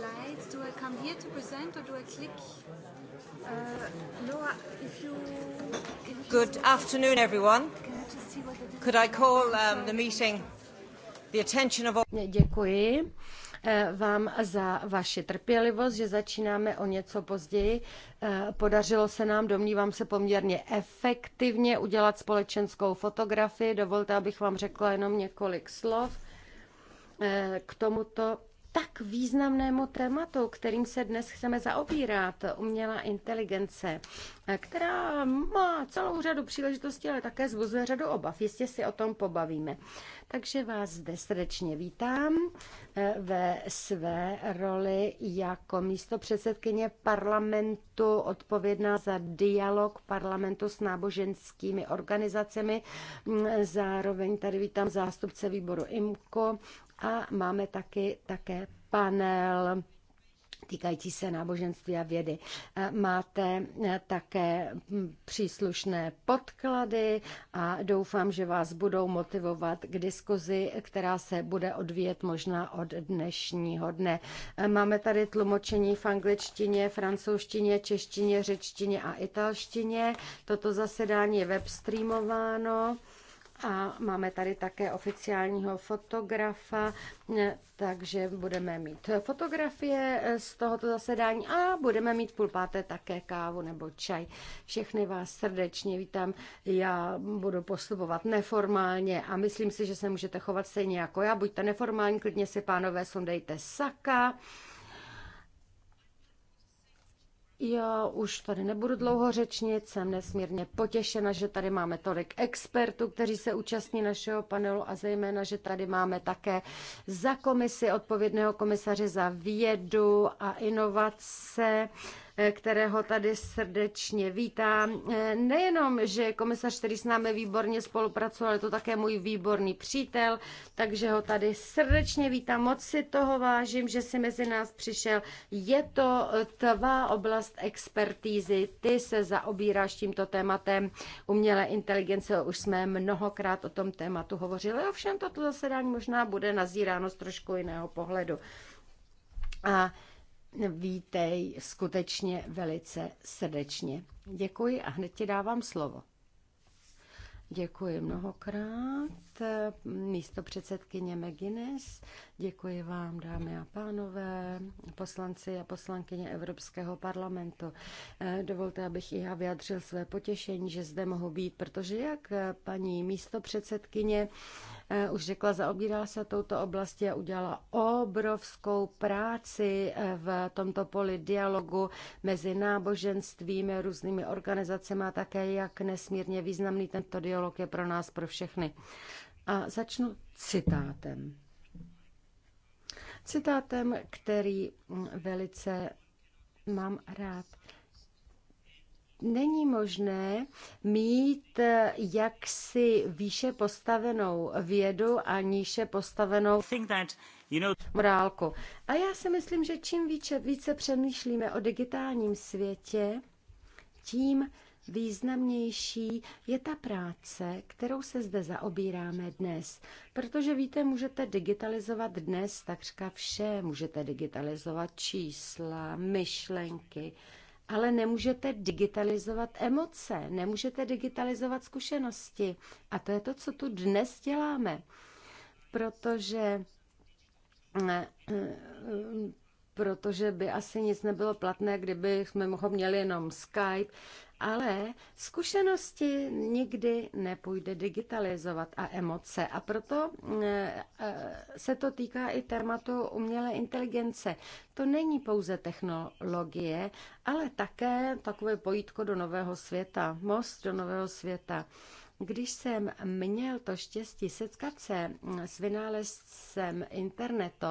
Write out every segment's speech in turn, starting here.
slides. Do I come here to present or do I click? Uh, no, if you. If Good afternoon, everyone. I Could I call um, the meeting the attention of all. Děkuji eh, vám za vaši trpělivost, že začínáme o něco později. Eh, podařilo se nám, domnívám se, poměrně efektivně udělat společenskou fotografii. Dovolte, abych vám řekla jenom několik slov eh, k tomuto tak významnému tématu, kterým se dnes chceme zaobírat, umělá inteligence, která má celou řadu příležitostí, ale také zvozuje řadu obav. Jistě si o tom pobavíme. Takže vás zde srdečně vítám eh, ve své roli jako místo předsedkyně parlamentu odpovědná za dialog parlamentu s náboženskými organizacemi. Mm, zároveň tady vítám zástupce výboru IMKO a máme taky také panel týkající se náboženství a vědy. Máte e, také příslušné podklady a doufám, že vás budou motivovat k diskuzi, která se bude odvíjet možná od dnešního dne. E, máme tady tlumočení v angličtině, francouzštině, češtině, řečtině a italštině. Toto zasedání je webstreamováno a máme tady také oficiálního fotografa, eh, takže budeme mít fotografie eh, z tohoto zasedání a budeme mít půl páté také kávu nebo čaj. Všechny vás srdečně vítám. Já budu postupovat neformálně a myslím si, že se můžete chovat stejně jako já. Buďte neformální, klidně si pánové sundejte saka. Já už tady nebudu dlouho řečnit, jsem nesmírně potěšena, že tady máme tolik expertů, kteří se účastní našeho panelu a zejména, že tady máme také za komisi odpovědného komisaře za vědu a inovace kterého tady srdečně vítám. Nejenom, že je komisař, který s námi výborně spolupracoval, ale to také můj výborný přítel, takže ho tady srdečně vítám. Moc si toho vážím, že si mezi nás přišel. Je to tvá oblast expertízy. Ty se zaobíráš tímto tématem umělé inteligence. Už jsme mnohokrát o tom tématu hovořili, ovšem toto zasedání možná bude nazíráno z trošku jiného pohledu. A vítej skutečně velice srdečně. Děkuji a hned ti dávám slovo. Děkuji mnohokrát, místo předsedkyně McGuinness. Děkuji vám, dámy a pánové, poslanci a poslankyně Evropského parlamentu. Dovolte, abych i já vyjadřil své potěšení, že zde mohu být, protože jak paní místo předsedkyně Eh, už řekla, zaobírala se touto oblasti a udělala obrovskou práci eh, v tomto poli dialogu mezi náboženstvími, různými organizacemi a také, jak nesmírně významný tento dialog je pro nás, pro všechny. A začnu citátem. Citátem, který mm, velice mám rád není možné mít eh, jaksi výše postavenou vědu a níže postavenou morálku. A já si myslím, že čím více, více přemýšlíme o digitálním světě, tím významnější je ta práce, kterou se zde zaobíráme dnes. Protože víte, můžete digitalizovat dnes takřka vše. Můžete digitalizovat čísla, myšlenky, ale nemůžete digitalizovat emoce, nemůžete digitalizovat zkušenosti. A to je to, co tu dnes děláme. Protože eh, eh, protože by asi nic nebylo platné, kdyby jsme mohli měli jenom Skype ale zkušenosti nikdy nepůjde digitalizovat a emoce. A proto mm, e, e, se to týká i tématu umělé inteligence. To není pouze technologie, ale také takové pojítko do nového světa, most do nového světa. Když jsem měl to štěstí setkat se s vynálezcem internetu,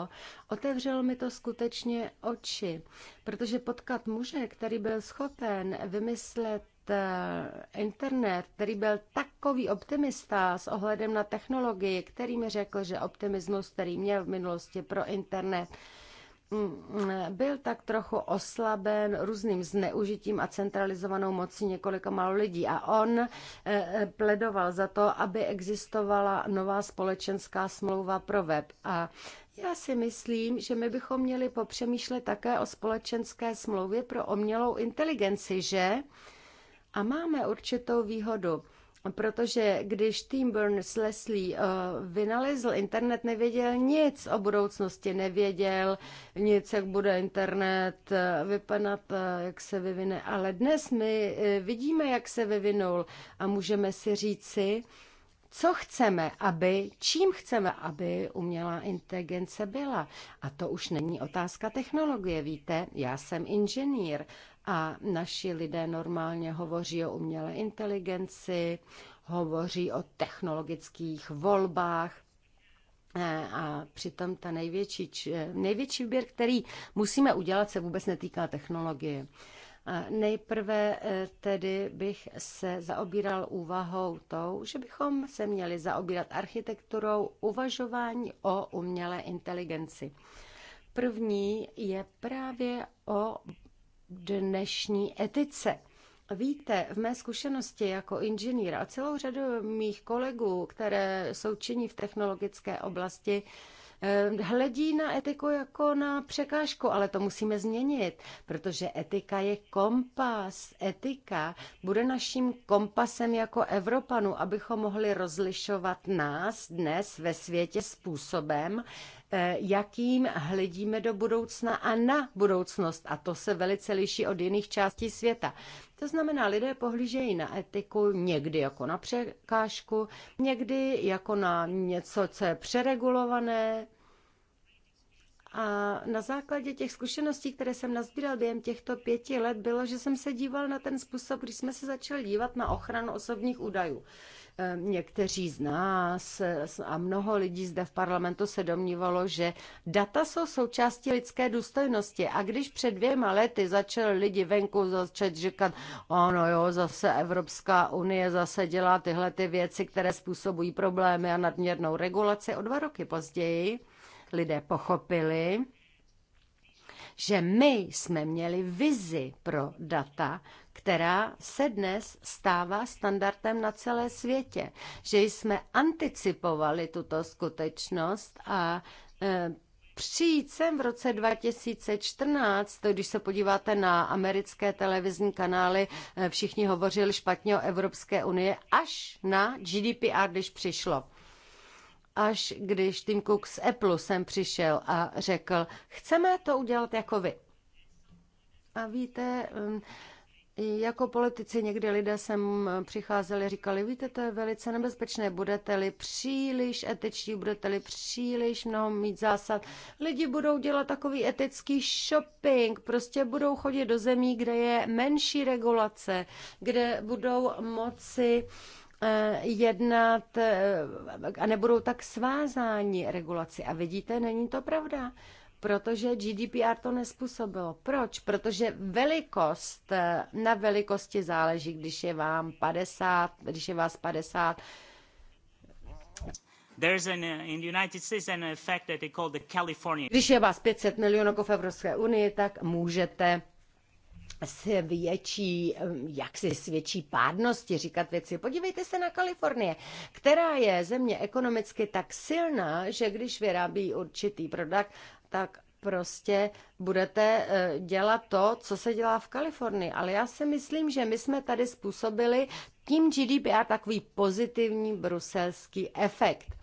otevřelo mi to skutečně oči, protože potkat muže, který byl schopen vymyslet eh, internet, který byl takový optimista s ohledem na technologii, který mi řekl, že optimismus, který měl v minulosti pro internet, Mm, byl tak trochu oslaben různým zneužitím a centralizovanou mocí několika málo lidí. A on eh, eh, pledoval za to, aby existovala nová společenská smlouva pro web. A já si myslím, že my bychom měli popřemýšlet také o společenské smlouvě pro omělou inteligenci, že? A máme určitou výhodu Protože když Tim Berners-Leslie eh, vynalezl internet, nevěděl nic o budoucnosti, nevěděl nic, jak bude internet eh, vypadat, eh, jak se vyvine. Ale dnes my vidíme, jak se vyvinul a můžeme si říci, co chceme, aby, čím chceme, aby umělá inteligence byla. A to už není otázka technologie, víte, já jsem inženýr a naši lidé normálně hovoří o umělé inteligenci, hovoří o technologických volbách, eh, a přitom ta největší, eh, největší výběr, který musíme udělat, se vůbec netýká technologie. Nejprve eh, tedy bych se zaobíral úvahou tou, že bychom se měli zaobírat architekturou uvažování o umělé inteligenci. První je právě o dnešní etice. Víte, v mé zkušenosti jako inženýr a celou řadu mých kolegů, které jsou činí v technologické oblasti, eh, hledí na etiku jako na překážku, ale to musíme změnit, protože etika je kompas. Etika bude naším kompasem jako Evropanu, abychom mohli rozlišovat nás dnes ve světě způsobem, Eh, jakým hledíme do budoucna a na budoucnost. A to se velice liší od jiných částí světa. To znamená, lidé pohlížejí na etiku někdy jako na překážku, někdy jako na něco, co je přeregulované, a na základě těch zkušeností, které jsem nazbíral během těchto pěti let, bylo, že jsem se díval na ten způsob, když jsme se začali dívat na ochranu osobních údajů. Někteří z nás a mnoho lidí zde v parlamentu se domnívalo, že data jsou součástí lidské důstojnosti. A když před dvěma lety začali lidi venku začít říkat, ano jo, zase Evropská unie zase dělá tyhle ty věci, které způsobují problémy a nadměrnou regulaci, o dva roky později lidé pochopili, že my jsme měli vizi pro data, která se dnes stává standardem na celé světě, že jsme anticipovali tuto skutečnost a e, přijít sem v roce 2014, když se podíváte na americké televizní kanály, e, všichni hovořili špatně o Evropské unie, až na GDPR, když přišlo. Až když Tim Cook z Apple sem přišel a řekl, chceme to udělat jako vy. A víte, jako politici někdy lidé sem přicházeli, říkali, víte, to je velice nebezpečné, budete-li příliš etičtí, budete-li příliš mnoho mít zásad. Lidi budou dělat takový etický shopping, prostě budou chodit do zemí, kde je menší regulace, kde budou moci eh, jednat eh, a nebudou tak svázáni regulaci. A vidíte, není to pravda protože GDPR to nespůsobilo. Proč? Protože velikost, eh, na velikosti záleží, když je vám 50, když je vás 50, eh, když je vás 500 milionů v Evropské unii, tak můžete s větší, eh, jak si s větší pádnosti říkat věci. Podívejte se na Kalifornie, která je země ekonomicky tak silná, že když vyrábí určitý produkt, tak prostě budete eh, dělat to, co se dělá v Kalifornii. Ale já si myslím, že my jsme tady způsobili tím GDPR takový pozitivní bruselský efekt.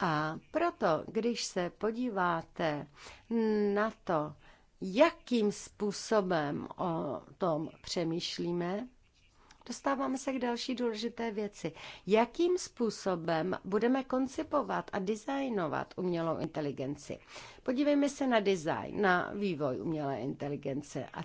A proto, když se podíváte na to, jakým způsobem o tom přemýšlíme, Dostáváme se k další důležité věci. Jakým způsobem budeme koncipovat a designovat umělou inteligenci? Podívejme se na design, na vývoj umělé inteligence a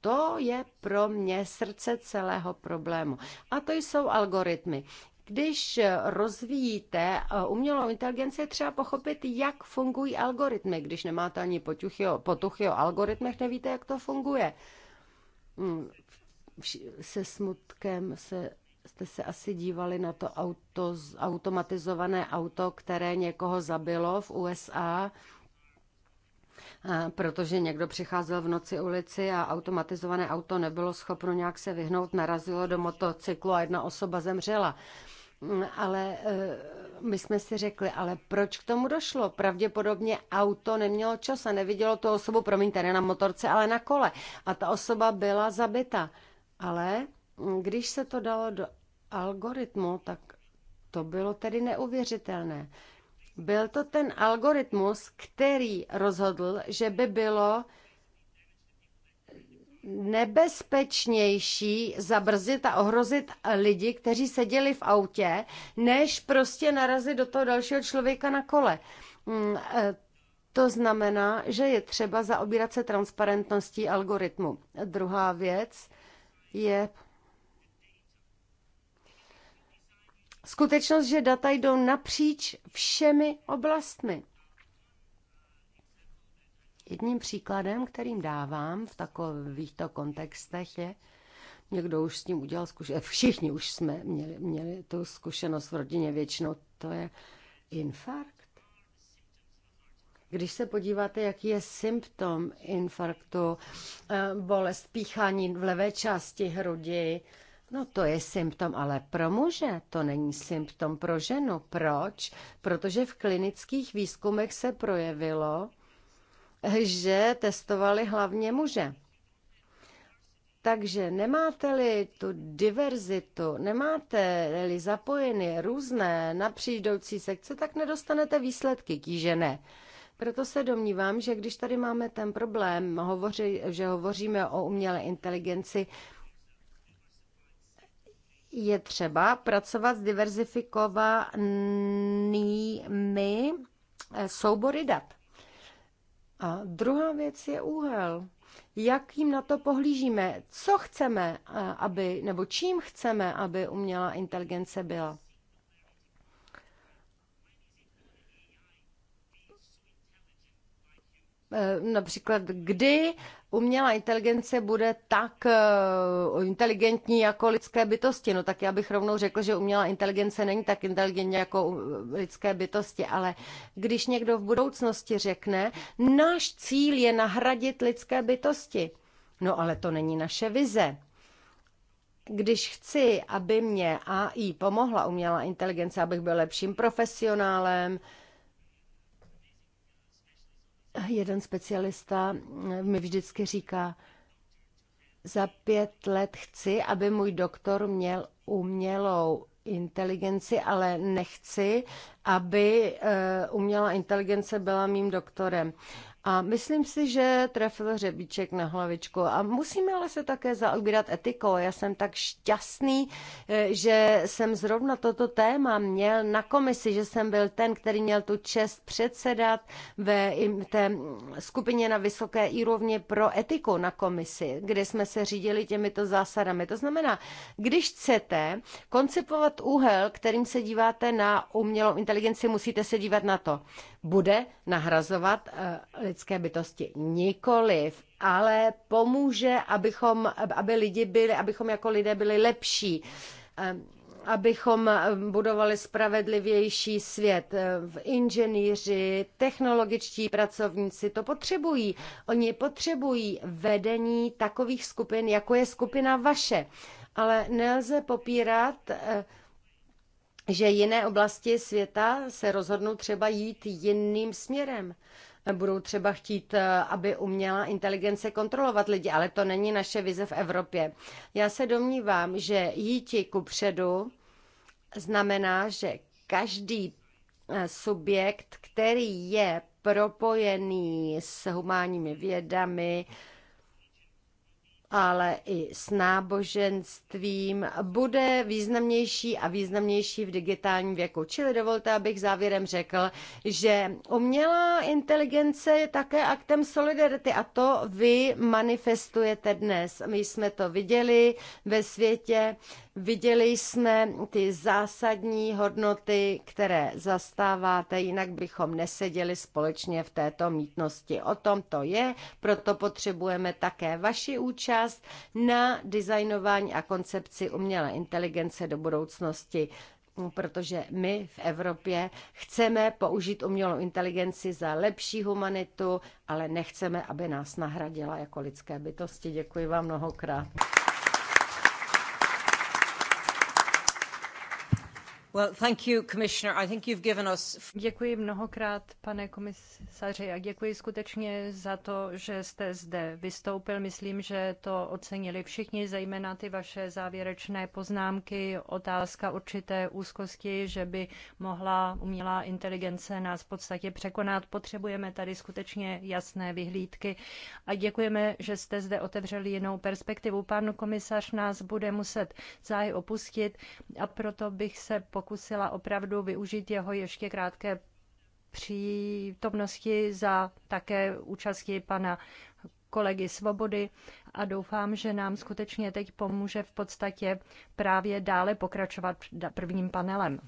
to je pro mě srdce celého problému. A to jsou algoritmy. Když rozvíjíte eh, umělou inteligenci, je třeba pochopit, jak fungují algoritmy. Když nemáte ani potuchy o, potuchy o algoritmech, nevíte, jak to funguje. Hmm, se smutkem se, jste se asi dívali na to auto, automatizované auto, které někoho zabilo v USA, protože někdo přicházel v noci ulici a automatizované auto nebylo schopno nějak se vyhnout, narazilo do motocyklu a jedna osoba zemřela. Mm, ale e, my jsme si řekli, ale proč k tomu došlo? Pravděpodobně auto nemělo čas a nevidělo tu osobu, promiňte, ne na motorce, ale na kole. A ta osoba byla zabita. Ale když se to dalo do algoritmu, tak to bylo tedy neuvěřitelné. Byl to ten algoritmus, který rozhodl, že by bylo nebezpečnější zabrzdit a ohrozit lidi, kteří seděli v autě, než prostě narazit do toho dalšího člověka na kole. Mm, e, to znamená, že je třeba zaobírat se transparentností algoritmu. Druhá věc, je skutečnost, že data jdou napříč všemi oblastmi. Jedním příkladem, kterým dávám v takovýchto kontextech je, někdo už s tím udělal zkušenost, eh, všichni už jsme měli, měli tu zkušenost v rodině většinou, to je infarkt. Když se podíváte, jaký je symptom infarktu, eh, bolest píchání v levé části hrudi, No to je symptom, ale pro muže to není symptom pro ženu. Proč? Protože v klinických výzkumech se projevilo, že testovali hlavně muže. Takže nemáte-li tu diverzitu, nemáte-li zapojeny různé napříč sekce, tak nedostanete výsledky, kýže ne. Proto se domnívám, že když tady máme ten problém, hovoři, že hovoříme o umělé inteligenci, je třeba pracovat s diverzifikovanými eh, soubory dat. A druhá věc je úhel. Jakým na to pohlížíme? Co chceme, eh, aby, nebo čím chceme, aby umělá inteligence byla? Eh, například kdy umělá inteligence bude tak eh, inteligentní jako lidské bytosti. No tak já bych rovnou řekl, že umělá inteligence není tak inteligentní jako eh, lidské bytosti, ale když někdo v budoucnosti řekne, náš cíl je nahradit lidské bytosti, no ale to není naše vize. Když chci, aby mě AI pomohla umělá inteligence, abych byl lepším profesionálem, Jeden specialista mi vždycky říká, za pět let chci, aby můj doktor měl umělou inteligenci, ale nechci, aby eh, umělá inteligence byla mým doktorem. A myslím si, že trefil řebíček na hlavičku. A musíme ale se také zaobírat etikou. Já jsem tak šťastný, eh, že jsem zrovna toto téma měl na komisi, že jsem byl ten, který měl tu čest předsedat ve té skupině na vysoké úrovni pro etiku na komisi, kde jsme se řídili těmito zásadami. To znamená, když chcete koncipovat úhel, kterým se díváte na umělou inteligenci, musíte se dívat na to bude nahrazovat eh, lidské bytosti. Nikoliv, ale pomůže, abychom, aby lidi byli, abychom jako lidé byli lepší, eh, abychom eh, budovali spravedlivější svět. V inženýři, technologičtí pracovníci to potřebují. Oni potřebují vedení takových skupin, jako je skupina vaše. Ale nelze popírat že jiné oblasti světa se rozhodnou třeba jít jiným směrem. Budou třeba chtít, eh, aby uměla inteligence kontrolovat lidi, ale to není naše vize v Evropě. Já se domnívám, že jít ku předu znamená, že každý eh, subjekt, který je propojený s humánními vědami, ale i s náboženstvím bude významnější a významnější v digitálním věku. Čili dovolte, abych závěrem řekl, že umělá inteligence je také aktem solidarity a to vy manifestujete dnes. My jsme to viděli ve světě Viděli jsme ty zásadní hodnoty, které zastáváte, jinak bychom neseděli společně v této mítnosti. O tom to je, proto potřebujeme také vaši účast na designování a koncepci umělé inteligence do budoucnosti protože my v Evropě chceme použít umělou inteligenci za lepší humanitu, ale nechceme, aby nás nahradila jako lidské bytosti. Děkuji vám mnohokrát. Děkuji mnohokrát, pane komisaři, a děkuji skutečně za to, že jste zde vystoupil. Myslím, že to ocenili všichni, zejména ty vaše závěrečné poznámky, otázka určité úzkosti, že by mohla umělá inteligence nás v podstatě překonat. Potřebujeme tady skutečně jasné vyhlídky a děkujeme, že jste zde otevřeli jinou perspektivu. Pan komisař nás bude muset záhy opustit a proto bych se pokusila pokusila opravdu využít jeho ještě krátké přítomnosti za také účasti pana kolegy Svobody a doufám, že nám skutečně teď pomůže v podstatě právě dále pokračovat prvním panelem.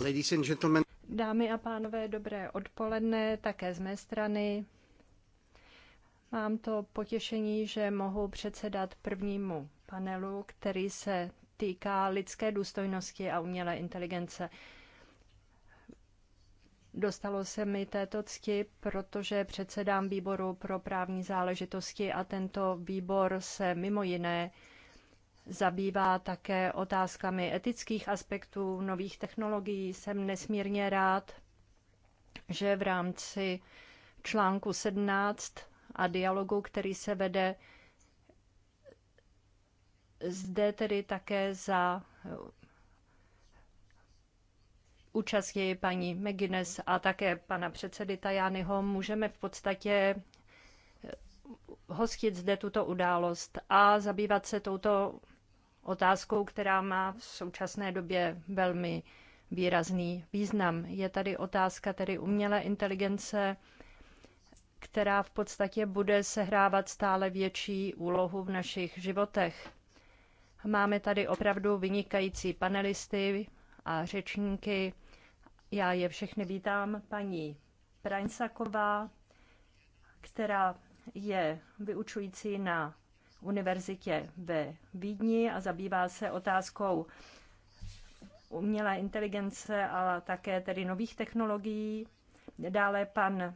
Ladies and gentlemen. Dámy a pánové, dobré odpoledne také z mé strany. Mám to potěšení, že mohu předsedat prvnímu panelu, který se týká lidské důstojnosti a umělé inteligence. Dostalo se mi této cti, protože předsedám výboru pro právní záležitosti a tento výbor se mimo jiné zabývá také otázkami etických aspektů nových technologií. Jsem nesmírně rád, že v rámci článku 17 a dialogu, který se vede zde tedy také za eh, účasti paní McGuinness a také pana předsedy Tajányho můžeme v podstatě eh, hostit zde tuto událost a zabývat se touto otázkou, která má v současné době velmi výrazný význam. Je tady otázka tedy umělé inteligence, která v podstatě bude sehrávat stále větší úlohu v našich životech. Máme tady opravdu vynikající panelisty a řečníky. Já je všechny vítám. Paní Praňsaková, která je vyučující na univerzitě ve Vídni a zabývá se otázkou umělé inteligence a také tedy nových technologií. Dále pan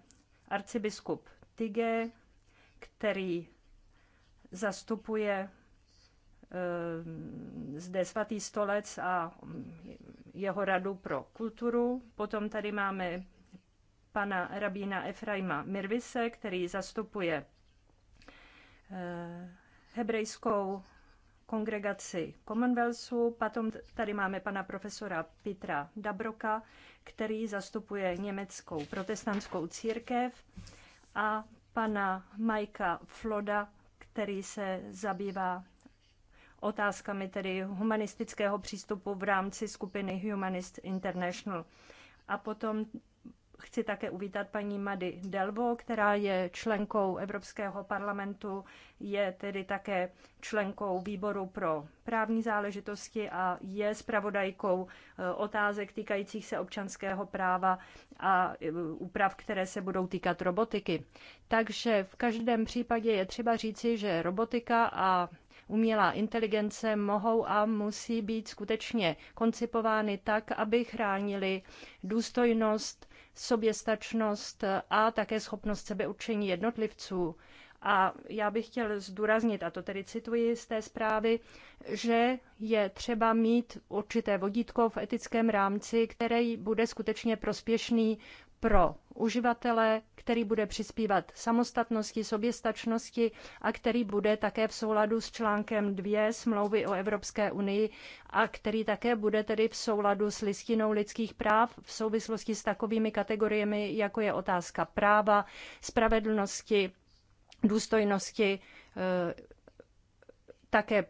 arcibiskup Tige, který zastupuje eh, zde svatý stolec a jeho radu pro kulturu. Potom tady máme pana rabína Efraima Mirvise, který zastupuje eh, hebrejskou kongregaci Commonwealthu. Potom tady máme pana profesora Petra Dabroka, který zastupuje německou protestantskou církev a pana Majka Floda, který se zabývá otázkami tedy humanistického přístupu v rámci skupiny Humanist International. A potom Chci také uvítat paní Mady Delvo, která je členkou Evropského parlamentu, je tedy také členkou výboru pro právní záležitosti a je zpravodajkou eh, otázek týkajících se občanského práva a eh, úprav, které se budou týkat robotiky. Takže v každém případě je třeba říci, že robotika a umělá inteligence mohou a musí být skutečně koncipovány tak, aby chránili důstojnost soběstačnost a také schopnost sebeurčení jednotlivců. A já bych chtěl zdůraznit, a to tedy cituji z té zprávy, že je třeba mít určité vodítko v etickém rámci, který bude skutečně prospěšný pro uživatele, který bude přispívat samostatnosti, soběstačnosti a který bude také v souladu s článkem 2 smlouvy o Evropské unii a který také bude tedy v souladu s listinou lidských práv v souvislosti s takovými kategoriemi, jako je otázka práva, spravedlnosti, důstojnosti, eh, také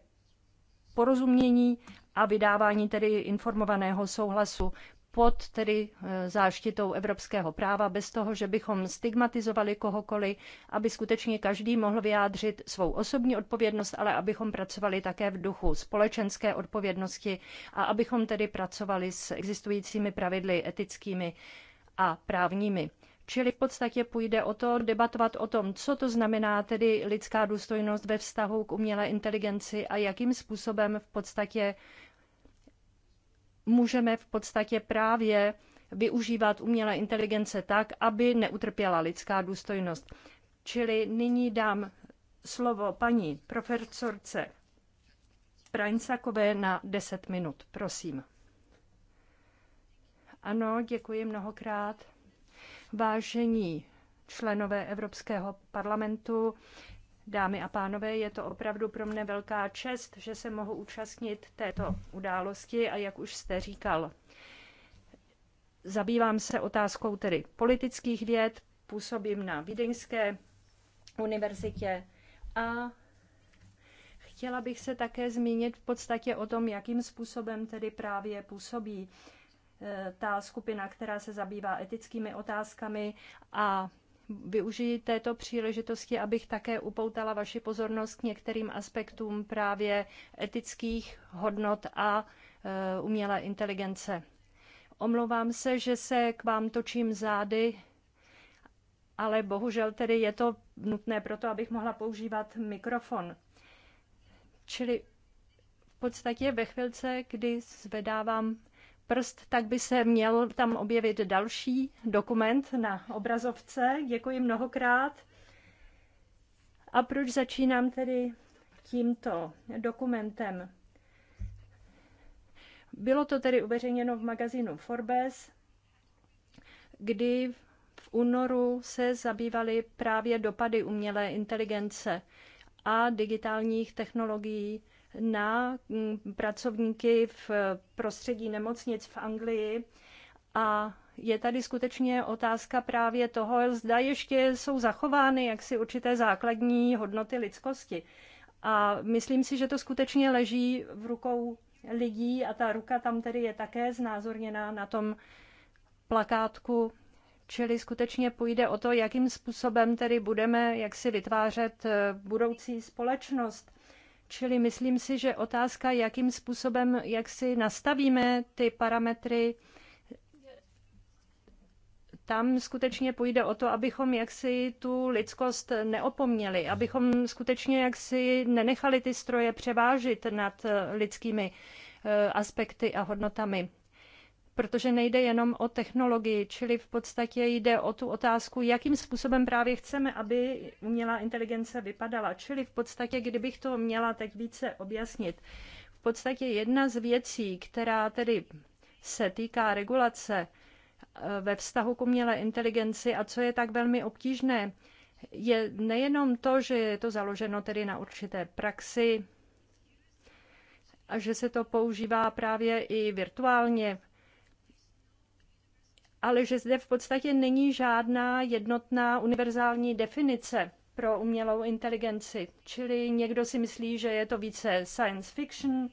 porozumění a vydávání tedy informovaného souhlasu pod tedy e, záštitou evropského práva, bez toho, že bychom stigmatizovali kohokoliv, aby skutečně každý mohl vyjádřit svou osobní odpovědnost, ale abychom pracovali také v duchu společenské odpovědnosti a abychom tedy pracovali s existujícími pravidly etickými a právními. Čili v podstatě půjde o to debatovat o tom, co to znamená tedy lidská důstojnost ve vztahu k umělé inteligenci a jakým způsobem v podstatě můžeme v podstatě právě využívat umělé inteligence tak, aby neutrpěla lidská důstojnost. Čili nyní dám slovo paní profesorce Prajnsakové na 10 minut. Prosím. Ano, děkuji mnohokrát. Vážení členové Evropského parlamentu, Dámy a pánové, je to opravdu pro mne velká čest, že se mohu účastnit této události a jak už jste říkal, zabývám se otázkou tedy politických věd, působím na Vídeňské univerzitě a chtěla bych se také zmínit v podstatě o tom, jakým způsobem tedy právě působí eh, ta skupina, která se zabývá etickými otázkami a Využiji této příležitosti, abych také upoutala vaši pozornost k některým aspektům právě etických hodnot a e, umělé inteligence. Omlouvám se, že se k vám točím zády, ale bohužel tedy je to nutné proto, abych mohla používat mikrofon. Čili v podstatě ve chvilce, kdy zvedávám prst, tak by se měl tam objevit další dokument na obrazovce. Děkuji mnohokrát. A proč začínám tedy tímto dokumentem? Bylo to tedy uveřejněno v magazínu Forbes, kdy v únoru se zabývaly právě dopady umělé inteligence a digitálních technologií na mm, pracovníky v eh, prostředí nemocnic v Anglii a je tady skutečně otázka právě toho, zda ještě jsou zachovány jaksi určité základní hodnoty lidskosti. A myslím si, že to skutečně leží v rukou lidí a ta ruka tam tedy je také znázorněná na tom plakátku. Čili skutečně půjde o to, jakým způsobem tedy budeme jak si vytvářet eh, budoucí společnost Čili myslím si, že otázka, jakým způsobem, jak si nastavíme ty parametry, tam skutečně půjde o to, abychom jaksi tu lidskost neopomněli, abychom skutečně jaksi nenechali ty stroje převážit nad lidskými eh, aspekty a hodnotami protože nejde jenom o technologii, čili v podstatě jde o tu otázku, jakým způsobem právě chceme, aby umělá inteligence vypadala. Čili v podstatě, kdybych to měla teď více objasnit, v podstatě jedna z věcí, která tedy se týká regulace eh, ve vztahu k umělé inteligenci a co je tak velmi obtížné, je nejenom to, že je to založeno tedy na určité praxi a že se to používá právě i virtuálně ale že zde v podstatě není žádná jednotná univerzální definice pro umělou inteligenci. Čili někdo si myslí, že je to více science fiction.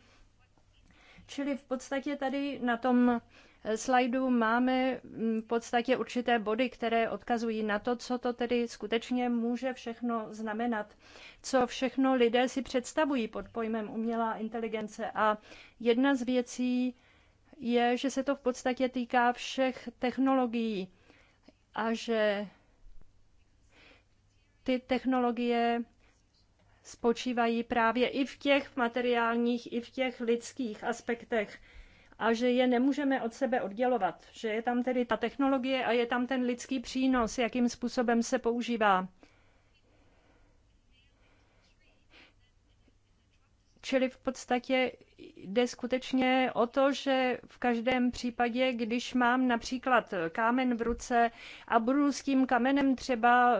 Čili v podstatě tady na tom eh, slajdu máme mm, v podstatě určité body, které odkazují na to, co to tedy skutečně může všechno znamenat, co všechno lidé si představují pod pojmem umělá inteligence. A jedna z věcí, je, že se to v podstatě týká všech technologií a že ty technologie spočívají právě i v těch materiálních, i v těch lidských aspektech a že je nemůžeme od sebe oddělovat, že je tam tedy ta technologie a je tam ten lidský přínos, jakým způsobem se používá. Čili v podstatě jde skutečně o to, že v každém případě, když mám například kámen v ruce a budu s tím kamenem třeba eh,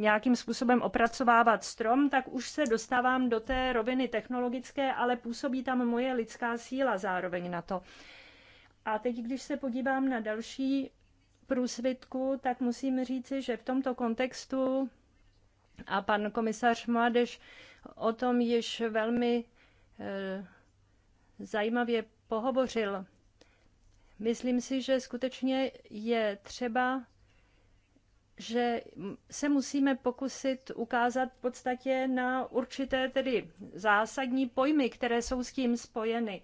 nějakým způsobem opracovávat strom, tak už se dostávám do té roviny technologické, ale působí tam moje lidská síla zároveň na to. A teď, když se podívám na další průsvitku, tak musím říci, že v tomto kontextu a pan komisař Mladež o tom již velmi Eh, zajímavě pohovořil. Myslím si, že skutečně je třeba, že se musíme pokusit ukázat v podstatě na určité tedy zásadní pojmy, které jsou s tím spojeny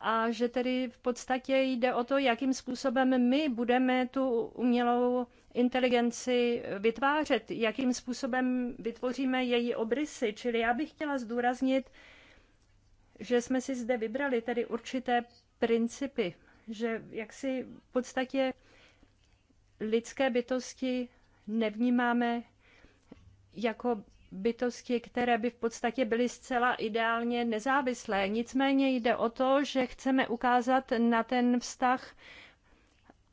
a že tedy v podstatě jde o to, jakým způsobem my budeme tu umělou inteligenci vytvářet, jakým způsobem vytvoříme její obrysy. Čili já bych chtěla zdůraznit že jsme si zde vybrali tedy určité principy, že jaksi v podstatě lidské bytosti nevnímáme jako bytosti, které by v podstatě byly zcela ideálně nezávislé. Nicméně jde o to, že chceme ukázat na ten vztah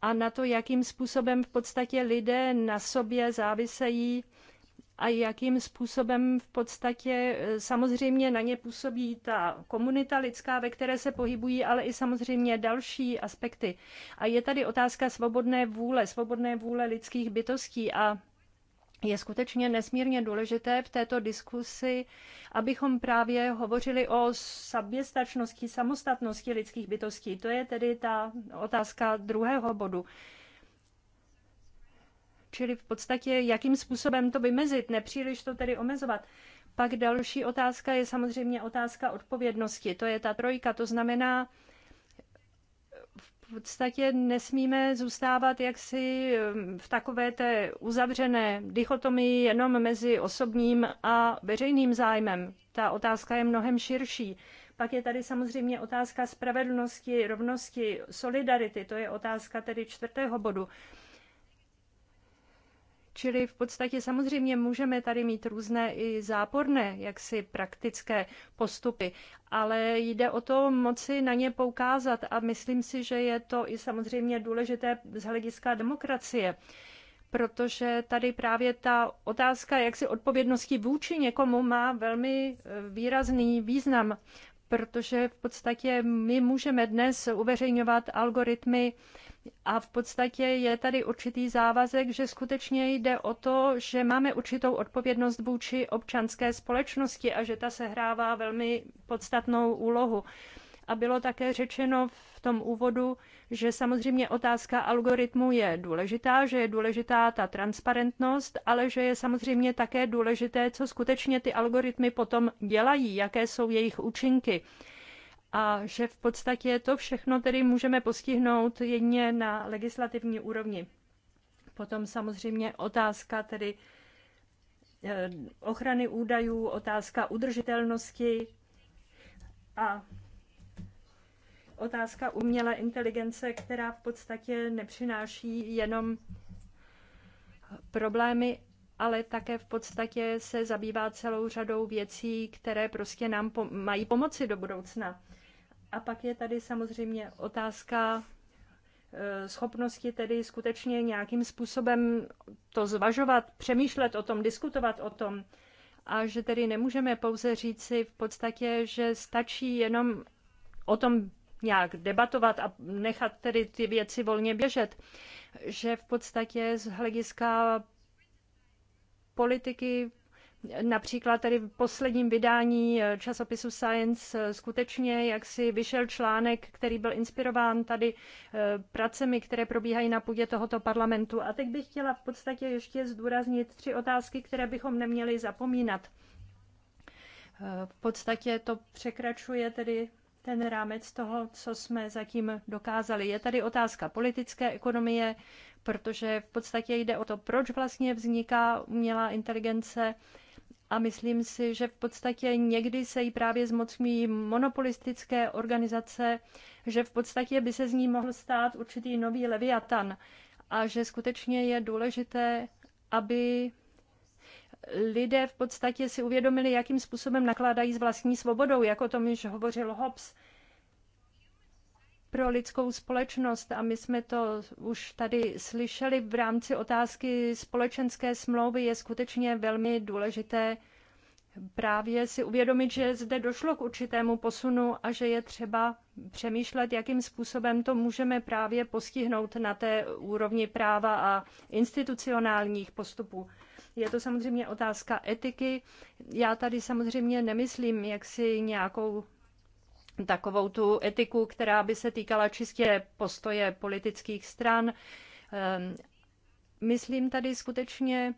a na to, jakým způsobem v podstatě lidé na sobě závisejí a jakým způsobem v podstatě eh, samozřejmě na ně působí ta komunita lidská, ve které se pohybují, ale i samozřejmě další aspekty. A je tady otázka svobodné vůle, svobodné vůle lidských bytostí a je skutečně nesmírně důležité v této diskusi, abychom právě hovořili o soběstačnosti, samostatnosti lidských bytostí. To je tedy ta otázka druhého bodu. Čili v podstatě, jakým způsobem to vymezit, nepříliš to tedy omezovat. Pak další otázka je samozřejmě otázka odpovědnosti. To je ta trojka, to znamená, v podstatě nesmíme zůstávat jaksi v takové té uzavřené dichotomii jenom mezi osobním a veřejným zájmem. Ta otázka je mnohem širší. Pak je tady samozřejmě otázka spravedlnosti, rovnosti, solidarity. To je otázka tedy čtvrtého bodu. Čili v podstatě samozřejmě můžeme tady mít různé i záporné, jaksi praktické postupy, ale jde o to moci na ně poukázat a myslím si, že je to i samozřejmě důležité z hlediska demokracie protože tady právě ta otázka jaksi odpovědnosti vůči někomu má velmi e, výrazný význam, protože v podstatě my můžeme dnes uveřejňovat algoritmy a v podstatě je tady určitý závazek, že skutečně jde o to, že máme určitou odpovědnost vůči občanské společnosti a že ta se hrává velmi podstatnou úlohu. A bylo také řečeno v tom úvodu, že samozřejmě otázka algoritmu je důležitá, že je důležitá ta transparentnost, ale že je samozřejmě také důležité, co skutečně ty algoritmy potom dělají, jaké jsou jejich účinky a že v podstatě to všechno tedy můžeme postihnout jedně na legislativní úrovni. Potom samozřejmě otázka tedy eh, ochrany údajů, otázka udržitelnosti a otázka umělé inteligence, která v podstatě nepřináší jenom problémy, ale také v podstatě se zabývá celou řadou věcí, které prostě nám pom mají pomoci do budoucna. A pak je tady samozřejmě otázka eh, schopnosti tedy skutečně nějakým způsobem to zvažovat, přemýšlet o tom, diskutovat o tom. A že tedy nemůžeme pouze říct si v podstatě, že stačí jenom o tom nějak debatovat a nechat tedy ty věci volně běžet. Že v podstatě z hlediska politiky Například tady v posledním vydání eh, časopisu Science eh, skutečně jak si vyšel článek, který byl inspirován tady eh, pracemi, které probíhají na půdě tohoto parlamentu. A teď bych chtěla v podstatě ještě zdůraznit tři otázky, které bychom neměli zapomínat. V podstatě to překračuje tedy ten rámec toho, co jsme zatím dokázali. Je tady otázka politické ekonomie, protože v podstatě jde o to, proč vlastně vzniká umělá inteligence, a myslím si, že v podstatě někdy se jí právě zmocňují monopolistické organizace, že v podstatě by se z ní mohl stát určitý nový leviatan a že skutečně je důležité, aby lidé v podstatě si uvědomili, jakým způsobem nakládají s vlastní svobodou, jak o tom již hovořil Hobbes pro lidskou společnost a my jsme to už tady slyšeli v rámci otázky společenské smlouvy, je skutečně velmi důležité právě si uvědomit, že zde došlo k určitému posunu a že je třeba přemýšlet, jakým způsobem to můžeme právě postihnout na té úrovni práva a institucionálních postupů. Je to samozřejmě otázka etiky. Já tady samozřejmě nemyslím jak si nějakou takovou tu etiku, která by se týkala čistě postoje politických stran. Ehm, myslím tady skutečně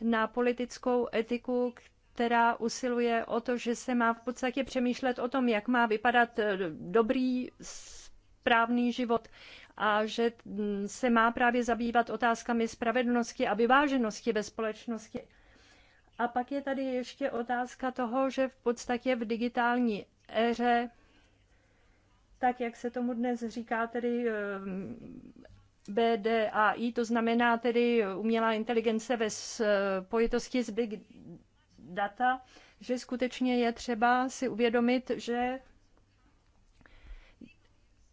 na politickou etiku, která usiluje o to, že se má v podstatě přemýšlet o tom, jak má vypadat eh, dobrý, správný život a že hm, se má právě zabývat otázkami spravedlnosti a vyváženosti ve společnosti. A pak je tady ještě otázka toho, že v podstatě v digitální éře, tak jak se tomu dnes říká, tedy eh, BDAI, to znamená tedy umělá inteligence ve spojitosti s big data, že skutečně je třeba si uvědomit, že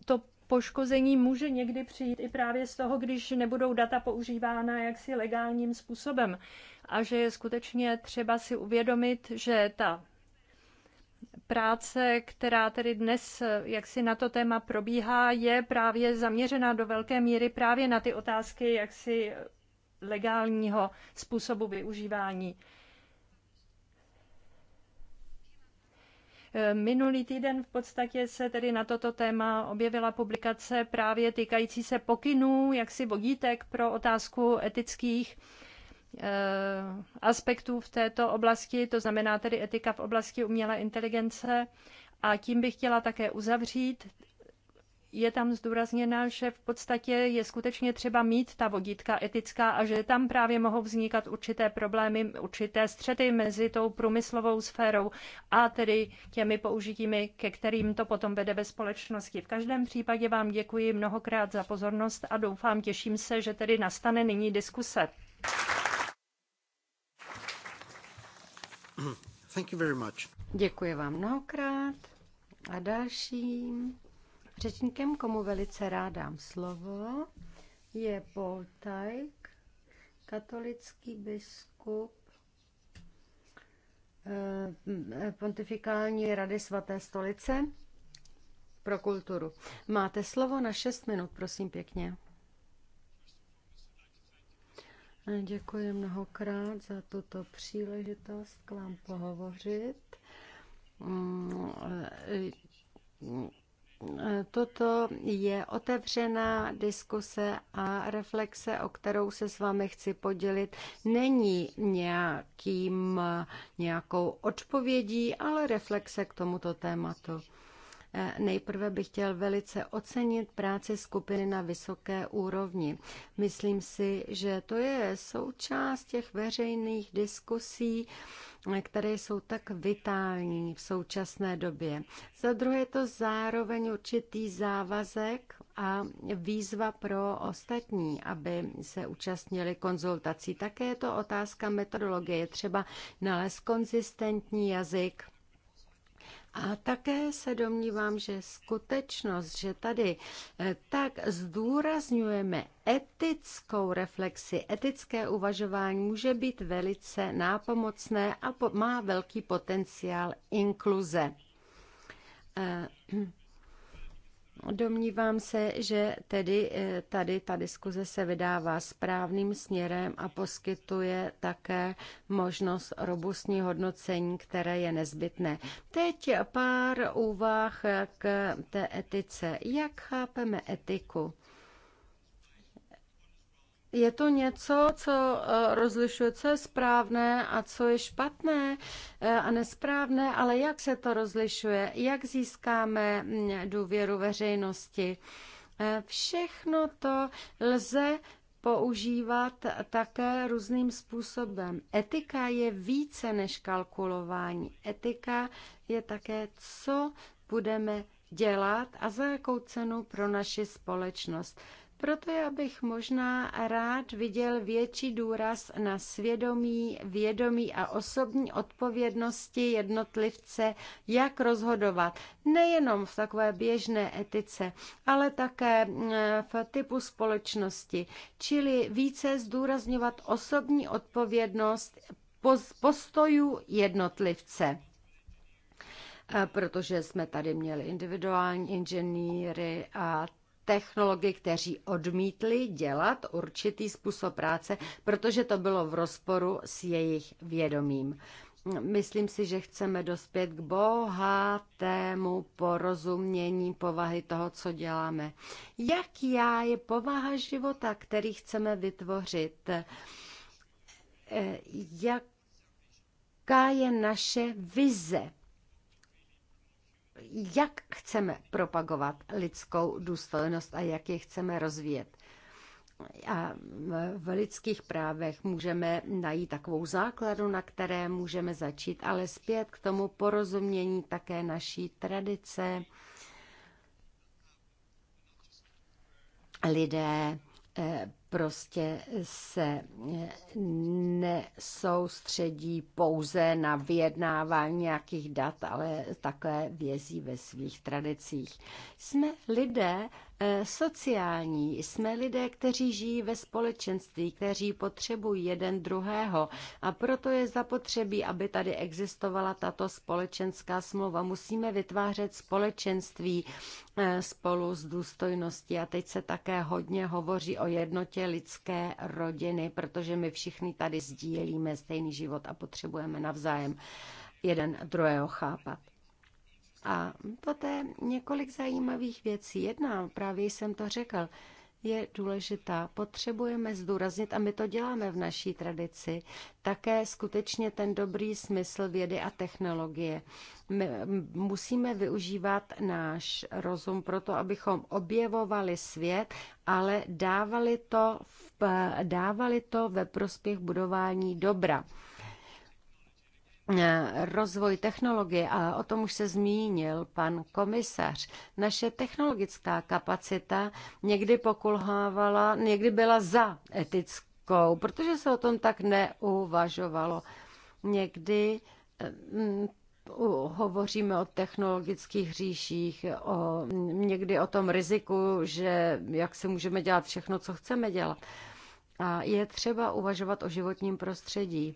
to poškození může někdy přijít i právě z toho, když nebudou data používána jaksi legálním způsobem. A že je skutečně třeba si uvědomit, že ta práce, která tedy dnes eh, jaksi na to téma probíhá, je právě zaměřena do velké míry právě na ty otázky jaksi eh, legálního způsobu využívání. Eh, minulý týden v podstatě se tedy na toto téma objevila publikace právě týkající se pokynů, jaksi vodítek pro otázku etických Eh, aspektů v této oblasti, to znamená tedy etika v oblasti umělé inteligence. A tím bych chtěla také uzavřít. Je tam zdůrazněna, že v podstatě je skutečně třeba mít ta vodítka etická a že tam právě mohou vznikat určité problémy, určité střety mezi tou průmyslovou sférou a tedy těmi použitími, ke kterým to potom vede ve společnosti. V každém případě vám děkuji mnohokrát za pozornost a doufám, těším se, že tedy nastane nyní diskuse. Thank you very much. Děkuji vám mnohokrát. A dalším řečníkem, komu velice rád dám slovo, je Paul Tajk, katolický biskup eh, Pontifikální rady svaté stolice pro kulturu. Máte slovo na 6 minut, prosím pěkně. Děkuji mnohokrát za tuto příležitost k vám pohovořit. Mm, e, toto je otevřená diskuse a reflexe, o kterou se s vámi chci podělit, není nějakým, nějakou odpovědí, ale reflexe k tomuto tématu. Nejprve bych chtěl velice ocenit práci skupiny na vysoké úrovni. Myslím si, že to je součást těch veřejných diskusí, které jsou tak vitální v současné době. Za druhé je to zároveň určitý závazek a výzva pro ostatní, aby se účastnili konzultací. Také je to otázka metodologie. Je třeba nalézt konzistentní jazyk a také se domnívám, že skutečnost, že tady eh, tak zdůrazňujeme etickou reflexi, etické uvažování může být velice nápomocné a má velký potenciál inkluze. Eh, Domnívám se, že tedy eh, tady ta diskuze se vydává správným směrem a poskytuje také možnost robustní hodnocení, které je nezbytné. Teď pár úvah k té etice. Jak chápeme etiku? je to něco, co eh, rozlišuje, co je správné a co je špatné eh, a nesprávné, ale jak se to rozlišuje, jak získáme mm, důvěru veřejnosti. Eh, všechno to lze používat také různým způsobem. Etika je více než kalkulování. Etika je také, co budeme dělat a za jakou cenu pro naši společnost. Proto já bych možná rád viděl větší důraz na svědomí, vědomí a osobní odpovědnosti jednotlivce, jak rozhodovat. Nejenom v takové běžné etice, ale také eh, v typu společnosti. Čili více zdůrazňovat osobní odpovědnost postojů jednotlivce eh, protože jsme tady měli individuální inženýry a technologi, kteří odmítli dělat určitý způsob práce, protože to bylo v rozporu s jejich vědomím. Myslím si, že chceme dospět k bohatému porozumění povahy toho, co děláme. Jak já je povaha života, který chceme vytvořit? Eh, jaká je naše vize jak chceme propagovat lidskou důstojnost a jak je chceme rozvíjet. A v lidských právech můžeme najít takovou základu, na které můžeme začít, ale zpět k tomu porozumění také naší tradice. Lidé eh, prostě se nesoustředí pouze na vyjednávání nějakých dat, ale také vězí ve svých tradicích. Jsme lidé eh, sociální, jsme lidé, kteří žijí ve společenství, kteří potřebují jeden druhého a proto je zapotřebí, aby tady existovala tato společenská smlouva. Musíme vytvářet společenství eh, spolu s důstojností a teď se také hodně hovoří o jednotě podstatě lidské rodiny, protože my všichni tady sdílíme stejný život a potřebujeme navzájem jeden druhého chápat. A poté několik zajímavých věcí. Jedna, právě jsem to řekl, je důležitá. Potřebujeme zdůraznit, a my to děláme v naší tradici, také skutečně ten dobrý smysl vědy a technologie. My musíme využívat náš rozum proto, abychom objevovali svět, ale dávali to, v, dávali to ve prospěch budování dobra. Eh, rozvoj technologie, a o tom už se zmínil pan komisař, naše technologická kapacita někdy pokulhávala, někdy byla za etickou, protože se o tom tak neuvažovalo. Někdy eh, hovoříme o technologických říších, o, někdy o tom riziku, že jak se můžeme dělat všechno, co chceme dělat. A je třeba uvažovat o životním prostředí.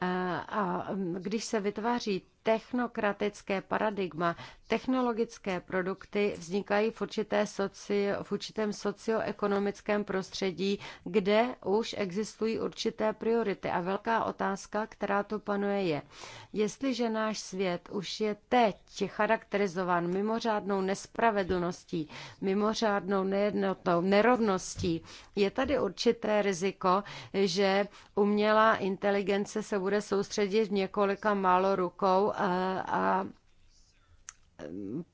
Eh, a mm, když se vytváří technokratické paradigma, technologické produkty vznikají v, určité socio, v určitém socioekonomickém prostředí, kde už existují určité priority. A velká otázka, která tu panuje, je, jestliže náš svět už je teď charakterizován mimořádnou nespravedlností, mimořádnou nejednotou, nerovností, je tady určité riziko, že umělá inteligence se bude soustředit v několika málo rukou a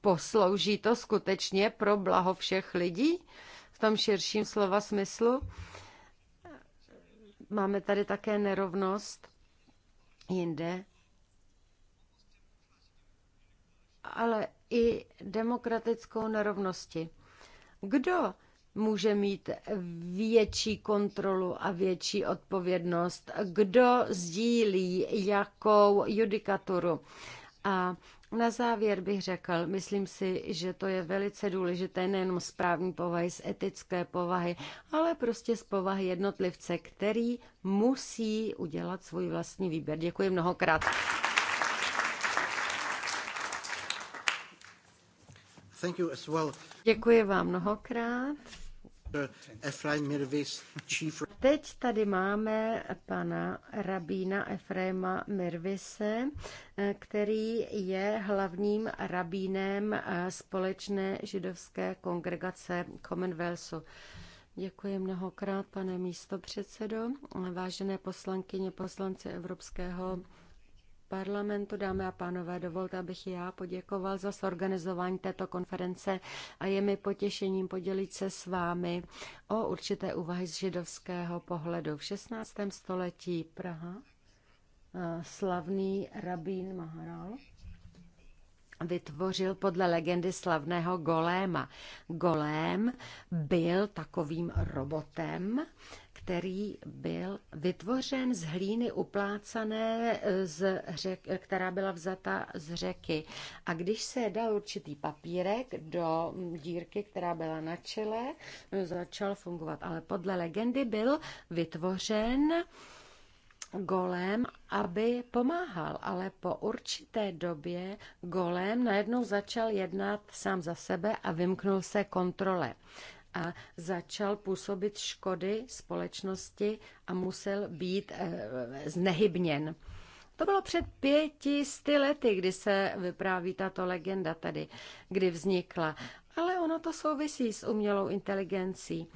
poslouží to skutečně pro blaho všech lidí v tom širším slova smyslu. Máme tady také nerovnost jinde, ale i demokratickou nerovnosti. Kdo může mít větší kontrolu a větší odpovědnost, kdo sdílí jakou judikaturu. A na závěr bych řekl, myslím si, že to je velice důležité nejenom z právní povahy, z etické povahy, ale prostě z povahy jednotlivce, který musí udělat svůj vlastní výběr. Děkuji mnohokrát. Thank you as well. Děkuji vám mnohokrát. Teď tady máme pana rabína Efrema Mirvise, eh, který je hlavním rabínem eh, společné židovské kongregace Commonwealthu. Děkuji mnohokrát, pane místopředsedo, vážené poslankyně, poslanci Evropského parlamentu. Dámy a pánové, dovolte, abych já poděkoval za sorganizování této konference a je mi potěšením podělit se s vámi o určité úvahy z židovského pohledu. V 16. století Praha, eh, slavný rabín Maharal, vytvořil podle legendy slavného Goléma. Golém byl takovým robotem, který byl vytvořen z hlíny uplácané, e, z řek, e, která byla vzata z řeky. A když se dal určitý papírek do dírky, která byla na čele, e, začal fungovat. Ale podle legendy byl vytvořen golem, aby pomáhal, ale po určité době golem najednou začal jednat sám za sebe a vymknul se kontrole a začal působit škody společnosti a musel být eh, znehybněn. To bylo před pěti sty lety, kdy se vypráví tato legenda tady, kdy vznikla. Ale ono to souvisí s umělou inteligencí.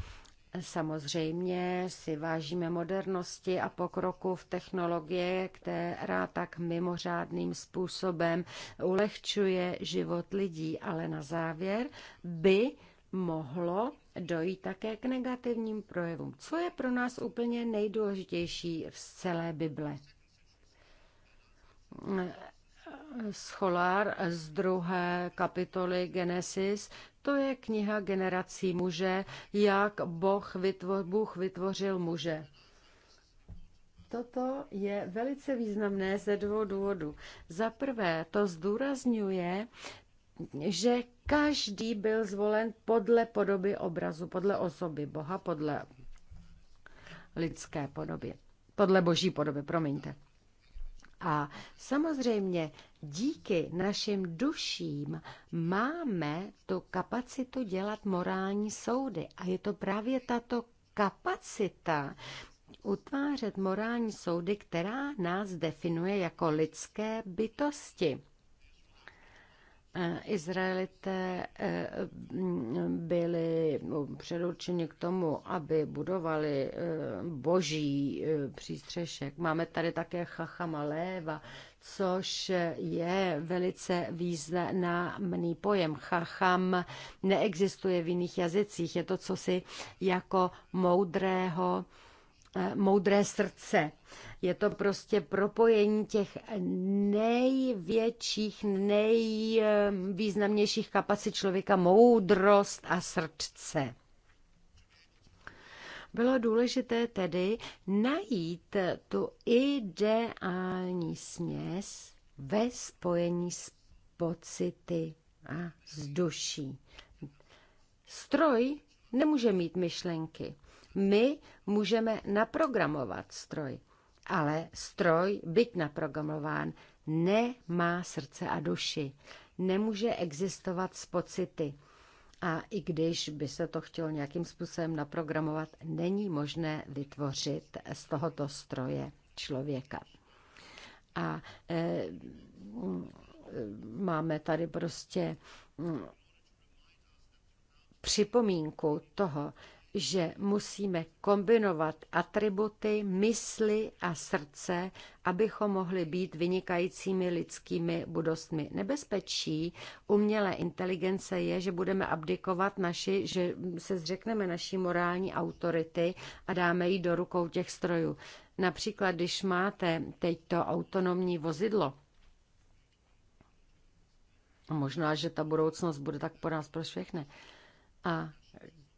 Samozřejmě si vážíme modernosti a pokroku v technologie, která tak mimořádným způsobem ulehčuje život lidí, ale na závěr by mohlo dojít také k negativním projevům. Co je pro nás úplně nejdůležitější v celé Bible? Scholar z druhé kapitoly Genesis, to je kniha generací muže, jak Boh vytvo- Bůh vytvořil muže. Toto je velice významné ze dvou důvodů. Za prvé, to zdůrazňuje že každý byl zvolen podle podoby obrazu, podle osoby Boha, podle lidské podoby, podle boží podoby, promiňte. A samozřejmě díky našim duším máme tu kapacitu dělat morální soudy. A je to právě tato kapacita utvářet morální soudy, která nás definuje jako lidské bytosti. Eh, Izraelité eh, byli předurčeni k tomu, aby budovali eh, boží přístřešek. Máme tady také Chachama Léva, což je velice významný pojem. Chacham neexistuje v jiných jazycích. Je to cosi jako moudrého, moudré srdce. Je to prostě propojení těch největších, nejvýznamnějších kapacit člověka, moudrost a srdce. Bylo důležité tedy najít tu ideální směs ve spojení s pocity a s duší. Stroj nemůže mít myšlenky. My můžeme naprogramovat stroj. Ale stroj, byť naprogramován, nemá srdce a duši. Nemůže existovat s pocity. A i když by se to chtělo nějakým způsobem naprogramovat, není možné vytvořit z tohoto stroje člověka. A e, máme tady prostě připomínku toho, že musíme kombinovat atributy mysli a srdce, abychom mohli být vynikajícími lidskými budostmi. Nebezpečí umělé inteligence je, že budeme abdikovat naši, že se zřekneme naší morální autority a dáme ji do rukou těch strojů. Například, když máte teď to autonomní vozidlo, a možná, že ta budoucnost bude tak po nás pro všechny. A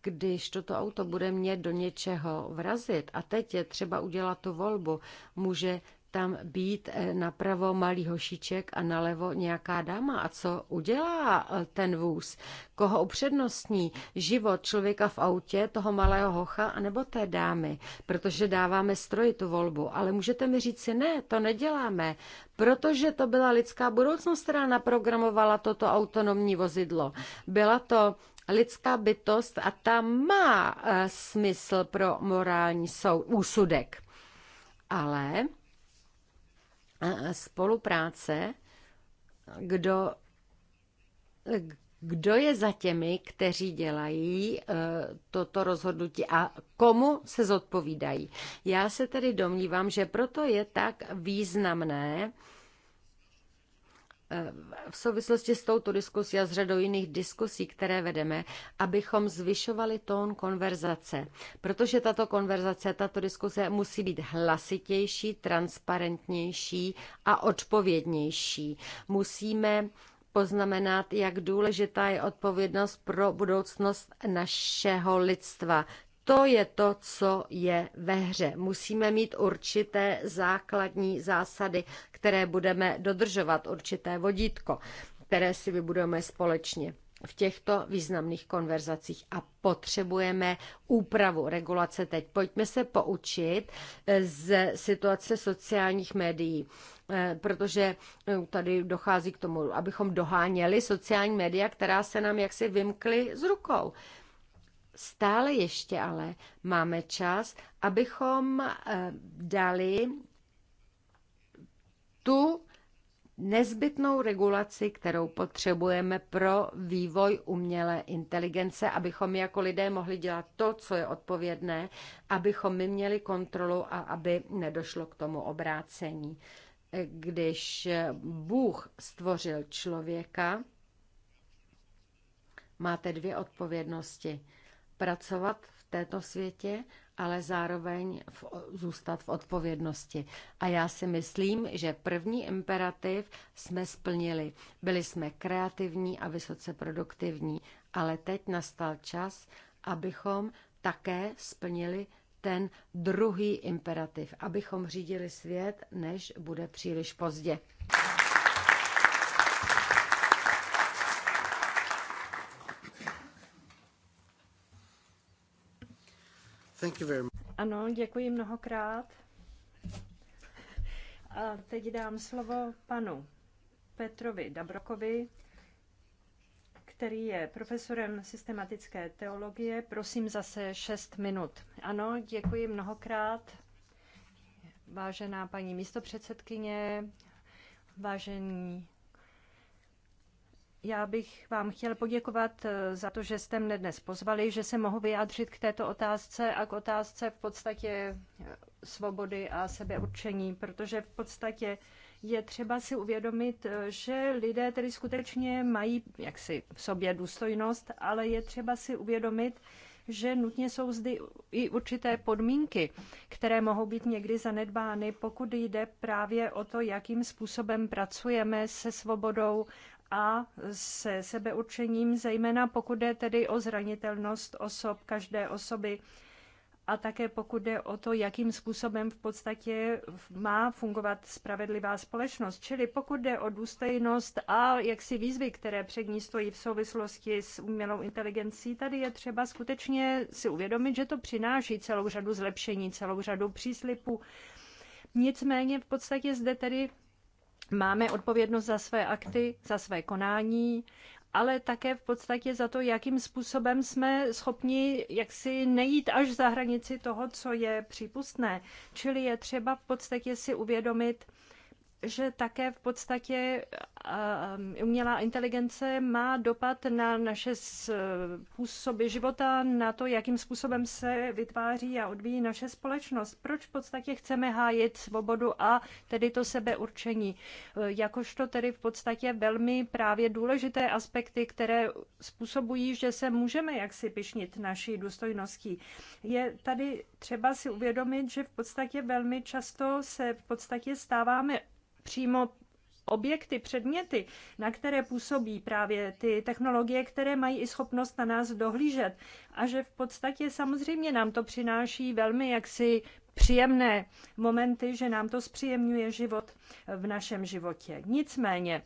když toto auto bude mě do něčeho vrazit a teď je třeba udělat tu volbu, může tam být eh, napravo malý hošiček a nalevo nějaká dáma. A co udělá eh, ten vůz? Koho upřednostní? Život člověka v autě, toho malého hocha, anebo té dámy? Protože dáváme stroji tu volbu. Ale můžete mi říct si, ne, to neděláme, protože to byla lidská budoucnost, která naprogramovala toto autonomní vozidlo. Byla to lidská bytost a ta má eh, smysl pro morální sou, úsudek. Ale eh, spolupráce, kdo, kdo je za těmi, kteří dělají eh, toto rozhodnutí a komu se zodpovídají. Já se tedy domnívám, že proto je tak významné, v souvislosti s touto diskusí a s řadou jiných diskusí, které vedeme, abychom zvyšovali tón konverzace. Protože tato konverzace, tato diskuse musí být hlasitější, transparentnější a odpovědnější. Musíme poznamenat, jak důležitá je odpovědnost pro budoucnost našeho lidstva. To je to, co je ve hře. Musíme mít určité základní zásady, které budeme dodržovat, určité vodítko, které si vybudujeme společně v těchto významných konverzacích a potřebujeme úpravu regulace teď. Pojďme se poučit eh, z situace sociálních médií, eh, protože eh, tady dochází k tomu, abychom doháněli sociální média, která se nám jaksi vymkly z rukou. Stále ještě ale máme čas, abychom eh, dali tu nezbytnou regulaci, kterou potřebujeme pro vývoj umělé inteligence, abychom jako lidé mohli dělat to, co je odpovědné, abychom my měli kontrolu a aby nedošlo k tomu obrácení. Když eh, Bůh stvořil člověka, máte dvě odpovědnosti pracovat v této světě, ale zároveň v, zůstat v odpovědnosti. A já si myslím, že první imperativ jsme splnili. Byli jsme kreativní a vysoce produktivní, ale teď nastal čas, abychom také splnili ten druhý imperativ, abychom řídili svět, než bude příliš pozdě. Thank you very much. Ano, děkuji mnohokrát. A teď dám slovo panu Petrovi Dabrokovi, který je profesorem systematické teologie. Prosím zase 6 minut. Ano, děkuji mnohokrát. Vážená paní místopředsedkyně, vážení já bych vám chtěl poděkovat eh, za to, že jste mne dnes pozvali, že se mohu vyjádřit k této otázce a k otázce v podstatě eh, svobody a sebeurčení, protože v podstatě je třeba si uvědomit, eh, že lidé tedy skutečně mají jaksi v sobě důstojnost, ale je třeba si uvědomit, že nutně jsou zde i určité podmínky, které mohou být někdy zanedbány, pokud jde právě o to, jakým způsobem pracujeme se svobodou a se sebeurčením, zejména pokud jde tedy o zranitelnost osob, každé osoby a také pokud jde o to, jakým způsobem v podstatě má fungovat spravedlivá společnost. Čili pokud jde o důstojnost a jaksi výzvy, které před ní stojí v souvislosti s umělou inteligencí, tady je třeba skutečně si uvědomit, že to přináší celou řadu zlepšení, celou řadu příslipů. Nicméně v podstatě zde tedy Máme odpovědnost za své akty, za své konání, ale také v podstatě za to, jakým způsobem jsme schopni jaksi nejít až za hranici toho, co je přípustné. Čili je třeba v podstatě si uvědomit, že také v podstatě Um, umělá inteligence má dopad na naše způsoby života, na to, jakým způsobem se vytváří a odvíjí naše společnost. Proč v podstatě chceme hájit svobodu a tedy to sebeurčení? Jakožto tedy v podstatě velmi právě důležité aspekty, které způsobují, že se můžeme jaksi pišnit naší důstojností. Je tady třeba si uvědomit, že v podstatě velmi často se v podstatě stáváme přímo objekty, předměty, na které působí právě ty technologie, které mají i schopnost na nás dohlížet. A že v podstatě samozřejmě nám to přináší velmi jaksi příjemné momenty, že nám to zpříjemňuje život v našem životě. Nicméně,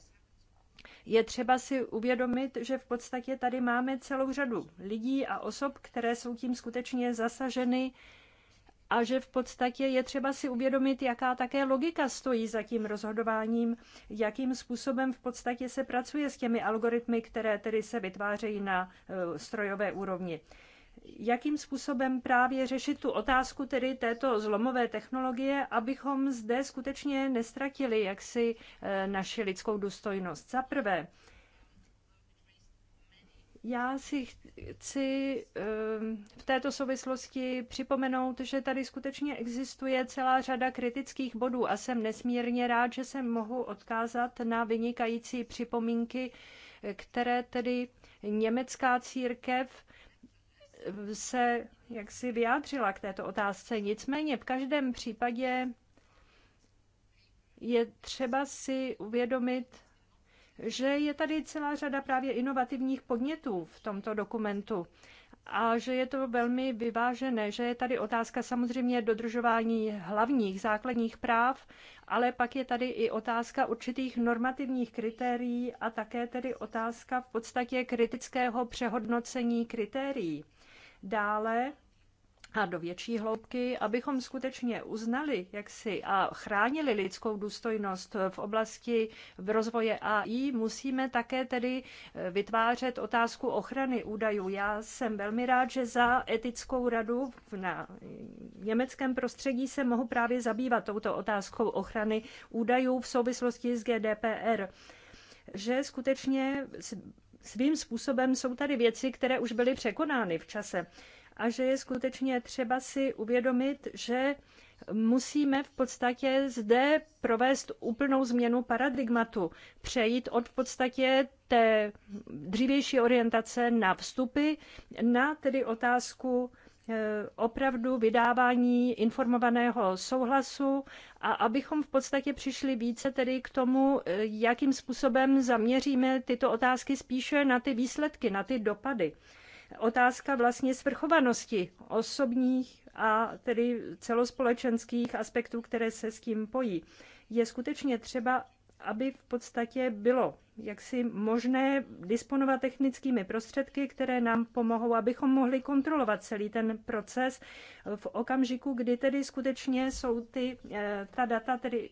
je třeba si uvědomit, že v podstatě tady máme celou řadu lidí a osob, které jsou tím skutečně zasaženy a že v podstatě je třeba si uvědomit, jaká také logika stojí za tím rozhodováním, jakým způsobem v podstatě se pracuje s těmi algoritmy, které tedy se vytvářejí na e, strojové úrovni. Jakým způsobem právě řešit tu otázku tedy této zlomové technologie, abychom zde skutečně nestratili jaksi e, naši lidskou důstojnost. Za prvé, já si chci ehm, v této souvislosti připomenout, že tady skutečně existuje celá řada kritických bodů a jsem nesmírně rád, že se mohu odkázat na vynikající připomínky, které tedy německá církev se jaksi vyjádřila k této otázce. Nicméně v každém případě je třeba si uvědomit, že je tady celá řada právě inovativních podnětů v tomto dokumentu a že je to velmi vyvážené, že je tady otázka samozřejmě dodržování hlavních základních práv, ale pak je tady i otázka určitých normativních kritérií a také tedy otázka v podstatě kritického přehodnocení kritérií. Dále a do větší hloubky, abychom skutečně uznali, jak si a chránili lidskou důstojnost v oblasti v rozvoje AI, musíme také tedy eh, vytvářet otázku ochrany údajů. Já jsem velmi rád, že za etickou radu na německém prostředí se mohu právě zabývat touto otázkou ochrany údajů v souvislosti s GDPR. Že skutečně svým způsobem jsou tady věci, které už byly překonány v čase a že je skutečně třeba si uvědomit, že musíme v podstatě zde provést úplnou změnu paradigmatu, přejít od v podstatě té dřívější orientace na vstupy na tedy otázku eh, opravdu vydávání informovaného souhlasu a abychom v podstatě přišli více tedy k tomu, eh, jakým způsobem zaměříme tyto otázky spíše na ty výsledky, na ty dopady otázka vlastně svrchovanosti osobních a tedy celospolečenských aspektů, které se s tím pojí. Je skutečně třeba, aby v podstatě bylo jaksi možné disponovat technickými prostředky, které nám pomohou, abychom mohli kontrolovat celý ten proces v okamžiku, kdy tedy skutečně jsou ty, eh, ta data tedy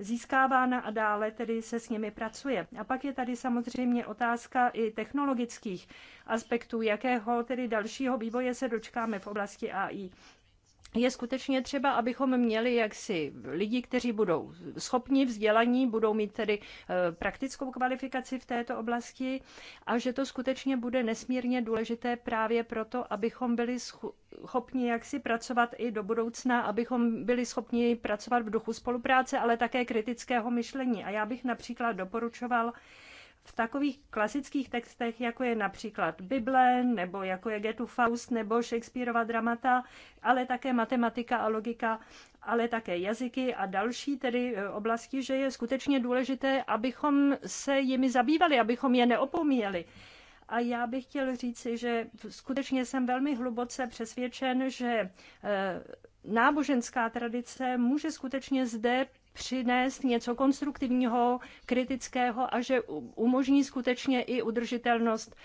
získávána a dále tedy se s nimi pracuje. A pak je tady samozřejmě otázka i technologických aspektů, jakého tedy dalšího vývoje se dočkáme v oblasti AI je skutečně třeba, abychom měli jaksi lidi, kteří budou schopni, vzdělaní, budou mít tedy eh, praktickou kvalifikaci v této oblasti a že to skutečně bude nesmírně důležité právě proto, abychom byli schopni jaksi pracovat i do budoucna, abychom byli schopni pracovat v duchu spolupráce, ale také kritického myšlení. A já bych například doporučoval, v takových klasických textech, jako je například Bible, nebo jako je Getu Faust, nebo Shakespeareova dramata, ale také matematika a logika, ale také jazyky a další tedy e, oblasti, že je skutečně důležité, abychom se jimi zabývali, abychom je neopomíjeli. A já bych chtěl říci, že skutečně jsem velmi hluboce přesvědčen, že e, náboženská tradice může skutečně zde přinést něco konstruktivního, kritického a že umožní skutečně i udržitelnost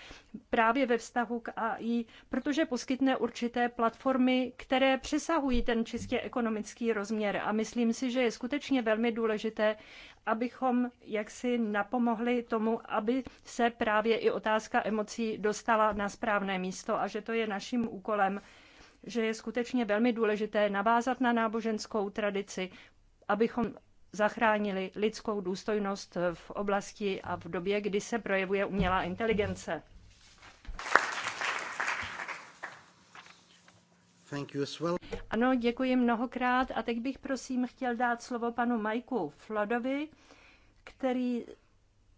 právě ve vztahu k AI, protože poskytne určité platformy, které přesahují ten čistě ekonomický rozměr. A myslím si, že je skutečně velmi důležité, abychom jaksi napomohli tomu, aby se právě i otázka emocí dostala na správné místo a že to je naším úkolem že je skutečně velmi důležité navázat na náboženskou tradici, abychom zachránili lidskou důstojnost v oblasti a v době, kdy se projevuje umělá inteligence. Thank you as well. Ano, děkuji mnohokrát a teď bych prosím chtěl dát slovo panu Majku Flodovi, který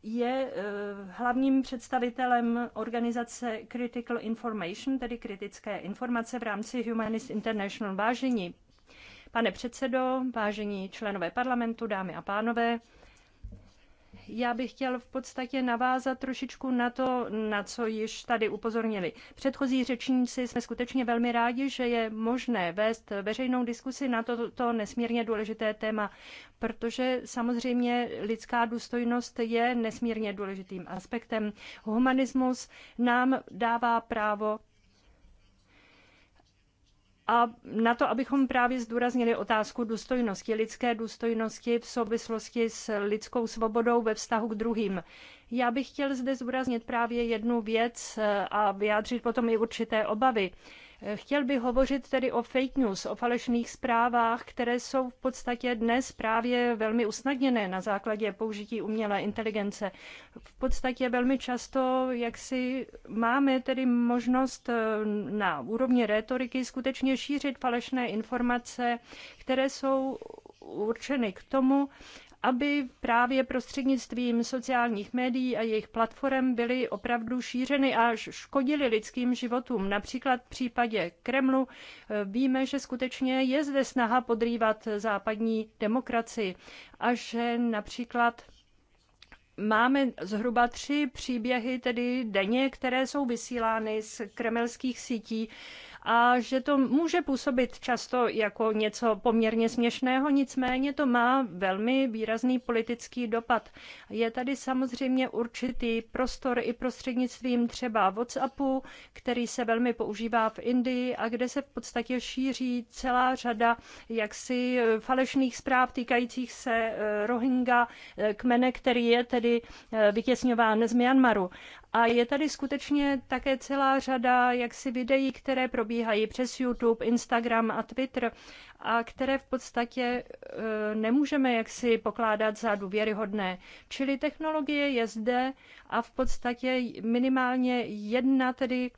je eh, hlavním představitelem organizace Critical Information, tedy kritické informace v rámci Humanist International. Vážení Pane předsedo, vážení členové parlamentu, dámy a pánové, já bych chtěl v podstatě navázat trošičku na to, na co již tady upozornili. Předchozí řečníci jsme skutečně velmi rádi, že je možné vést veřejnou diskusi na toto to nesmírně důležité téma, protože samozřejmě lidská důstojnost je nesmírně důležitým aspektem. Humanismus nám dává právo a na to, abychom právě zdůraznili otázku důstojnosti, lidské důstojnosti v souvislosti s lidskou svobodou ve vztahu k druhým. Já bych chtěl zde zdůraznit právě jednu věc eh, a vyjádřit potom i určité obavy. Chtěl bych hovořit tedy o fake news, o falešných zprávách, které jsou v podstatě dnes právě velmi usnadněné na základě použití umělé inteligence. V podstatě velmi často, jak si máme tedy možnost eh, na úrovni rétoriky skutečně šířit falešné informace, které jsou určeny k tomu, aby právě prostřednictvím sociálních médií a jejich platform byly opravdu šířeny a škodily lidským životům. Například v případě Kremlu eh, víme, že skutečně je zde snaha podrývat západní demokracii a že například máme zhruba tři příběhy tedy denně, které jsou vysílány z kremelských sítí a že to může působit často jako něco poměrně směšného, nicméně to má velmi výrazný politický dopad. Je tady samozřejmě určitý prostor i prostřednictvím třeba WhatsAppu, který se velmi používá v Indii a kde se v podstatě šíří celá řada jaksi eh, falešných zpráv týkajících se eh, Rohingya, eh, kmene, který je tedy vytěsňován z Myanmaru. A je tady skutečně také celá řada jaksi videí, které probíhají přes YouTube, Instagram a Twitter a které v podstatě e, nemůžeme jaksi pokládat za důvěryhodné. Čili technologie je zde a v podstatě minimálně jedna tedy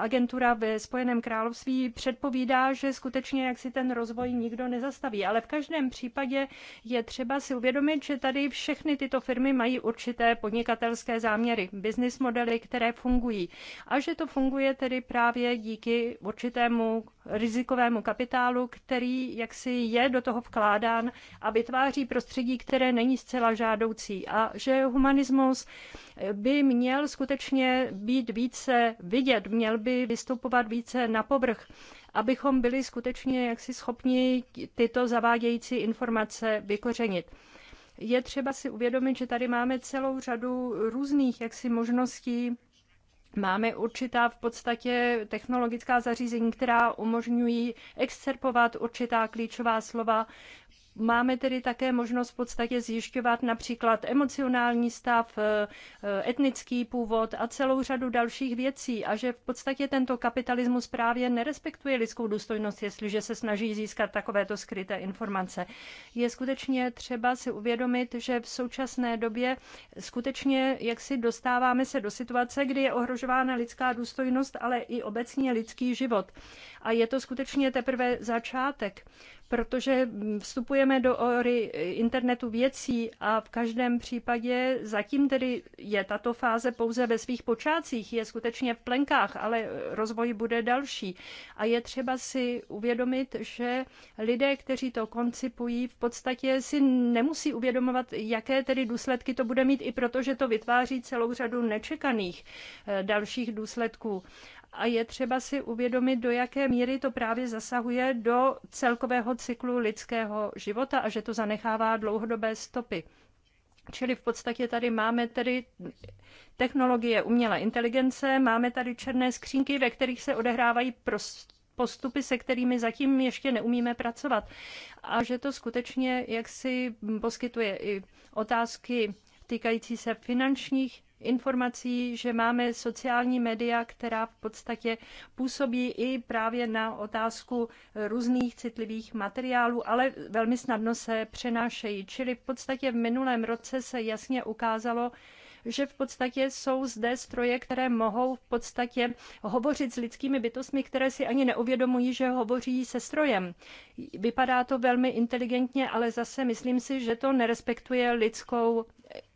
agentura ve Spojeném království předpovídá, že skutečně jak si ten rozvoj nikdo nezastaví. Ale v každém případě je třeba si uvědomit, že tady všechny tyto firmy mají určité podnikatelské záměry, business modely, které fungují. A že to funguje tedy právě díky určitému rizikovému kapitálu, který jaksi je do toho vkládán a vytváří prostředí, které není zcela žádoucí. A že humanismus by měl skutečně být více vidět, měl by vystupovat více na povrch, abychom byli skutečně jaksi schopni tyto zavádějící informace vykořenit je třeba si uvědomit, že tady máme celou řadu různých jaksi možností máme určitá v podstatě technologická zařízení, která umožňují excerpovat určitá klíčová slova Máme tedy také možnost v podstatě zjišťovat například emocionální stav, eh, eh, etnický původ a celou řadu dalších věcí a že v podstatě tento kapitalismus právě nerespektuje lidskou důstojnost, jestliže se snaží získat takovéto skryté informace. Je skutečně třeba si uvědomit, že v současné době skutečně jak si dostáváme se do situace, kdy je ohrožována lidská důstojnost, ale i obecně lidský život. A je to skutečně teprve začátek protože vstupujeme do ory internetu věcí a v každém případě zatím tedy je tato fáze pouze ve svých počátcích, je skutečně v plenkách, ale rozvoj bude další. A je třeba si uvědomit, že lidé, kteří to koncipují, v podstatě si nemusí uvědomovat, jaké tedy důsledky to bude mít, i protože to vytváří celou řadu nečekaných eh, dalších důsledků a je třeba si uvědomit, do jaké míry to právě zasahuje do celkového cyklu lidského života a že to zanechává dlouhodobé stopy. Čili v podstatě tady máme tedy technologie umělé inteligence, máme tady černé skřínky, ve kterých se odehrávají postupy, se kterými zatím ještě neumíme pracovat. A že to skutečně jaksi poskytuje i otázky týkající se finančních informací, že máme sociální média, která v podstatě působí i právě na otázku různých citlivých materiálů, ale velmi snadno se přenášejí. Čili v podstatě v minulém roce se jasně ukázalo, že v podstatě jsou zde stroje, které mohou v podstatě hovořit s lidskými bytostmi, které si ani neuvědomují, že hovoří se strojem. Vypadá to velmi inteligentně, ale zase myslím si, že to nerespektuje lidskou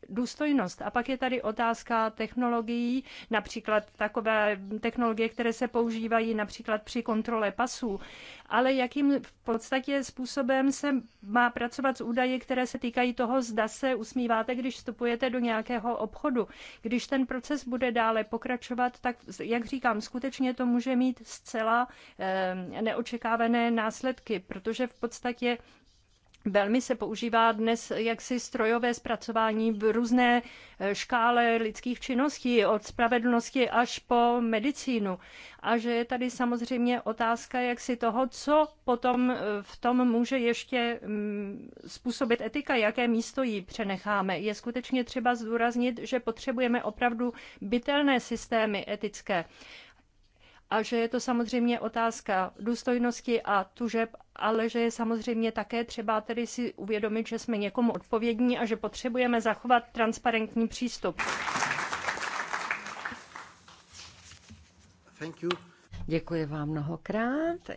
důstojnost. A pak je tady otázka technologií, například takové technologie, které se používají například při kontrole pasů, ale jakým v podstatě způsobem se má pracovat s údaji, které se týkají toho, zda se usmíváte, když vstupujete do nějakého obchodu. Když ten proces bude dále pokračovat, tak, jak říkám, skutečně to může mít zcela eh, neočekávané následky, protože v podstatě Velmi se používá dnes jaksi strojové zpracování v různé eh, škále lidských činností, od spravedlnosti až po medicínu. A že je tady samozřejmě otázka jaksi toho, co potom eh, v tom může ještě mm, způsobit etika, jaké místo jí přenecháme. Je skutečně třeba zdůraznit, že potřebujeme opravdu bytelné systémy etické a že je to samozřejmě otázka důstojnosti a tužeb, ale že je samozřejmě také třeba tedy si uvědomit, že jsme někomu odpovědní a že potřebujeme zachovat transparentní přístup. Thank you. Děkuji vám mnohokrát.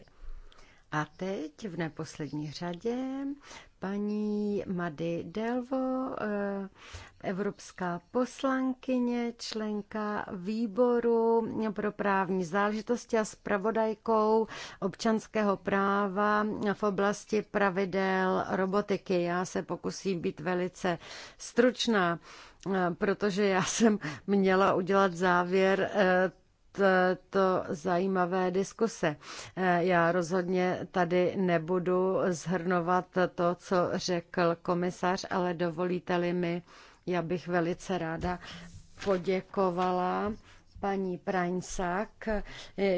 A teď v neposlední řadě paní Mady Delvo, eh, evropská poslankyně, členka výboru pro právní záležitosti a spravodajkou občanského práva v oblasti pravidel robotiky. Já se pokusím být velice stručná, eh, protože já jsem měla udělat závěr eh, to zajímavé diskuse. Eh, já rozhodně tady nebudu zhrnovat to, co řekl komisař, ale dovolíte-li mi, já bych velice ráda poděkovala paní Prajnsák, eh,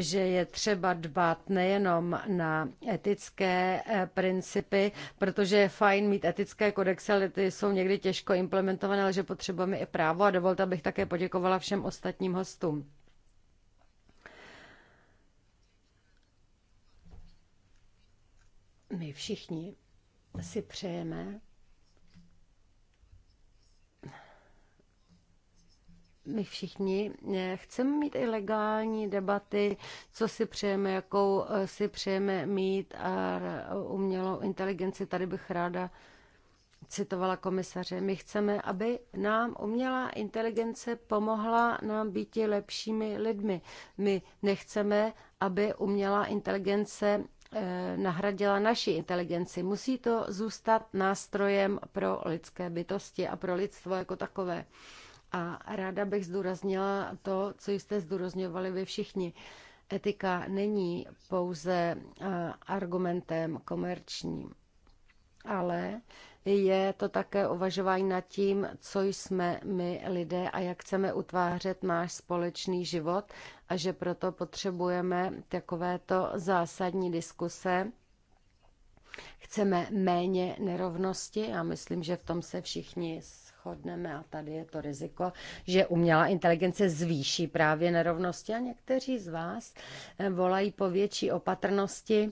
že je třeba dbát nejenom na etické eh, principy, protože je fajn mít etické kodexy, ale ty jsou někdy těžko implementované, ale že potřebujeme i právo a dovolte, abych také poděkovala všem ostatním hostům. My všichni si přejeme, my všichni eh, chceme mít i legální debaty, co si přejeme, jakou eh, si přejeme mít a umělou inteligenci. Tady bych ráda citovala komisaře. My chceme, aby nám umělá inteligence pomohla nám být lepšími lidmi. My nechceme, aby umělá inteligence Eh, nahradila naši inteligenci. Musí to zůstat nástrojem pro lidské bytosti a pro lidstvo jako takové. A ráda bych zdůraznila to, co jste zdůrazňovali vy všichni. Etika není pouze eh, argumentem komerčním, ale je to také uvažování nad tím, co jsme my lidé a jak chceme utvářet náš společný život a že proto potřebujeme takovéto zásadní diskuse. Chceme méně nerovnosti a myslím, že v tom se všichni shodneme a tady je to riziko, že umělá inteligence zvýší právě nerovnosti a někteří z vás volají po větší opatrnosti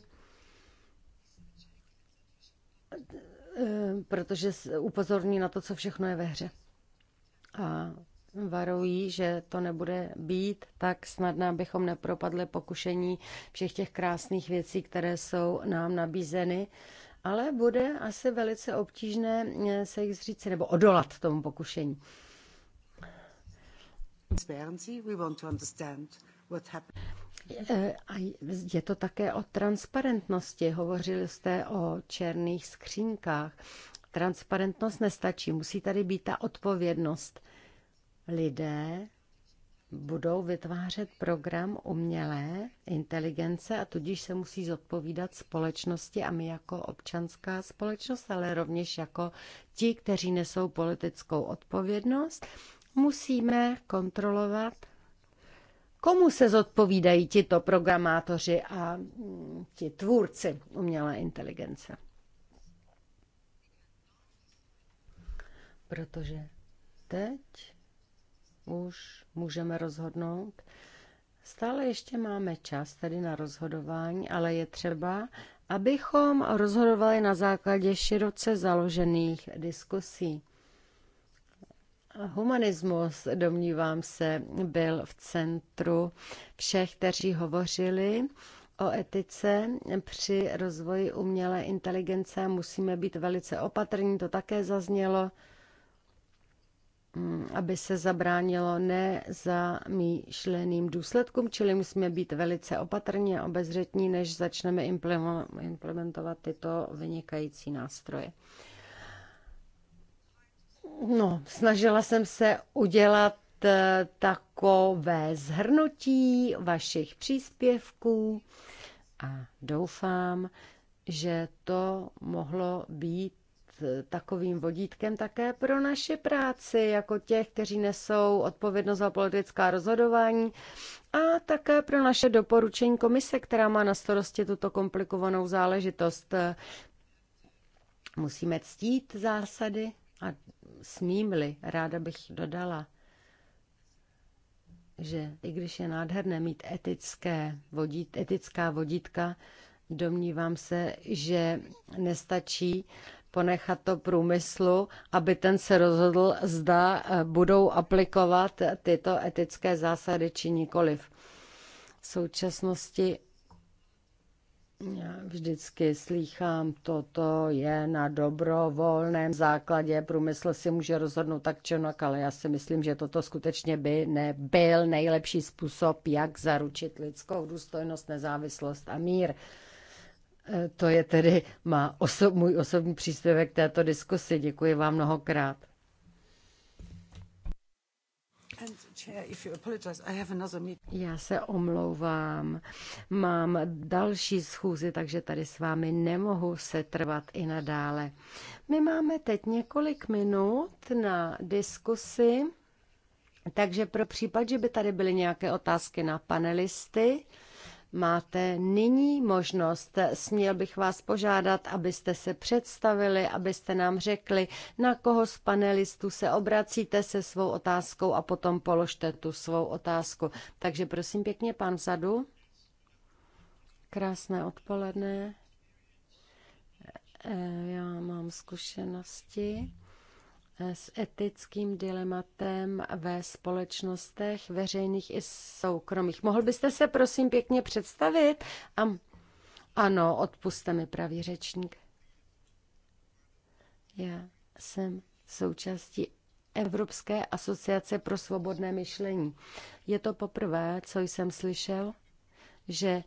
Eh, protože upozorní na to, co všechno je ve hře. A varují, že to nebude být tak snadné, abychom nepropadli pokušení všech těch krásných věcí, které jsou nám nabízeny, ale bude asi velice obtížné eh, se jich zříci nebo odolat tomu pokušení. E, a je to také o transparentnosti. Hovořili jste o černých skřínkách. Transparentnost nestačí, musí tady být ta odpovědnost. Lidé budou vytvářet program umělé inteligence a tudíž se musí zodpovídat společnosti a my jako občanská společnost, ale rovněž jako ti, kteří nesou politickou odpovědnost, musíme kontrolovat Komu se zodpovídají tito programátoři a ti tvůrci umělé inteligence? Protože teď už můžeme rozhodnout. Stále ještě máme čas tady na rozhodování, ale je třeba, abychom rozhodovali na základě široce založených diskusí. Humanismus, domnívám se, byl v centru všech, kteří hovořili o etice při rozvoji umělé inteligence. Musíme být velice opatrní, to také zaznělo, mm, aby se zabránilo nezamýšleným důsledkům, čili musíme být velice opatrní a obezřetní, než začneme implementovat tyto vynikající nástroje. No, snažila jsem se udělat eh, takové zhrnutí vašich příspěvků a doufám, že to mohlo být eh, takovým vodítkem také pro naši práci, jako těch, kteří nesou odpovědnost za politická rozhodování a také pro naše doporučení komise, která má na starosti tuto komplikovanou záležitost. Eh, Musíme ctít zásady a smím-li, ráda bych dodala, že i když je nádherné mít etické vodít, etická vodítka, domnívám se, že nestačí ponechat to průmyslu, aby ten se rozhodl, zda eh, budou aplikovat tyto etické zásady či nikoliv. V současnosti já vždycky slýchám, toto je na dobrovolném základě, průmysl si může rozhodnout tak černok, ale já si myslím, že toto skutečně by nebyl nejlepší způsob, jak zaručit lidskou důstojnost, nezávislost a mír. E, to je tedy má oso- můj osobní příspěvek k této diskusi. Děkuji vám mnohokrát. Já se omlouvám. Mám další schůzi, takže tady s vámi nemohu se trvat i nadále. My máme teď několik minut na diskusi, takže pro případ, že by tady byly nějaké otázky na panelisty, máte nyní možnost. Směl bych vás požádat, abyste se představili, abyste nám řekli, na koho z panelistů se obracíte se svou otázkou a potom položte tu svou otázku. Takže prosím pěkně, pan vzadu. Krásné odpoledne. Eh, já mám zkušenosti s etickým dilematem ve společnostech veřejných i soukromých. Mohl byste se prosím pěkně představit? A, ano, odpuste mi pravý řečník. Já jsem součástí Evropské asociace pro svobodné myšlení. Je to poprvé, co jsem slyšel, že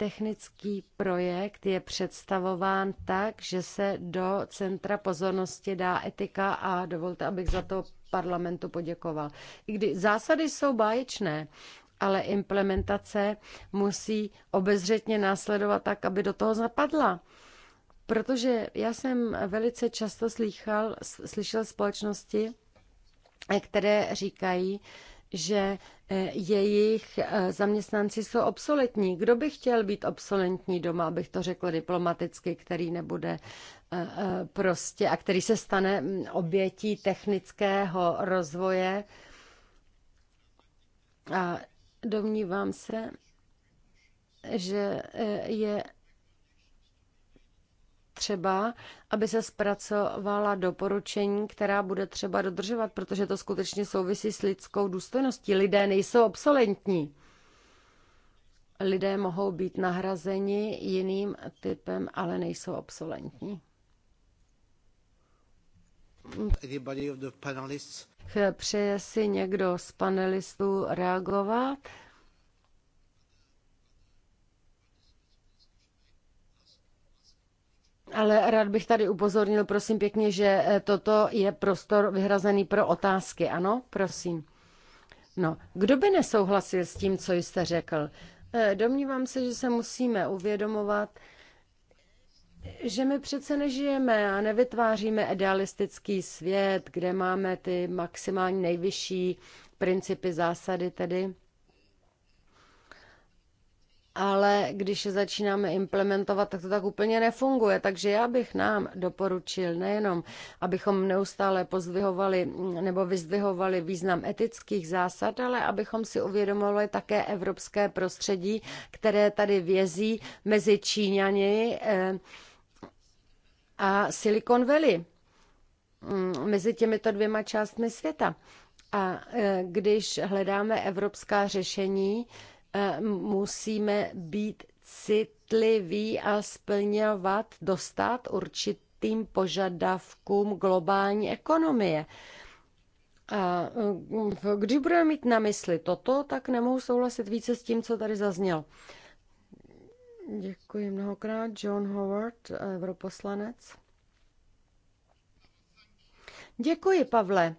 Technický projekt je představován tak, že se do centra pozornosti dá etika a dovolte, abych za to parlamentu poděkoval. I když zásady jsou báječné, ale implementace musí obezřetně následovat tak, aby do toho zapadla. Protože já jsem velice často slychal, slyšel společnosti, které říkají, že Eh, jejich eh, zaměstnanci jsou obsoletní. Kdo by chtěl být obsoletní doma, abych to řekla diplomaticky, který nebude eh, prostě a který se stane mm, obětí technického rozvoje. A domnívám se, že je třeba, aby se zpracovala doporučení, která bude třeba dodržovat, protože to skutečně souvisí s lidskou důstojností. Lidé nejsou obsolentní. Lidé mohou být nahrazeni jiným typem, ale nejsou obsolentní. Přeje si někdo z panelistů reagovat? Ale rád bych tady upozornil, prosím pěkně, že eh, toto je prostor vyhrazený pro otázky. Ano, prosím. No, kdo by nesouhlasil s tím, co jste řekl? Eh, domnívám se, že se musíme uvědomovat, že my přece nežijeme a nevytváříme idealistický svět, kde máme ty maximálně nejvyšší principy, zásady tedy ale když je začínáme implementovat, tak to tak úplně nefunguje. Takže já bych nám doporučil nejenom, abychom neustále pozdvihovali nebo vyzdvihovali význam etických zásad, ale abychom si uvědomovali také evropské prostředí, které tady vězí mezi Číňany eh, a Silicon Valley, mm, mezi těmito dvěma částmi světa. A eh, když hledáme evropská řešení, Eh, musíme být citliví a splňovat, dostat určitým požadavkům globální ekonomie. A eh, když budeme mít na mysli toto, tak nemohu souhlasit více s tím, co tady zaznělo. Děkuji mnohokrát. John Howard, eh, europoslanec. Děkuji, Pavle.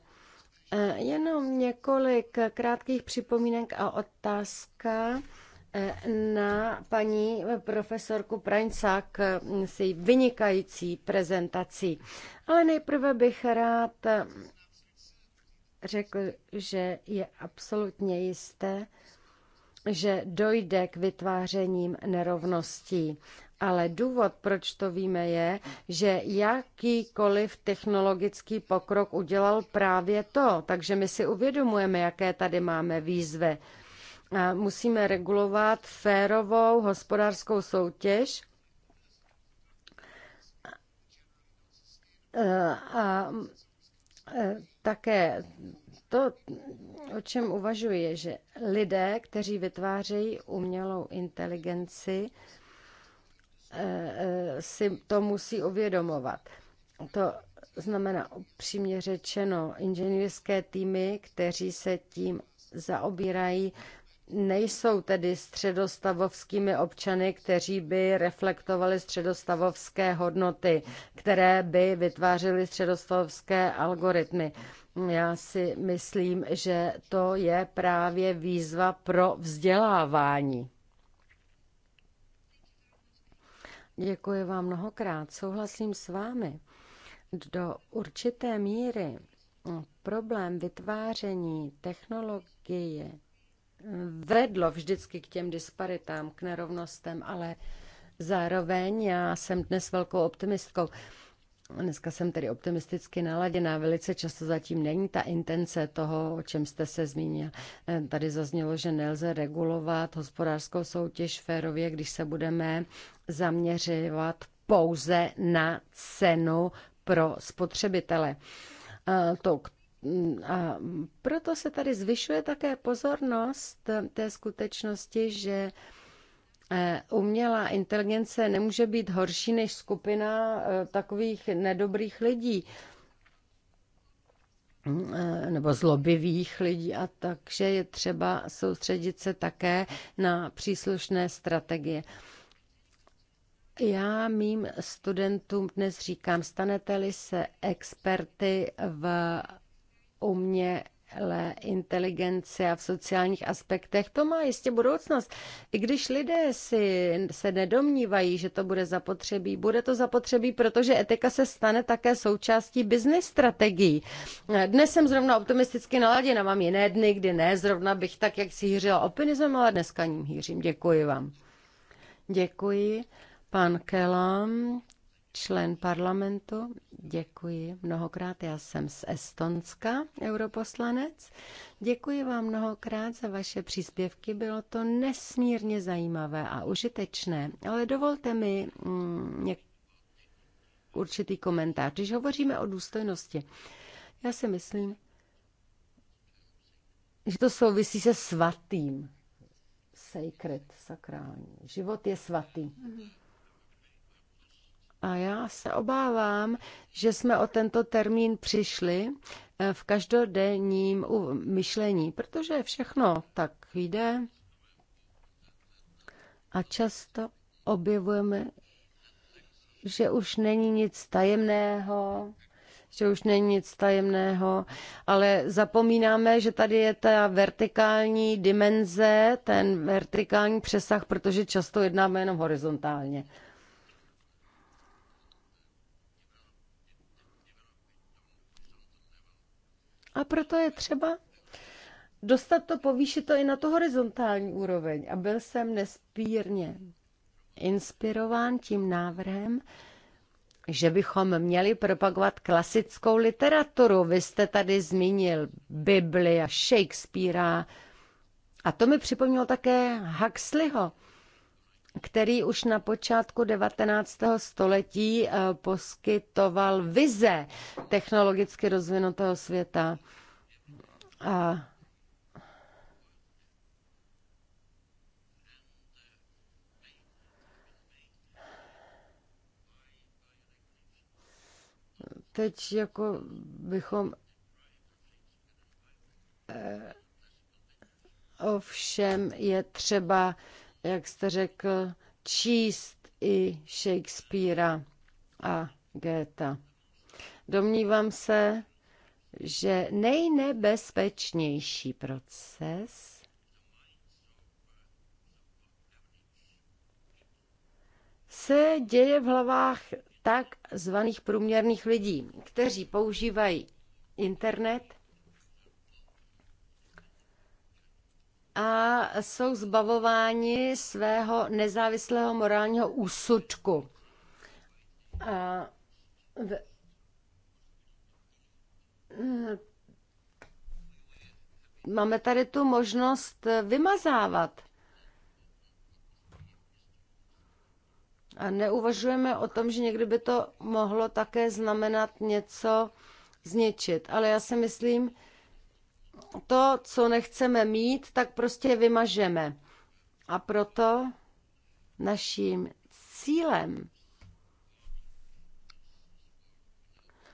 Eh, jenom několik krátkých připomínek a otázka eh, na paní profesorku Praňcák eh, s její vynikající prezentací. Ale nejprve bych rád řekl, že je absolutně jisté, že dojde k vytvářením nerovností. Ale důvod, proč to víme, je, že jakýkoliv technologický pokrok udělal právě to. Takže my si uvědomujeme, jaké tady máme výzvy. A musíme regulovat férovou hospodářskou soutěž e, a e, také to, o čem uvažuji, je, že lidé, kteří vytvářejí umělou inteligenci, E, e, si to musí uvědomovat. To znamená upřímně řečeno, inženýrské týmy, kteří se tím zaobírají, nejsou tedy středostavovskými občany, kteří by reflektovali středostavovské hodnoty, které by vytvářely středostavovské algoritmy. Já si myslím, že to je právě výzva pro vzdělávání. Děkuji vám mnohokrát. Souhlasím s vámi. Do určité míry problém vytváření technologie vedlo vždycky k těm disparitám, k nerovnostem, ale zároveň já jsem dnes velkou optimistkou. Dneska jsem tedy optimisticky naladěná. Velice často zatím není ta intence toho, o čem jste se zmínil. Eh, tady zaznělo, že nelze regulovat hospodářskou soutěž férově, když se budeme zaměřovat pouze na cenu pro spotřebitele. Eh, to, mm, a proto se tady zvyšuje také pozornost té skutečnosti, že Eh, umělá inteligence nemůže být horší než skupina eh, takových nedobrých lidí mm, eh, nebo zlobivých lidí a takže je třeba soustředit se také na příslušné strategie. Já mým studentům dnes říkám, stanete-li se experty v umě inteligence a v sociálních aspektech, to má jistě budoucnost. I když lidé si se nedomnívají, že to bude zapotřebí, bude to zapotřebí, protože etika se stane také součástí business strategií. Dnes jsem zrovna optimisticky naladěna, mám jiné dny, kdy ne, zrovna bych tak, jak si hýřila opinismem, ale dneska ním hýřím. Děkuji vám. Děkuji. Pan Kelam, člen parlamentu. Děkuji mnohokrát. Já jsem z Estonska, europoslanec. Děkuji vám mnohokrát za vaše příspěvky. Bylo to nesmírně zajímavé a užitečné. Ale dovolte mi mm, něk- určitý komentář. Když hovoříme o důstojnosti, já si myslím, že to souvisí se svatým. Sacred, sakrální. Život je svatý. Mm-hmm. A já se obávám, že jsme o tento termín přišli eh, v každodenním myšlení, protože všechno tak jde a často objevujeme, že už není nic tajemného, že už není nic tajemného, ale zapomínáme, že tady je ta vertikální dimenze, ten vertikální přesah, protože často jednáme jenom horizontálně. A proto je třeba dostat to, povýšit to i na to horizontální úroveň. A byl jsem nespírně inspirován tím návrhem, že bychom měli propagovat klasickou literaturu. Vy jste tady zmínil Bibli a Shakespearea. A to mi připomnělo také Huxleyho který už na počátku 19. století eh, poskytoval vize technologicky rozvinutého světa. A teď jako bychom eh, ovšem je třeba jak jste řekl, číst i Shakespearea a Goethe. Domnívám se, že nejnebezpečnější proces se děje v hlavách tak zvaných průměrných lidí, kteří používají internet a jsou zbavováni svého nezávislého morálního úsudku. A v, hmm. máme tady tu možnost vymazávat. A neuvažujeme o tom, že někdy by to mohlo také znamenat něco zničit. Ale já si myslím, to, co nechceme mít, tak prostě vymažeme. A proto naším cílem,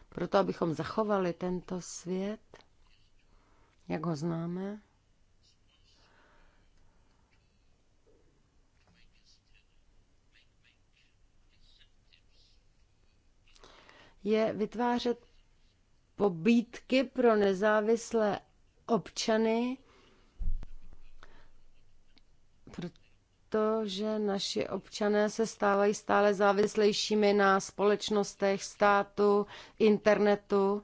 proto abychom zachovali tento svět, jak ho známe, je vytvářet pobídky pro nezávislé občany, protože naši občané se stávají stále závislejšími na společnostech, státu, internetu.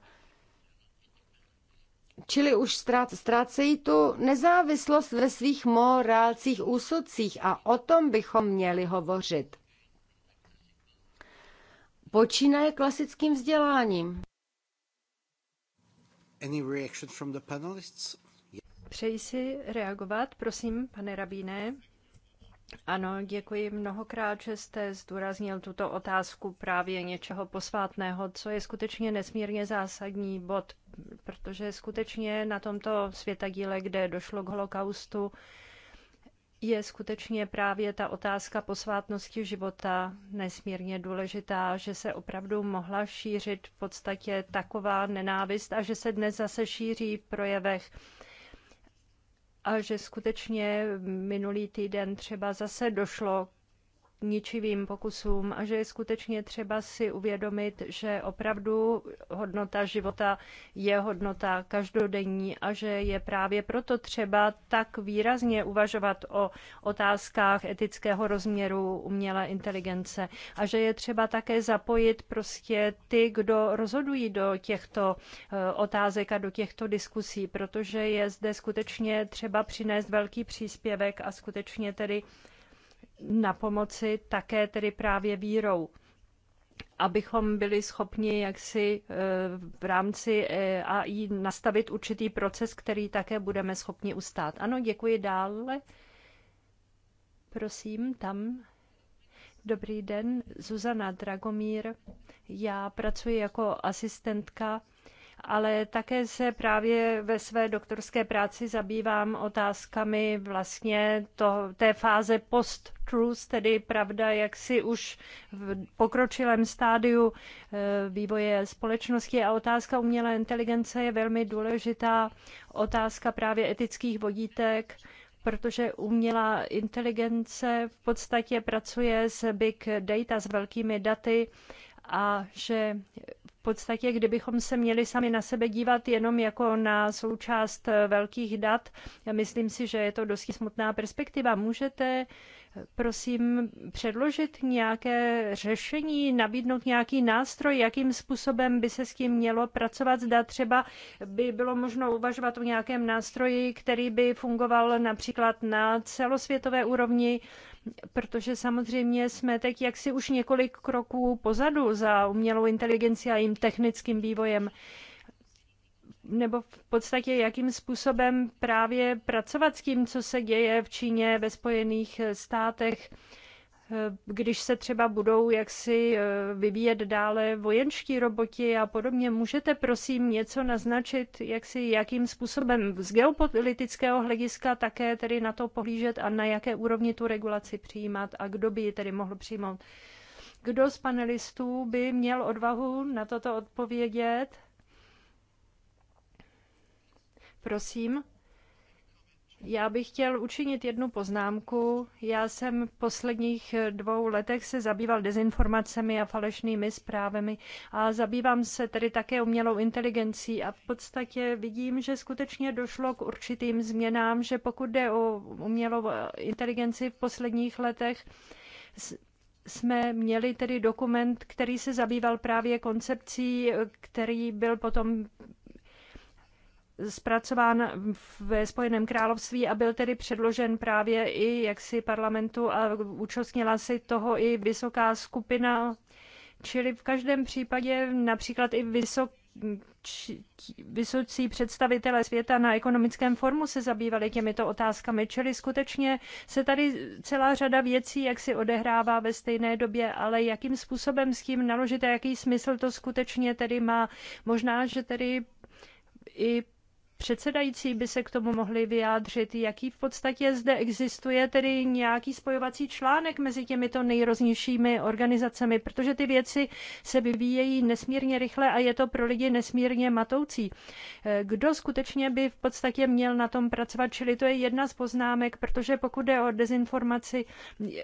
Čili už ztrácejí tu nezávislost ve svých morálcích úsudcích a o tom bychom měli hovořit. Počínaje klasickým vzděláním. Any reaction from the panelists? Přeji si reagovat, prosím, pane rabíne. Ano, děkuji mnohokrát, že jste zdůraznil tuto otázku právě něčeho posvátného, co je skutečně nesmírně zásadní bod, protože skutečně na tomto světadíle, kde došlo k holokaustu, je skutečně právě ta otázka posvátnosti života nesmírně důležitá, že se opravdu mohla šířit v podstatě taková nenávist a že se dnes zase šíří v projevech a že skutečně minulý týden třeba zase došlo ničivým pokusům a že je skutečně třeba si uvědomit, že opravdu hodnota života je hodnota každodenní a že je právě proto třeba tak výrazně uvažovat o otázkách etického rozměru umělé inteligence a že je třeba také zapojit prostě ty, kdo rozhodují do těchto eh, otázek a do těchto diskusí, protože je zde skutečně třeba přinést velký příspěvek a skutečně tedy na pomoci také tedy právě vírou abychom byli schopni jaksi e, v rámci e, AI nastavit určitý proces, který také budeme schopni ustát. Ano, děkuji dále. Prosím, tam. Dobrý den, Zuzana Dragomír. Já pracuji jako asistentka ale také se právě ve své doktorské práci zabývám otázkami vlastně to, té fáze post-truth, tedy pravda, jak si už v pokročilém stádiu e, vývoje společnosti a otázka umělé inteligence je velmi důležitá otázka právě etických vodítek, protože umělá inteligence v podstatě pracuje s big data, s velkými daty a že podstatě, kdybychom se měli sami na sebe dívat jenom jako na součást velkých dat, myslím si, že je to dosti smutná perspektiva. Můžete prosím předložit nějaké řešení, nabídnout nějaký nástroj, jakým způsobem by se s tím mělo pracovat. Zda třeba by bylo možno uvažovat o nějakém nástroji, který by fungoval například na celosvětové úrovni, protože samozřejmě jsme teď jaksi už několik kroků pozadu za umělou inteligenci a jejím technickým vývojem nebo v podstatě jakým způsobem právě pracovat s tím, co se děje v Číně, ve Spojených státech, eh, když se třeba budou jaksi eh, vyvíjet dále vojenští roboti a podobně. Můžete prosím něco naznačit, jaksi, jakým způsobem z geopolitického hlediska také tedy na to pohlížet a na jaké úrovni tu regulaci přijímat a kdo by ji tedy mohl přijmout? Kdo z panelistů by měl odvahu na toto odpovědět? Prosím. Já bych chtěl učinit jednu poznámku. Já jsem v posledních dvou letech se zabýval dezinformacemi a falešnými zprávami a zabývám se tedy také umělou inteligencí a v podstatě vidím, že skutečně došlo k určitým změnám, že pokud jde o umělou inteligenci v posledních letech, jsme měli tedy dokument, který se zabýval právě koncepcí, který byl potom zpracován ve Spojeném království a byl tedy předložen právě i jaksi parlamentu a účastnila si toho i vysoká skupina. Čili v každém případě například i vysok, vysocí představitelé světa na ekonomickém formu se zabývali těmito otázkami, čili skutečně se tady celá řada věcí jak si odehrává ve stejné době, ale jakým způsobem s tím naložit a jaký smysl to skutečně tedy má. Možná, že tedy i předsedající by se k tomu mohli vyjádřit, jaký v podstatě zde existuje tedy nějaký spojovací článek mezi těmito nejroznějšími organizacemi, protože ty věci se vyvíjejí nesmírně rychle a je to pro lidi nesmírně matoucí. Eh, kdo skutečně by v podstatě měl na tom pracovat, čili to je jedna z poznámek, protože pokud jde o dezinformaci,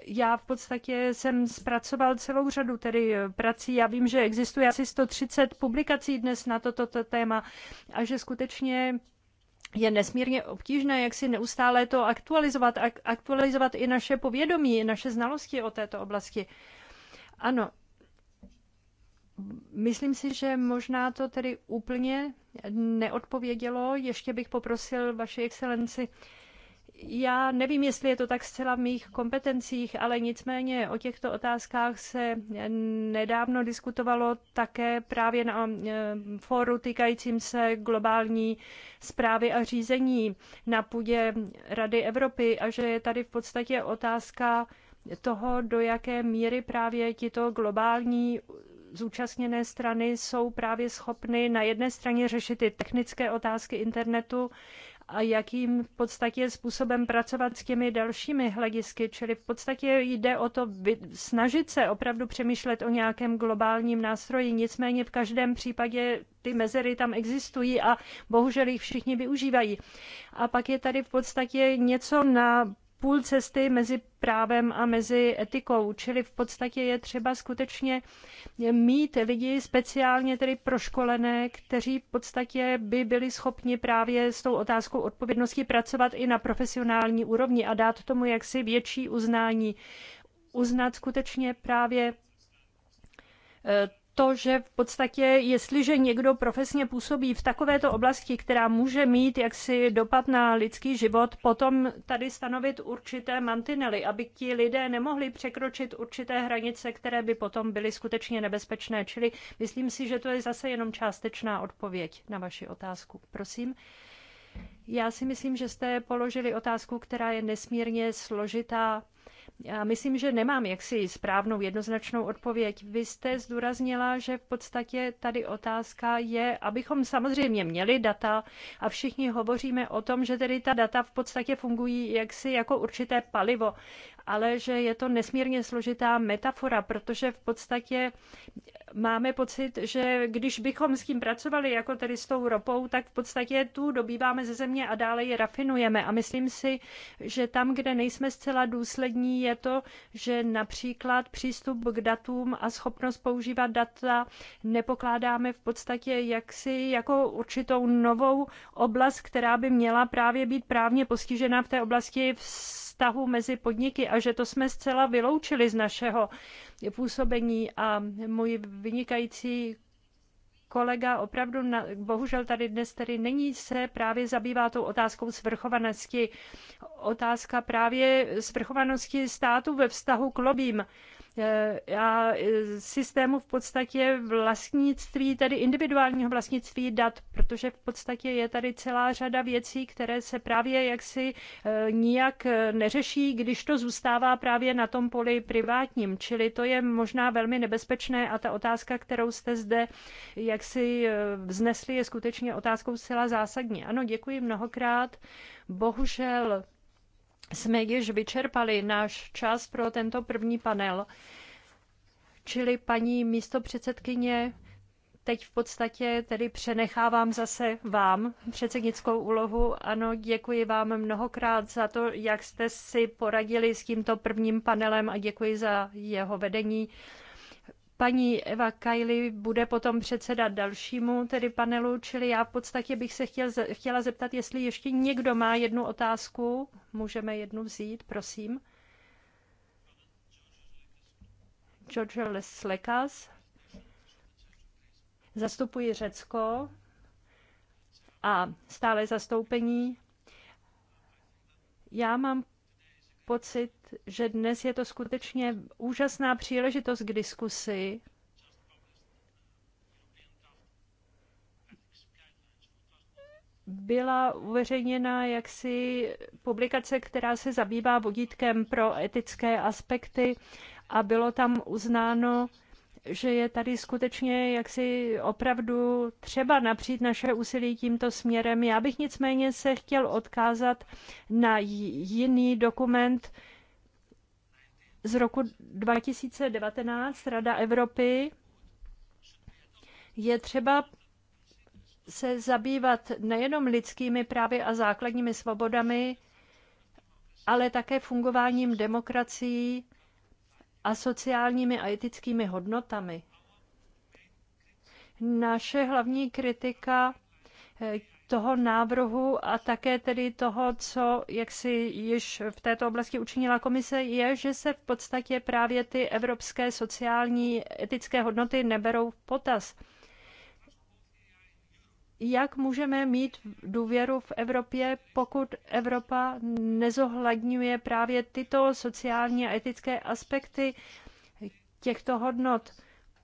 já v podstatě jsem zpracoval celou řadu tedy eh, prací. Já vím, že existuje asi 130 publikací dnes na toto téma a že skutečně je nesmírně obtížné, jak si neustále to aktualizovat, aktualizovat i naše povědomí, i naše znalosti o této oblasti. Ano, myslím si, že možná to tedy úplně neodpovědělo. Ještě bych poprosil vaši excelenci, já nevím, jestli je to tak zcela v mých kompetencích, ale nicméně o těchto otázkách se nedávno diskutovalo také právě na eh, fóru týkajícím se globální zprávy a řízení na půdě Rady Evropy a že je tady v podstatě otázka toho, do jaké míry právě tito globální zúčastněné strany jsou právě schopny na jedné straně řešit ty technické otázky internetu a jakým v podstatě způsobem pracovat s těmi dalšími hledisky. Čili v podstatě jde o to snažit se opravdu přemýšlet o nějakém globálním nástroji, nicméně v každém případě ty mezery tam existují a bohužel jich všichni využívají. A pak je tady v podstatě něco na půl cesty mezi právem a mezi etikou. Čili v podstatě je třeba skutečně mít lidi speciálně tedy proškolené, kteří v podstatě by byli schopni právě s tou otázkou odpovědnosti pracovat i na profesionální úrovni a dát tomu jaksi větší uznání. Uznat skutečně právě eh, to, že v podstatě, jestliže někdo profesně působí v takovéto oblasti, která může mít jaksi dopad na lidský život, potom tady stanovit určité mantinely, aby ti lidé nemohli překročit určité hranice, které by potom byly skutečně nebezpečné. Čili myslím si, že to je zase jenom částečná odpověď na vaši otázku. Prosím. Já si myslím, že jste položili otázku, která je nesmírně složitá já myslím, že nemám jaksi správnou jednoznačnou odpověď. Vy jste zdůraznila, že v podstatě tady otázka je, abychom samozřejmě měli data a všichni hovoříme o tom, že tedy ta data v podstatě fungují jaksi jako určité palivo, ale že je to nesmírně složitá metafora, protože v podstatě máme pocit, že když bychom s tím pracovali, jako tedy s tou ropou, tak v podstatě tu dobýváme ze země a dále ji rafinujeme. A myslím si, že tam, kde nejsme zcela důslední, je to, že například přístup k datům a schopnost používat data nepokládáme v podstatě jaksi jako určitou novou oblast, která by měla právě být právně postižena v té oblasti vztahu mezi podniky a že to jsme zcela vyloučili z našeho působení a můj vynikající kolega opravdu, na, bohužel tady dnes tady není, se právě zabývá tou otázkou svrchovanosti. Otázka právě svrchovanosti státu ve vztahu k lobím. Eh, a eh, systému v podstatě vlastnictví, tedy individuálního vlastnictví dat, protože v podstatě je tady celá řada věcí, které se právě jaksi eh, nijak neřeší, když to zůstává právě na tom poli privátním. Čili to je možná velmi nebezpečné a ta otázka, kterou jste zde jaksi vznesli, je skutečně otázkou zcela zásadní. Ano, děkuji mnohokrát. Bohužel jsme již vyčerpali náš čas pro tento první panel. Čili paní místopředsedkyně, teď v podstatě tedy přenechávám zase vám předsednickou úlohu. Ano, děkuji vám mnohokrát za to, jak jste si poradili s tímto prvním panelem a děkuji za jeho vedení. Paní Eva Kajli bude potom předsedat dalšímu tedy panelu, čili já v podstatě bych se chtěl, chtěla zeptat, jestli ještě někdo má jednu otázku. Můžeme jednu vzít, prosím. George Leslekas. Zastupuji Řecko a stále zastoupení. Já mám pocit, že dnes je to skutečně úžasná příležitost k diskusi. Byla uveřejněna jaksi publikace, která se zabývá vodítkem pro etické aspekty a bylo tam uznáno, že je tady skutečně jaksi opravdu třeba napřít naše úsilí tímto směrem. Já bych nicméně se chtěl odkázat na jiný dokument, z roku 2019 Rada Evropy je třeba se zabývat nejenom lidskými právy a základními svobodami, ale také fungováním demokracií a sociálními a etickými hodnotami. Naše hlavní kritika eh, toho návrhu a také tedy toho, co jak si již v této oblasti učinila komise, je, že se v podstatě právě ty evropské sociální etické hodnoty neberou v potaz. Jak můžeme mít důvěru v Evropě, pokud Evropa nezohledňuje právě tyto sociální a etické aspekty těchto hodnot?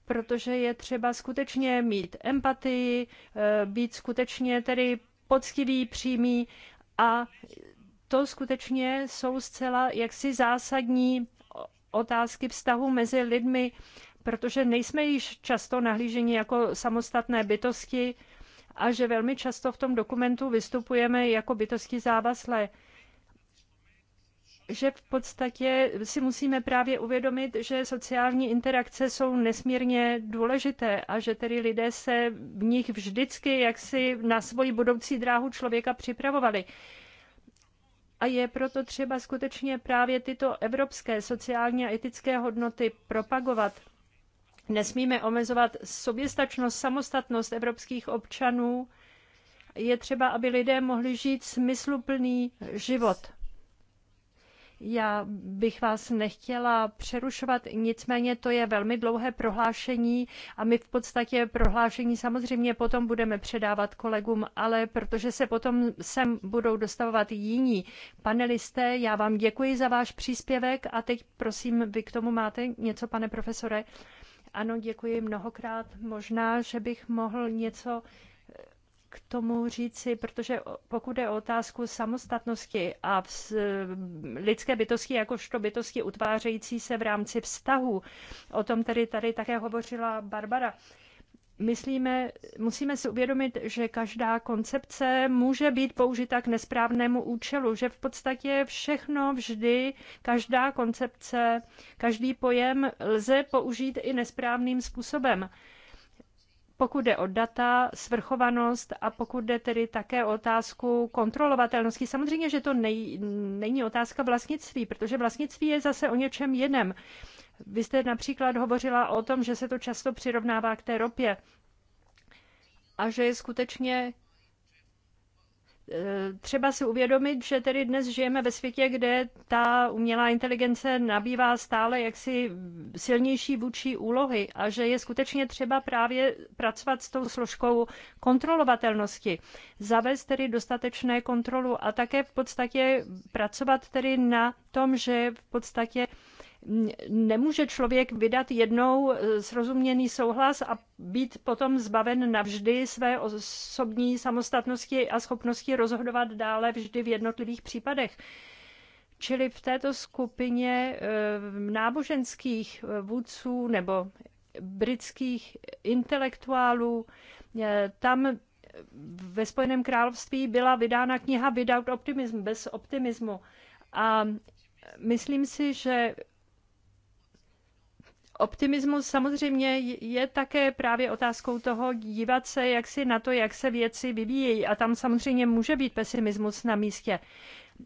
protože je třeba skutečně mít empatii, eh, být skutečně tedy poctivý, přímý a to skutečně jsou zcela jaksi zásadní otázky vztahu mezi lidmi, protože nejsme již často nahlíženi jako samostatné bytosti a že velmi často v tom dokumentu vystupujeme jako bytosti závaslé že v podstatě si musíme právě uvědomit, že sociální interakce jsou nesmírně důležité a že tedy lidé se v nich vždycky jaksi na svoji budoucí dráhu člověka připravovali. A je proto třeba skutečně právě tyto evropské sociální a etické hodnoty propagovat. Nesmíme omezovat soběstačnost, samostatnost evropských občanů. Je třeba, aby lidé mohli žít smysluplný život já bych vás nechtěla přerušovat, nicméně to je velmi dlouhé prohlášení a my v podstatě prohlášení samozřejmě potom budeme předávat kolegům, ale protože se potom sem budou dostavovat jiní panelisté, já vám děkuji za váš příspěvek a teď prosím, vy k tomu máte něco, pane profesore? Ano, děkuji mnohokrát. Možná, že bych mohl něco k tomu říci, protože pokud je o otázku samostatnosti a lidské bytosti jakožto bytosti utvářející se v rámci vztahu, o tom tedy tady také hovořila Barbara, myslíme, musíme si uvědomit, že každá koncepce může být použita k nesprávnému účelu, že v podstatě všechno vždy, každá koncepce, každý pojem lze použít i nesprávným způsobem pokud jde o data, svrchovanost a pokud jde tedy také o otázku kontrolovatelnosti. Samozřejmě, že to nej, není otázka vlastnictví, protože vlastnictví je zase o něčem jiném. Vy jste například hovořila o tom, že se to často přirovnává k té ropě a že je skutečně Eh, třeba si uvědomit, že tedy dnes žijeme ve světě, kde ta umělá inteligence nabývá stále jaksi silnější vůči úlohy a že je skutečně třeba právě pracovat s tou složkou kontrolovatelnosti, zavést tedy dostatečné kontrolu a také v podstatě pracovat tedy na tom, že v podstatě nemůže člověk vydat jednou e, srozuměný souhlas a být potom zbaven navždy své osobní samostatnosti a schopnosti rozhodovat dále vždy v jednotlivých případech. Čili v této skupině e, náboženských e, vůdců nebo britských intelektuálů, tam ve Spojeném království byla vydána kniha Without Optimism, bez optimismu. A myslím si, že Optimismus samozřejmě je také právě otázkou toho dívat se jak si na to, jak se věci vyvíjejí. A tam samozřejmě může být pesimismus na místě.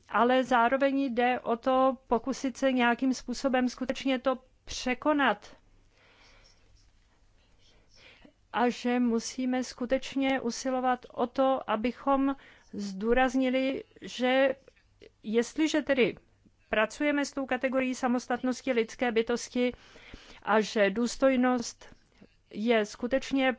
Ale zároveň jde o to pokusit se nějakým způsobem skutečně to překonat. A že musíme skutečně usilovat o to, abychom zdůraznili, že jestliže tedy pracujeme s tou kategorií samostatnosti lidské bytosti, a že důstojnost je skutečně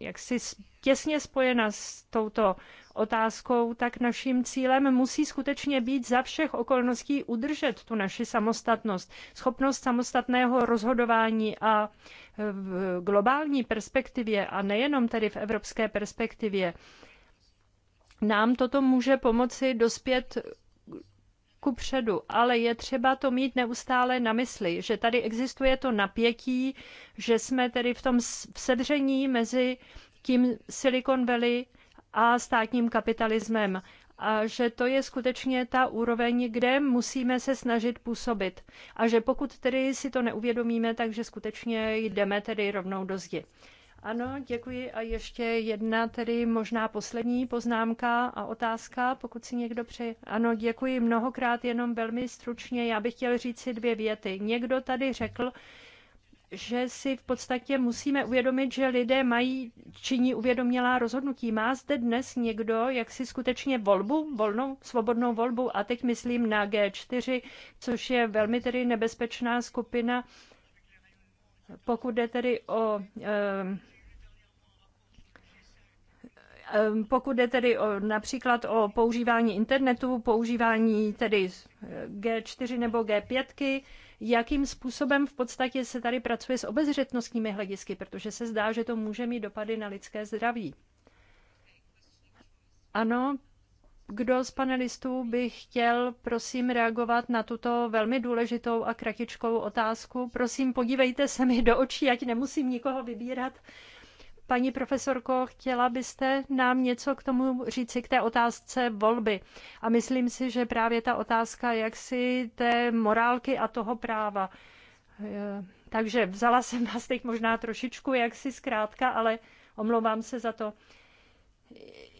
jaksi těsně spojena s touto otázkou, tak naším cílem musí skutečně být za všech okolností udržet tu naši samostatnost, schopnost samostatného rozhodování a v globální perspektivě a nejenom tedy v evropské perspektivě. Nám toto může pomoci dospět ku předu, ale je třeba to mít neustále na mysli, že tady existuje to napětí, že jsme tedy v tom sedření mezi tím Silicon Valley a státním kapitalismem a že to je skutečně ta úroveň, kde musíme se snažit působit. A že pokud tedy si to neuvědomíme, takže skutečně jdeme tedy rovnou do zdi. Ano, děkuji. A ještě jedna tedy možná poslední poznámka a otázka, pokud si někdo přeje. Ano, děkuji mnohokrát, jenom velmi stručně. Já bych chtěl říct si dvě věty. Někdo tady řekl, že si v podstatě musíme uvědomit, že lidé mají činí uvědomělá rozhodnutí. Má zde dnes někdo jak si skutečně volbu, volnou, svobodnou volbu a teď myslím na G4, což je velmi tedy nebezpečná skupina pokud jde tedy o e, pokud jde tedy o, například o používání internetu, používání tedy eh, G4 nebo G5, jakým způsobem v podstatě se tady pracuje s obezřetnostními hledisky, protože se zdá, že to může mít dopady na lidské zdraví. Ano, kdo z panelistů by chtěl, prosím, reagovat na tuto velmi důležitou a kratičkou otázku? Prosím, podívejte se mi do očí, ať nemusím nikoho vybírat. Paní profesorko, chtěla byste nám něco k tomu říci, k té otázce volby. A myslím si, že právě ta otázka jaksi té morálky a toho práva. Eh, takže vzala jsem vás teď možná trošičku jaksi zkrátka, ale omlouvám se za to.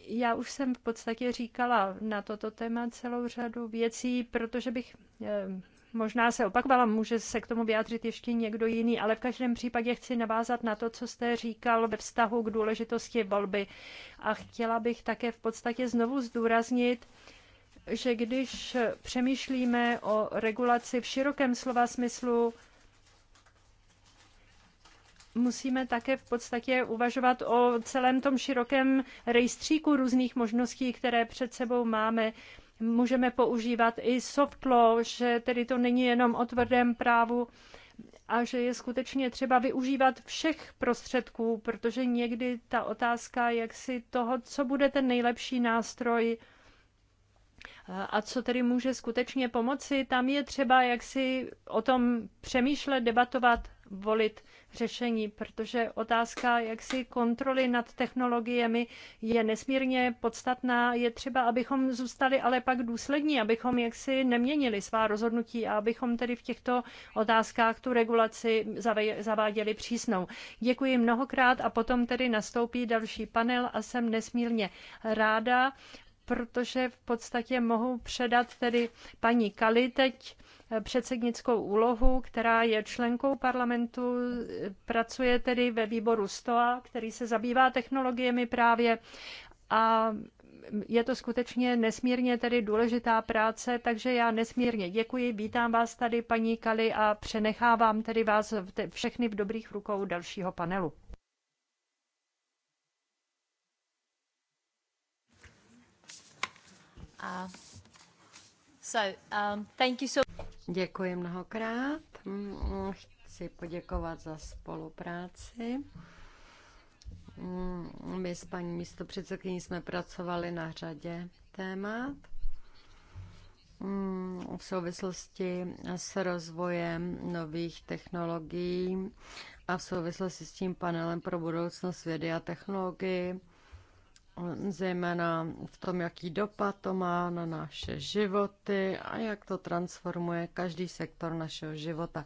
Já už jsem v podstatě říkala na toto téma celou řadu věcí, protože bych eh, možná se opakovala, může se k tomu vyjádřit ještě někdo jiný, ale v každém případě chci navázat na to, co jste říkal ve vztahu k důležitosti volby. A chtěla bych také v podstatě znovu zdůraznit, že když přemýšlíme o regulaci v širokém slova smyslu, musíme také v podstatě uvažovat o celém tom širokém rejstříku různých možností, které před sebou máme můžeme používat i soft law, že tedy to není jenom o tvrdém právu a že je skutečně třeba využívat všech prostředků, protože někdy ta otázka, jak si toho, co bude ten nejlepší nástroj a co tedy může skutečně pomoci, tam je třeba jak si o tom přemýšlet, debatovat, volit řešení, protože otázka jaksi kontroly nad technologiemi je nesmírně podstatná. Je třeba, abychom zůstali ale pak důslední, abychom jaksi neměnili svá rozhodnutí a abychom tedy v těchto otázkách tu regulaci zaváděli přísnou. Děkuji mnohokrát a potom tedy nastoupí další panel a jsem nesmírně ráda, protože v podstatě mohu předat tedy paní Kali teď předsednickou úlohu, která je členkou parlamentu, pracuje tedy ve výboru STOA, který se zabývá technologiemi právě a je to skutečně nesmírně tedy důležitá práce, takže já nesmírně děkuji, vítám vás tady, paní Kali, a přenechávám tedy vás všechny v dobrých rukou dalšího panelu. Uh, so, um, thank you so Děkuji mnohokrát. Chci poděkovat za spolupráci. My s paní místopředsedkyní jsme pracovali na řadě témat v souvislosti s rozvojem nových technologií a v souvislosti s tím panelem pro budoucnost vědy a technologii zejména v tom, jaký dopad to má na naše životy a jak to transformuje každý sektor našeho života.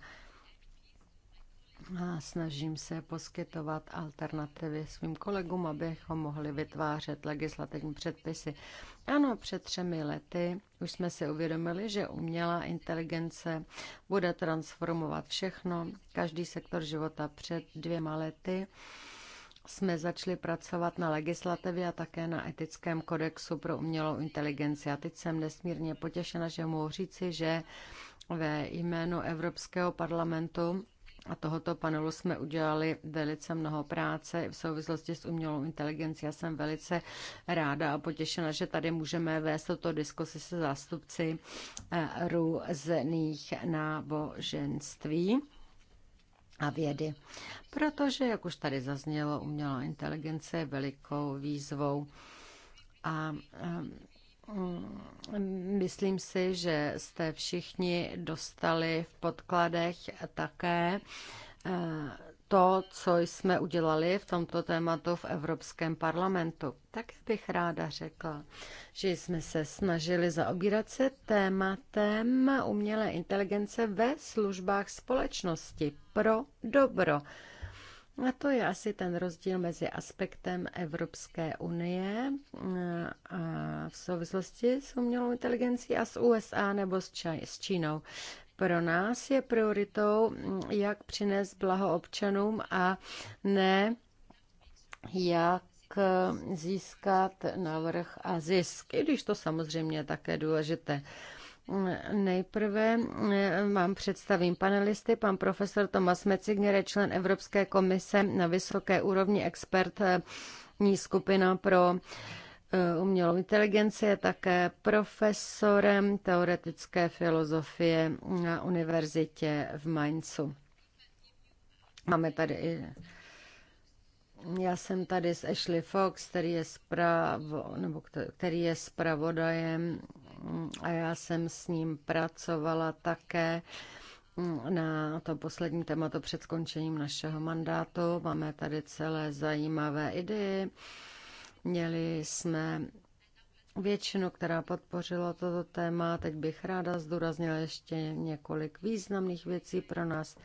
A snažím se poskytovat alternativy svým kolegům, abychom mohli vytvářet legislativní předpisy. Ano, před třemi lety už jsme si uvědomili, že umělá inteligence bude transformovat všechno, každý sektor života před dvěma lety jsme začali pracovat na legislativě a také na etickém kodexu pro umělou inteligenci. A teď jsem nesmírně potěšena, že mohu říci, že ve jménu Evropského parlamentu a tohoto panelu jsme udělali velice mnoho práce v souvislosti s umělou inteligencí. Já jsem velice ráda a potěšena, že tady můžeme vést toto diskusi se zástupci eh, různých náboženství a vědy. Protože, jak už tady zaznělo, umělá inteligence je velikou výzvou a mm, Myslím si, že jste všichni dostali v podkladech také to, co jsme udělali v tomto tématu v Evropském parlamentu. Tak bych ráda řekla, že jsme se snažili zaobírat se tématem umělé inteligence ve službách společnosti pro dobro. A to je asi ten rozdíl mezi aspektem Evropské unie a v souvislosti s umělou inteligencí a s USA nebo s, Čaj, s Čínou. Pro nás je prioritou, jak přinést blaho občanům a ne jak získat navrh a zisk, i když to samozřejmě je také důležité. Nejprve eh, vám představím panelisty. Pan profesor Tomas Mecigner je člen Evropské komise na vysoké úrovni expert eh, skupina pro Eh, umělou inteligenci, je také profesorem teoretické filozofie na univerzitě v Mainzu. Máme tady i já jsem tady s Ashley Fox, který je, zpravo, nebo který je zpravodajem a já jsem s ním pracovala také mm, na to poslední téma, to před skončením našeho mandátu. Máme tady celé zajímavé ideje Měli jsme většinu, která podpořila toto téma. Teď bych ráda zdůraznila ještě několik významných věcí pro nás.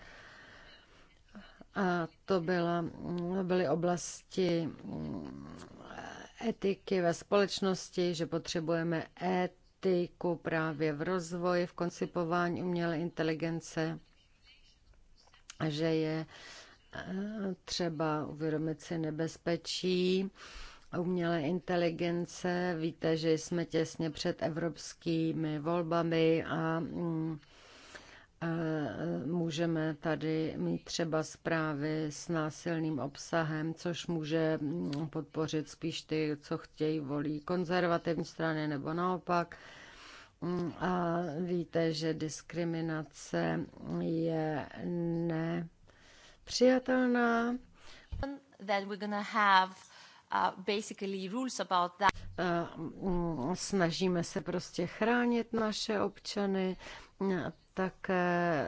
A to byla, byly oblasti mm, etiky ve společnosti, že potřebujeme etiku právě v rozvoji, v koncipování umělé inteligence, že je eh, třeba uvědomit si nebezpečí umělé inteligence. Víte, že jsme těsně před evropskými volbami mm, a můžeme tady mít třeba zprávy s násilným obsahem, což může mm, podpořit spíš ty, co chtějí volí konzervativní strany nebo naopak. Mm, a víte, že diskriminace je nepřijatelná. Then we're gonna have Mm, snažíme se prostě chránit naše občany, také e,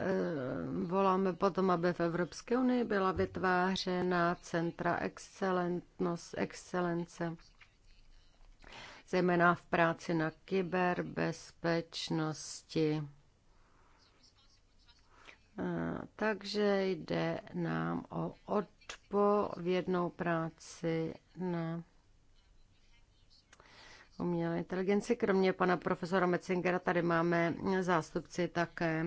voláme potom, aby v Evropské unii byla vytvářena centra excelentnost, excelence zejména v práci na kyberbezpečnosti. Takže jde nám o odpovědnou práci na umělé inteligenci. Kromě pana profesora Metzingera tady máme zástupci také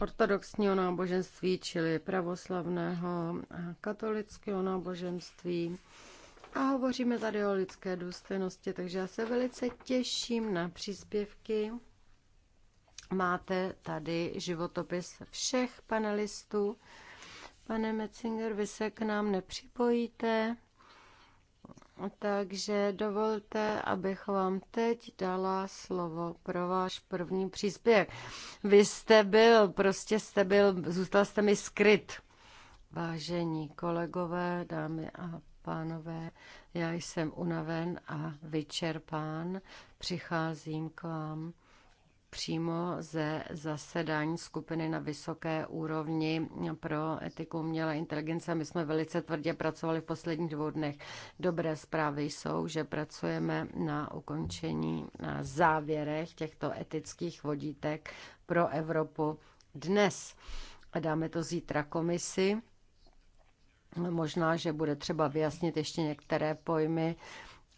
ortodoxního náboženství, čili pravoslavného a katolického náboženství. A hovoříme tady o lidské důstojnosti, takže já se velice těším na příspěvky. Máte tady životopis všech panelistů. Pane Metzinger, vy se k nám nepřipojíte, takže dovolte, abych vám teď dala slovo pro váš první příspěvek. Vy jste byl, prostě jste byl, zůstal jste mi skryt. Vážení kolegové, dámy a pánové, já jsem unaven a vyčerpán, přicházím k vám přímo ze zasedání skupiny na vysoké úrovni pro etiku umělé inteligence. My jsme velice tvrdě pracovali v posledních dvou dnech. Dobré zprávy jsou, že pracujeme na ukončení, na závěrech těchto etických vodítek pro Evropu dnes. A dáme to zítra komisi. Možná, že bude třeba vyjasnit ještě některé pojmy,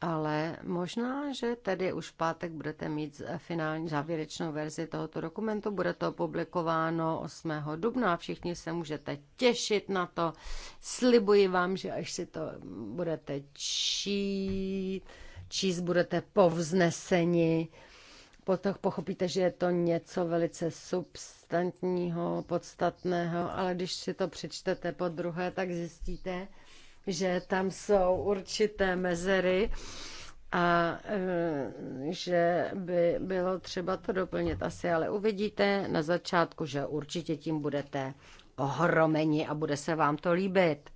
ale možná, že tedy už v pátek budete mít finální závěrečnou verzi tohoto dokumentu. Bude to publikováno 8. dubna a všichni se můžete těšit na to. Slibuji vám, že až si to budete čít, číst budete povzneseni. Potom pochopíte, že je to něco velice substantního, podstatného, ale když si to přečtete po druhé, tak zjistíte, že tam jsou určité mezery a e, že by bylo třeba to doplnit asi, ale uvidíte na začátku, že určitě tím budete ohromeni a bude se vám to líbit.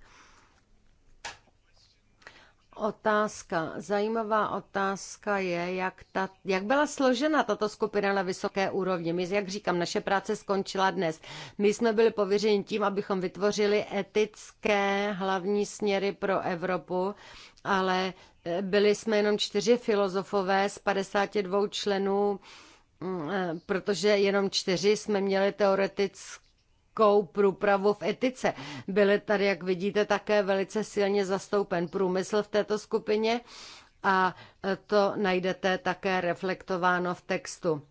Otázka, zajímavá otázka je, jak, ta, jak byla složena tato skupina na vysoké úrovni. My, jak říkám, naše práce skončila dnes. My jsme byli pověřeni tím, abychom vytvořili etické hlavní směry pro Evropu, ale e, byli jsme jenom čtyři filozofové z 52 členů e, protože jenom čtyři jsme měli teoretické velkou průpravu v etice. Byly tady, jak vidíte, také velice silně zastoupen průmysl v této skupině a to najdete také reflektováno v textu.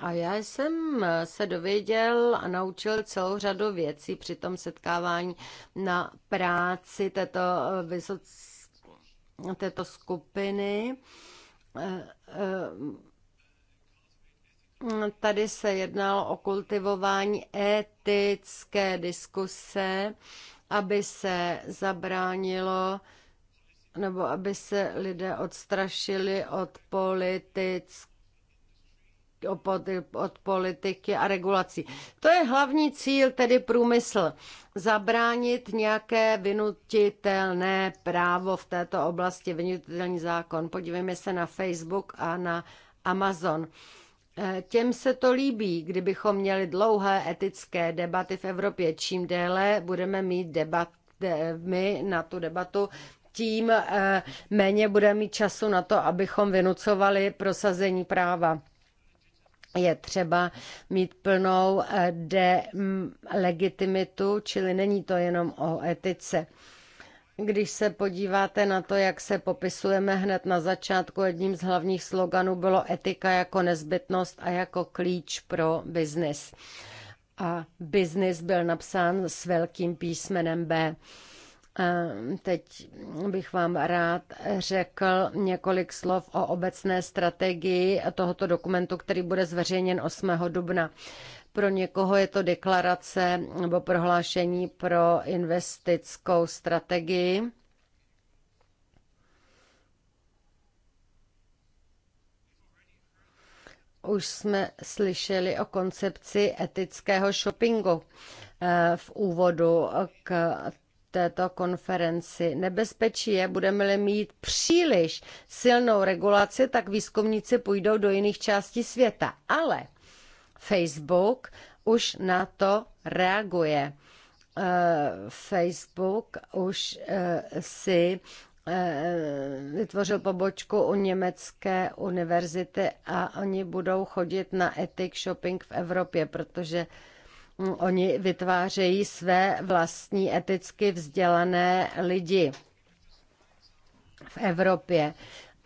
A já jsem se dověděl a naučil celou řadu věcí při tom setkávání na práci této, vysoc... této skupiny Tady se jednalo o kultivování etické diskuse, aby se zabránilo nebo aby se lidé odstrašili od politické od politiky a regulací. To je hlavní cíl, tedy průmysl. Zabránit nějaké vynutitelné právo v této oblasti, vynutitelný zákon. Podívejme se na Facebook a na Amazon. Eh, těm se to líbí, kdybychom měli dlouhé etické debaty v Evropě. Čím déle budeme mít debat, my na tu debatu, tím eh, méně budeme mít času na to, abychom vynucovali prosazení práva je třeba mít plnou eh, de mm, legitimitu, čili není to jenom o etice. Když se podíváte na to, jak se popisujeme hned na začátku, jedním z hlavních sloganů bylo etika jako nezbytnost a jako klíč pro biznis. A biznis byl napsán s velkým písmenem B. Teď bych vám rád řekl několik slov o obecné strategii tohoto dokumentu, který bude zveřejněn 8. dubna. Pro někoho je to deklarace nebo prohlášení pro investickou strategii. Už jsme slyšeli o koncepci etického shoppingu eh, v úvodu k této konferenci. Nebezpečí je, budeme-li mít příliš silnou regulaci, tak výzkumníci půjdou do jiných částí světa. Ale Facebook už na to reaguje. Eh, Facebook už eh, si eh, vytvořil pobočku u německé univerzity a oni budou chodit na ethic shopping v Evropě, protože hm, oni vytvářejí své vlastní eticky vzdělané lidi v Evropě.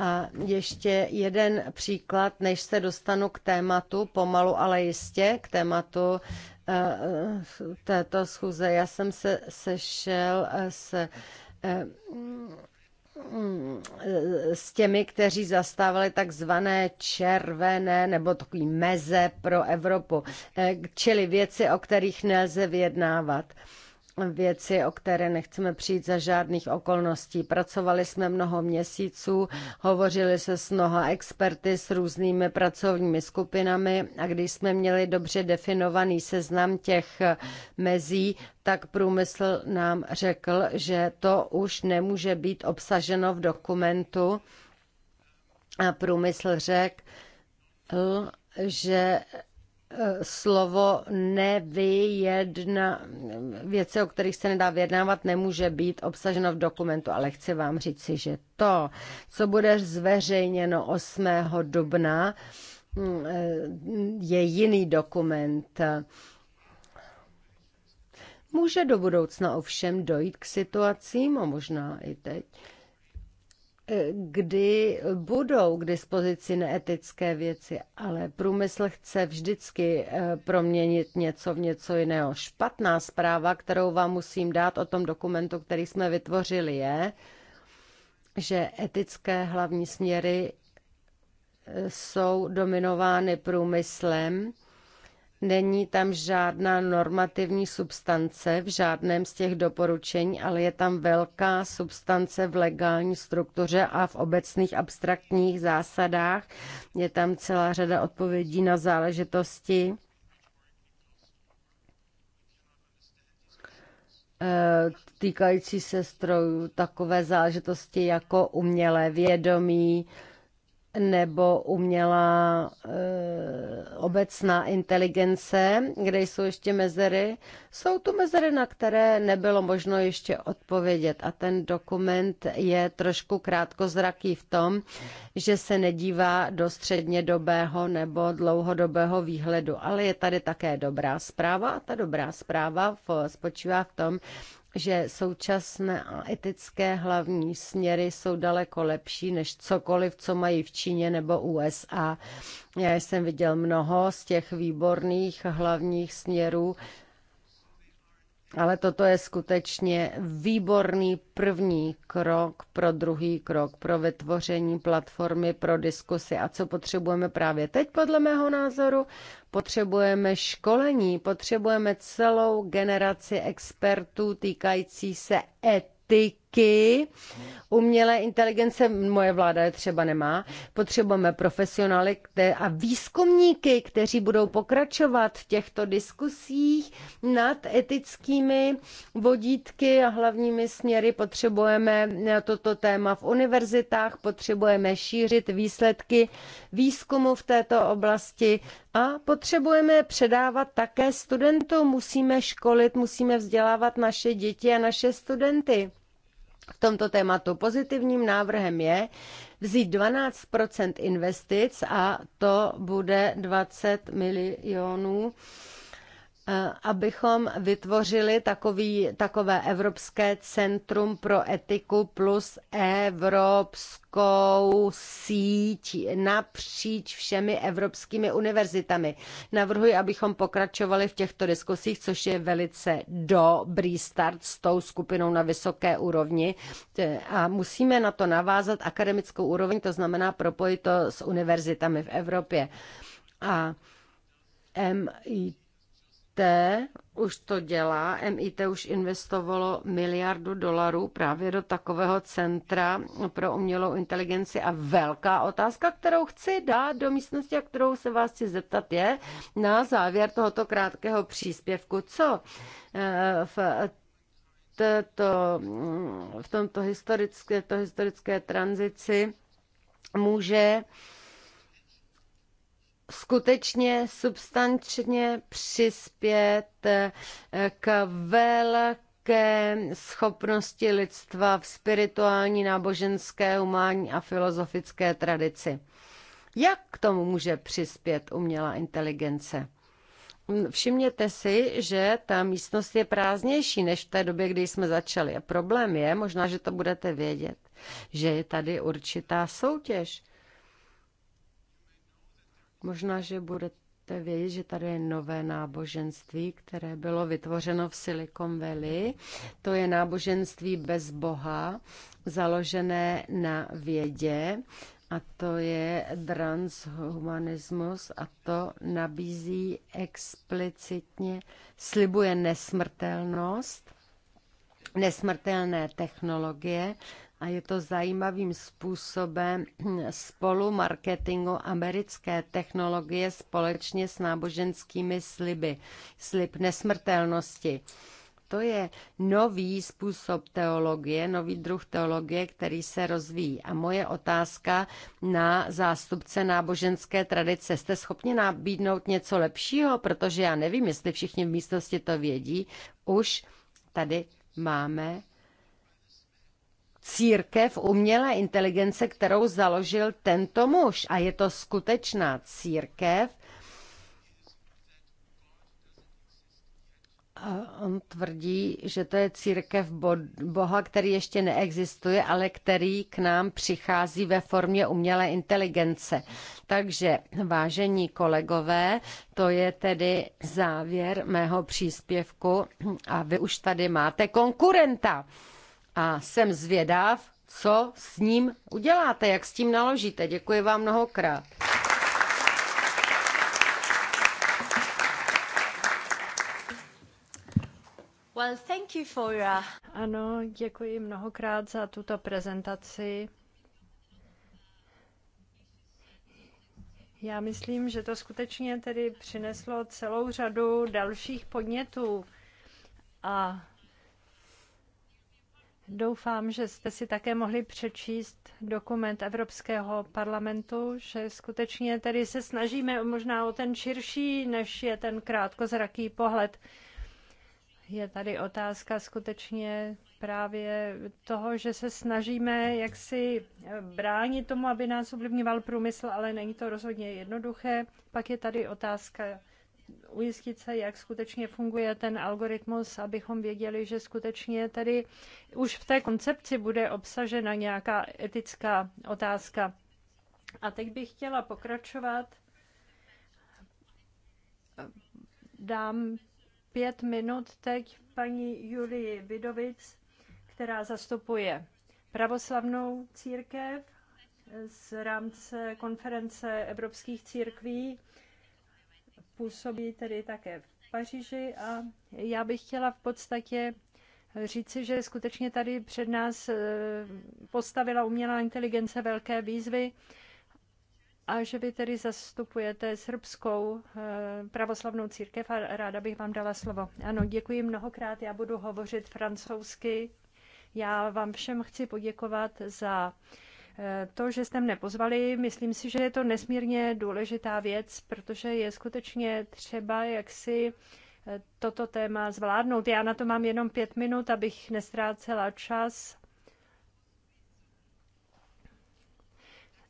A ještě jeden příklad, než se dostanu k tématu, pomalu, ale jistě, k tématu eh, této schůze. Já jsem se sešel eh, s eh, s těmi, kteří zastávali takzvané červené nebo takový meze pro Evropu, čili věci, o kterých nelze vyjednávat věci, o které nechceme přijít za žádných okolností. Pracovali jsme mnoho měsíců, hovořili se s mnoha experty, s různými pracovními skupinami a když jsme měli dobře definovaný seznam těch mezí, tak průmysl nám řekl, že to už nemůže být obsaženo v dokumentu. A průmysl řekl, že Eh, slovo nevyjedna, věci, o kterých se nedá vyjednávat, nemůže být obsaženo v dokumentu, ale chci vám říci, že to, co bude zveřejněno 8. dubna, mm, eh, je jiný dokument. Může do budoucna ovšem dojít k situacím, a možná i teď, kdy budou k dispozici neetické věci, ale průmysl chce vždycky eh, proměnit něco v něco jiného. Špatná zpráva, kterou vám musím dát o tom dokumentu, který jsme vytvořili, je, že etické hlavní směry eh, jsou dominovány průmyslem, Není tam žádná normativní substance v žádném z těch doporučení, ale je tam velká substance v legální struktuře a v obecných abstraktních zásadách. Je tam celá řada odpovědí na záležitosti. Eh, týkající se strojů, takové záležitosti jako umělé vědomí, nebo umělá e, obecná inteligence, kde jsou ještě mezery. Jsou tu mezery, na které nebylo možno ještě odpovědět. A ten dokument je trošku krátkozraký v tom, že se nedívá do střednědobého nebo dlouhodobého výhledu. Ale je tady také dobrá zpráva a ta dobrá zpráva spočívá v tom, že současné a etické hlavní směry jsou daleko lepší než cokoliv, co mají v Číně nebo USA. Já jsem viděl mnoho z těch výborných hlavních směrů ale toto je skutečně výborný první krok pro druhý krok, pro vytvoření platformy pro diskusy. A co potřebujeme právě teď, podle mého názoru? Potřebujeme školení, potřebujeme celou generaci expertů týkající se etiky prvky umělé inteligence, moje vláda je třeba nemá. Potřebujeme profesionály a výzkumníky, kteří budou pokračovat v těchto diskusích nad etickými vodítky a hlavními směry. Potřebujeme toto téma v univerzitách, potřebujeme šířit výsledky výzkumu v této oblasti a potřebujeme předávat také studentům. Musíme školit, musíme vzdělávat naše děti a naše studenty v tomto tématu. Pozitivním návrhem je vzít 12 investic a to bude 20 milionů Eh, abychom vytvořili takový, takové Evropské centrum pro etiku plus evropskou síť napříč všemi evropskými univerzitami. Navrhuji, abychom pokračovali v těchto diskusích, což je velice dobrý start s tou skupinou na vysoké úrovni. Eh, a musíme na to navázat akademickou úroveň, to znamená propojit to s univerzitami v Evropě. A MIT MIT už to dělá. MIT už investovalo miliardu dolarů právě do takového centra pro umělou inteligenci. A velká otázka, kterou chci dát do místnosti a kterou se vás chci zeptat, je na závěr tohoto krátkého příspěvku, co eh, v této, v tomto historické, to historické tranzici může skutečně substančně přispět eh, k velké schopnosti lidstva v spirituální, náboženské, humánní a filozofické tradici. Jak k tomu může přispět umělá inteligence? Všimněte si, že ta místnost je prázdnější než v té době, kdy jsme začali. A problém je, možná, že to budete vědět, že je tady určitá soutěž Možná, že budete vědět, že tady je nové náboženství, které bylo vytvořeno v Silicon Valley. To je náboženství bez Boha, založené na vědě. A to je transhumanismus a to nabízí explicitně, slibuje nesmrtelnost, nesmrtelné technologie a je to zajímavým způsobem spolu marketingu americké technologie společně s náboženskými sliby, slib nesmrtelnosti. To je nový způsob teologie, nový druh teologie, který se rozvíjí. A moje otázka na zástupce náboženské tradice. Jste schopni nabídnout něco lepšího? Protože já nevím, jestli všichni v místnosti to vědí. Už tady máme církev umělé inteligence, kterou založil tento muž. A je to skutečná církev. A on tvrdí, že to je církev Boha, který ještě neexistuje, ale který k nám přichází ve formě umělé inteligence. Takže, vážení kolegové, to je tedy závěr mého příspěvku a vy už tady máte konkurenta a jsem zvědav, co s ním uděláte, jak s tím naložíte. Děkuji vám mnohokrát. Well, thank you for your... Uh, ano, děkuji mnohokrát za tuto prezentaci. Já myslím, že to skutečně tedy přineslo celou řadu dalších podnětů a Doufám, že jste si také mohli přečíst dokument Evropského parlamentu, že skutečně tedy se snažíme možná o ten širší, než je ten krátkozraký pohled. Je tady otázka skutečně právě toho, že se snažíme jaksi bránit tomu, aby nás ovlivňoval průmysl, ale není to rozhodně jednoduché. Pak je tady otázka ujistit se, jak skutečně funguje ten algoritmus, abychom věděli, že skutečně tady už v té koncepci bude obsažena nějaká etická otázka. A teď bych chtěla pokračovat. Dám pět minut teď paní Julii Vidovic, která zastupuje pravoslavnou církev z rámce konference evropských církví působí tedy také v Paříži a já bych chtěla v podstatě říci, že skutečně tady před nás eh, postavila umělá inteligence velké výzvy a že vy tedy zastupujete srbskou eh, pravoslavnou církev a ráda bych vám dala slovo. Ano, děkuji mnohokrát, já budu hovořit francouzsky. Já vám všem chci poděkovat za to, že jste mne pozvali, myslím si, že je to nesmírně důležitá věc, protože je skutečně třeba jaksi eh, toto téma zvládnout. Já na to mám jenom pět minut, abych nestrácela čas.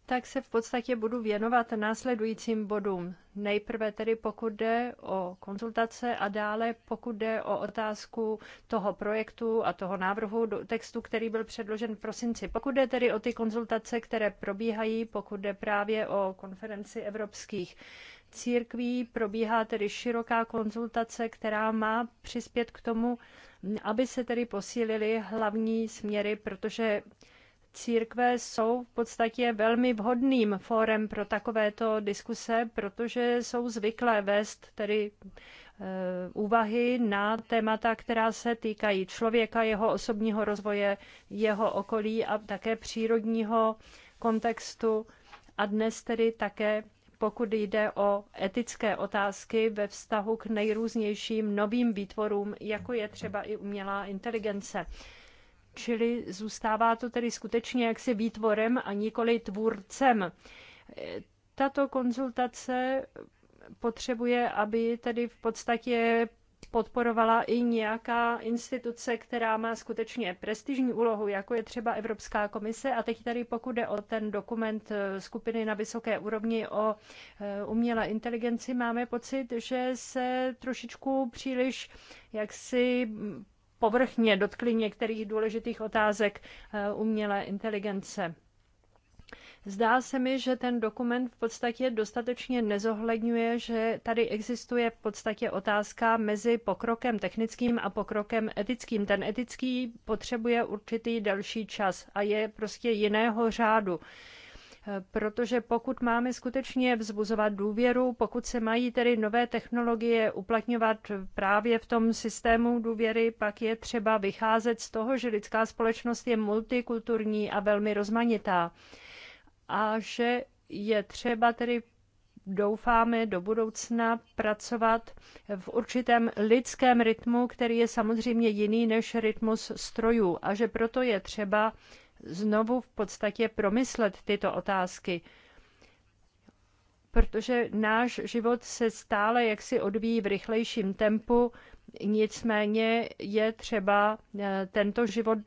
Tak se v podstatě budu věnovat následujícím bodům. Nejprve tedy pokud jde o konzultace a dále pokud jde o otázku toho projektu a toho návrhu do textu, který byl předložen v prosinci. Pokud jde tedy o ty konzultace, které probíhají, pokud jde právě o konferenci evropských církví, probíhá tedy široká konzultace, která má přispět k tomu, aby se tedy posílily hlavní směry, protože Církve jsou v podstatě velmi vhodným fórem pro takovéto diskuse, protože jsou zvyklé vést tedy eh, úvahy na témata, která se týkají člověka, jeho osobního rozvoje, jeho okolí a také přírodního kontextu. A dnes tedy také, pokud jde o etické otázky ve vztahu k nejrůznějším novým výtvorům, jako je třeba i umělá inteligence. Čili zůstává to tedy skutečně jaksi výtvorem a nikoli tvůrcem. Tato konzultace potřebuje, aby tedy v podstatě podporovala i nějaká instituce, která má skutečně prestižní úlohu, jako je třeba Evropská komise. A teď tady, pokud jde o ten dokument eh, skupiny na vysoké úrovni o eh, umělé inteligenci, máme pocit, že se trošičku příliš jaksi povrchně dotkli některých důležitých otázek eh, umělé inteligence. Zdá se mi, že ten dokument v podstatě dostatečně nezohledňuje, že tady existuje v podstatě otázka mezi pokrokem technickým a pokrokem etickým. Ten etický potřebuje určitý další čas a je prostě jiného řádu protože pokud máme skutečně vzbuzovat důvěru, pokud se mají tedy nové technologie uplatňovat právě v tom systému důvěry, pak je třeba vycházet z toho, že lidská společnost je multikulturní a velmi rozmanitá a že je třeba tedy doufáme do budoucna pracovat v určitém lidském rytmu, který je samozřejmě jiný než rytmus strojů a že proto je třeba znovu v podstatě promyslet tyto otázky protože náš život se stále jaksi odvíjí v rychlejším tempu, nicméně je třeba eh, tento život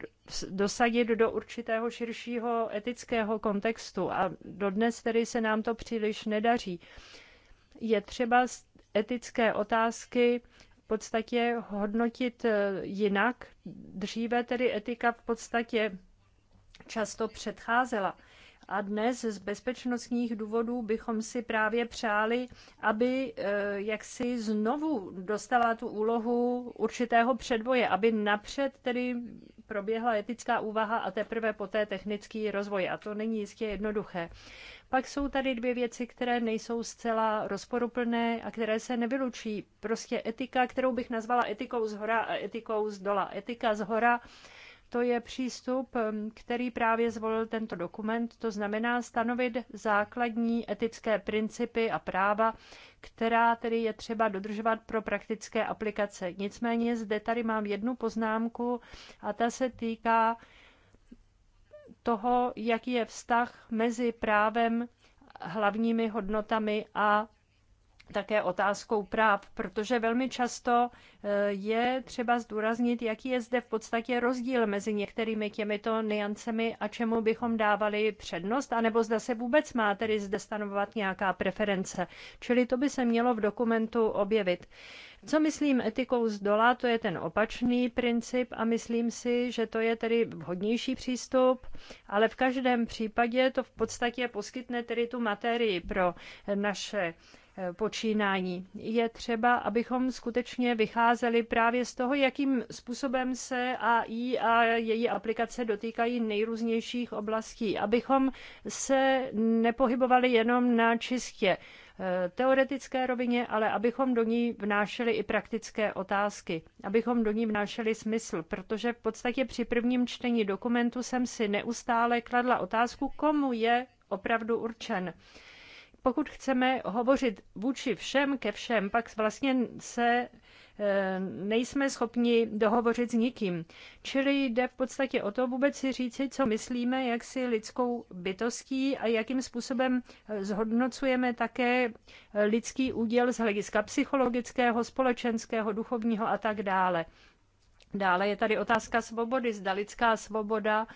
dosadit do určitého širšího etického kontextu a dodnes tedy se nám to příliš nedaří. Je třeba etické otázky v podstatě hodnotit eh, jinak. Dříve tedy etika v podstatě často předcházela. A dnes z bezpečnostních důvodů bychom si právě přáli, aby eh, jaksi znovu dostala tu úlohu určitého předvoje, aby napřed tedy proběhla etická úvaha a teprve poté technický rozvoj. A to není jistě jednoduché. Pak jsou tady dvě věci, které nejsou zcela rozporuplné a které se nevylučí. Prostě etika, kterou bych nazvala etikou z hora a etikou z dola. Etika z hora to je přístup, mm, který právě zvolil tento dokument, to znamená stanovit základní etické principy a práva, která tedy je třeba dodržovat pro praktické aplikace. Nicméně zde tady mám jednu poznámku a ta se týká toho, jaký je vztah mezi právem hlavními hodnotami a také otázkou práv, protože velmi často eh, je třeba zdůraznit, jaký je zde v podstatě rozdíl mezi některými těmito niancemi a čemu bychom dávali přednost, anebo zda se vůbec má tedy zde stanovovat nějaká preference. Čili to by se mělo v dokumentu objevit. Co myslím etikou z dola, to je ten opačný princip a myslím si, že to je tedy vhodnější přístup, ale v každém případě to v podstatě poskytne tedy tu materii pro naše Eh, počínání. Je třeba, abychom skutečně vycházeli právě z toho, jakým způsobem se AI a její aplikace dotýkají nejrůznějších oblastí, abychom se nepohybovali jenom na čistě eh, teoretické rovině, ale abychom do ní vnášeli i praktické otázky, abychom do ní vnášeli smysl, protože v podstatě při prvním čtení dokumentu jsem si neustále kladla otázku, komu je opravdu určen pokud chceme hovořit vůči všem ke všem, pak vlastně se eh, nejsme schopni dohovořit s nikým. Čili jde v podstatě o to vůbec si říci, co myslíme, jak si lidskou bytostí a jakým způsobem eh, zhodnocujeme také eh, lidský úděl z hlediska psychologického, společenského, duchovního a tak dále. Dále je tady otázka svobody. Zda lidská svoboda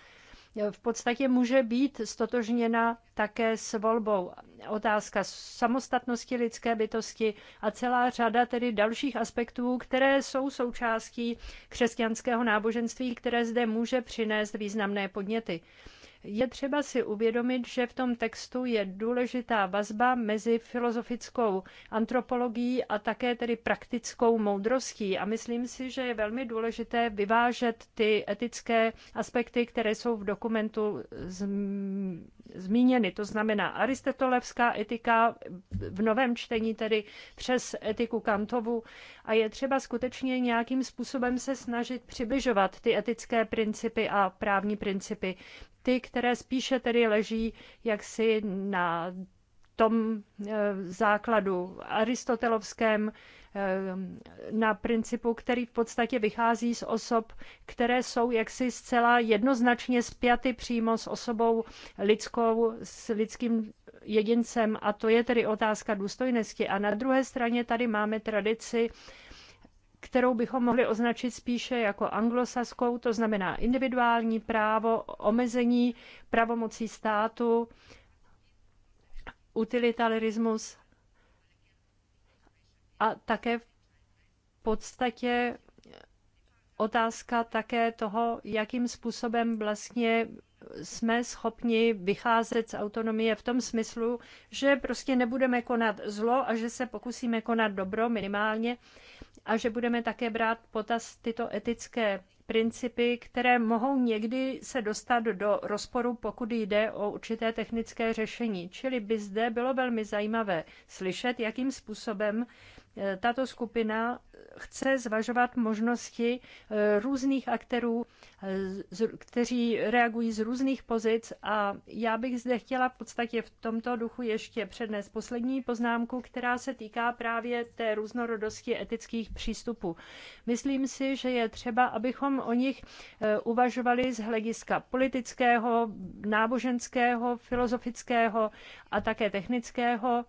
v podstatě může být stotožněna také s volbou. Otázka samostatnosti lidské bytosti a celá řada tedy dalších aspektů, které jsou součástí křesťanského náboženství, které zde může přinést významné podněty. Je třeba si uvědomit, že v tom textu je důležitá vazba mezi filozofickou antropologií a také tedy praktickou moudrostí. A myslím si, že je velmi důležité vyvážet ty etické aspekty, které jsou v dokumentu zmíněny. To znamená aristotelovská etika v novém čtení tedy přes etiku Kantovu a je třeba skutečně nějakým způsobem se snažit přibližovat ty etické principy a právní principy ty, které spíše tedy leží jaksi na tom eh, základu aristotelovském, eh, na principu, který v podstatě vychází z osob, které jsou jaksi zcela jednoznačně spjaty přímo s osobou lidskou, s lidským jedincem a to je tedy otázka důstojnosti. A na druhé straně tady máme tradici kterou bychom mohli označit spíše jako anglosaskou, to znamená individuální právo, omezení pravomocí státu, utilitarismus a také v podstatě otázka také toho, jakým způsobem vlastně jsme schopni vycházet z autonomie v tom smyslu, že prostě nebudeme konat zlo a že se pokusíme konat dobro minimálně a že budeme také brát potaz tyto etické principy, které mohou někdy se dostat do rozporu, pokud jde o určité technické řešení. Čili by zde bylo velmi zajímavé slyšet, jakým způsobem tato skupina chce zvažovat možnosti eh, různých aktérů, eh, kteří reagují z různých pozic a já bych zde chtěla v podstatě v tomto duchu ještě přednést poslední poznámku, která se týká právě té různorodosti etických přístupů. Myslím si, že je třeba, abychom o nich eh, uvažovali z hlediska politického, náboženského, filozofického a také technického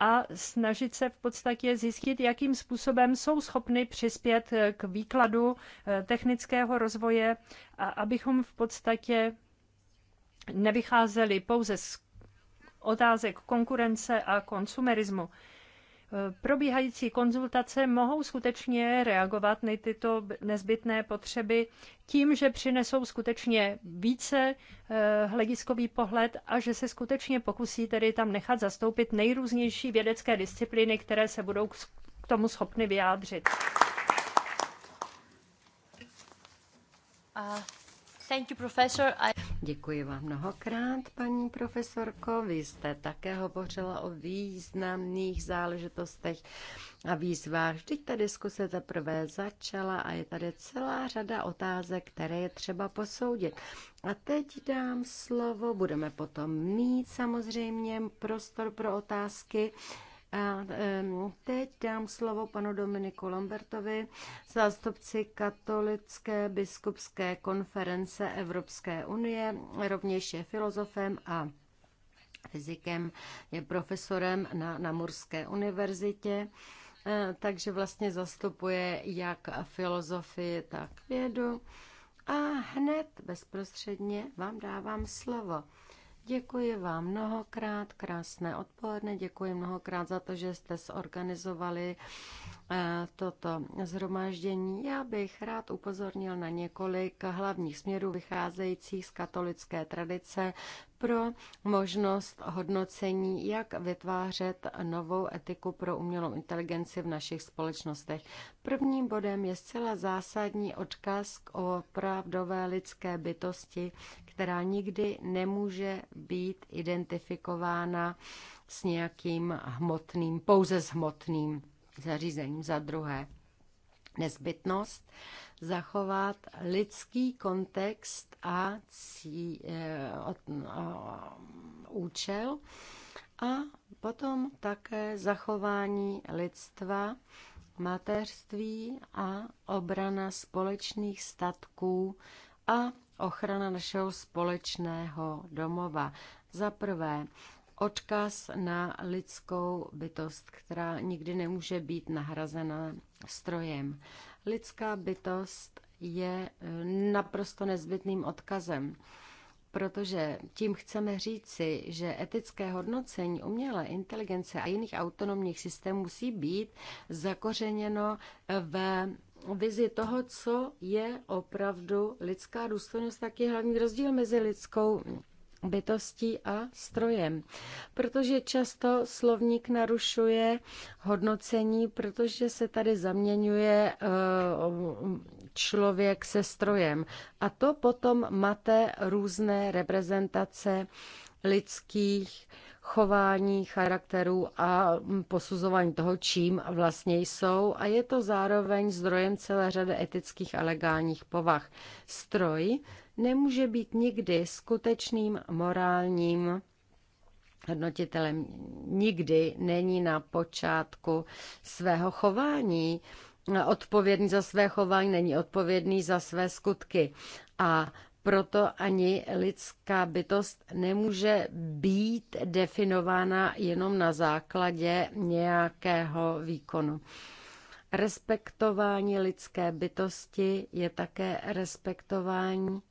a snažit se v podstatě zjistit, jakým způsobem jsou schopny přispět k výkladu eh, technického rozvoje, a abychom v podstatě nevycházeli pouze z otázek konkurence a konsumerismu probíhající konzultace mohou skutečně reagovat na tyto nezbytné potřeby tím, že přinesou skutečně více eh, hlediskový pohled a že se skutečně pokusí tedy tam nechat zastoupit nejrůznější vědecké disciplíny, které se budou k tomu schopny vyjádřit. A Thank you, professor. I... Děkuji vám mnohokrát, paní profesorko. Vy jste také hovořila o významných záležitostech a výzvách. Vždyť ta diskuse teprve začala a je tady celá řada otázek, které je třeba posoudit. A teď dám slovo, budeme potom mít samozřejmě prostor pro otázky. A teď dám slovo panu Dominiku Lambertovi, zástupci Katolické biskupské konference Evropské unie, rovněž je filozofem a fyzikem, je profesorem na Namurské univerzitě, e, takže vlastně zastupuje jak filozofii, tak vědu. A hned bezprostředně vám dávám slovo. Děkuji vám mnohokrát, krásné odpoledne, děkuji mnohokrát za to, že jste zorganizovali toto zhromáždění, já bych rád upozornil na několik hlavních směrů vycházejících z katolické tradice pro možnost hodnocení, jak vytvářet novou etiku pro umělou inteligenci v našich společnostech. Prvním bodem je zcela zásadní odkaz o pravdové lidské bytosti, která nikdy nemůže být identifikována s nějakým hmotným, pouze s hmotným zařízením. Za druhé, nezbytnost zachovat lidský kontext a, cí, a, eh, a účel a potom také zachování lidstva, mateřství a obrana společných statků a ochrana našeho společného domova. Za prvé, odkaz na lidskou bytost, která nikdy nemůže být nahrazena strojem. Lidská bytost je eh, naprosto nezbytným odkazem, protože tím chceme říci, že etické hodnocení umělé inteligence a jiných autonomních systémů musí být zakořeněno eh, ve vizi toho, co je opravdu lidská důstojnost, tak je hlavní rozdíl mezi lidskou bytostí a strojem, protože často slovník narušuje hodnocení, protože se tady zaměňuje eh, člověk se strojem. A to potom máte různé reprezentace lidských chování, charakterů a posuzování toho, čím vlastně jsou a je to zároveň zdrojem celé řady etických a legálních povah. Stroj nemůže být nikdy skutečným morálním hodnotitelem. Nikdy není na počátku svého chování odpovědný za své chování, není odpovědný za své skutky. A proto ani lidská bytost nemůže být definována jenom na základě nějakého výkonu. Respektování lidské bytosti je také respektování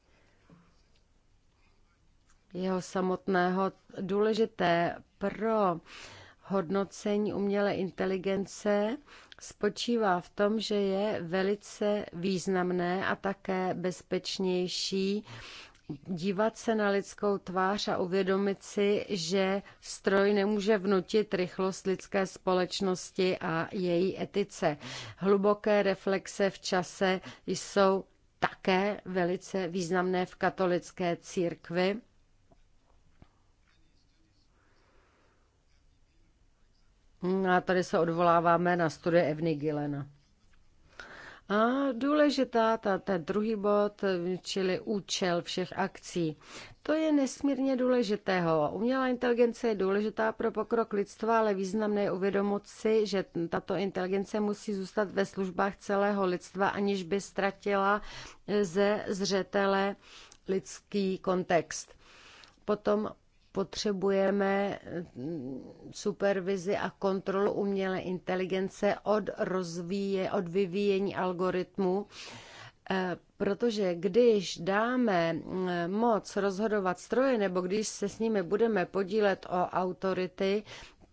jeho samotného důležité pro hodnocení umělé inteligence spočívá v tom, že je velice významné a také bezpečnější dívat se na lidskou tvář a uvědomit si, že stroj nemůže vnutit rychlost lidské společnosti a její etice. Hluboké reflexe v čase jsou také velice významné v katolické církvi No a tady se odvoláváme na studie Evny Gilena. A důležitá ta, ten druhý bod, čili účel všech akcí. To je nesmírně důležitého. Umělá inteligence je důležitá pro pokrok lidstva, ale významné je uvědomit si, že tato inteligence musí zůstat ve službách celého lidstva, aniž by ztratila ze zřetele lidský kontext. Potom potřebujeme mm, supervizi a kontrolu umělé inteligence od, rozvíje, od vyvíjení algoritmu, eh, protože když dáme mm, moc rozhodovat stroje nebo když se s nimi budeme podílet o autority,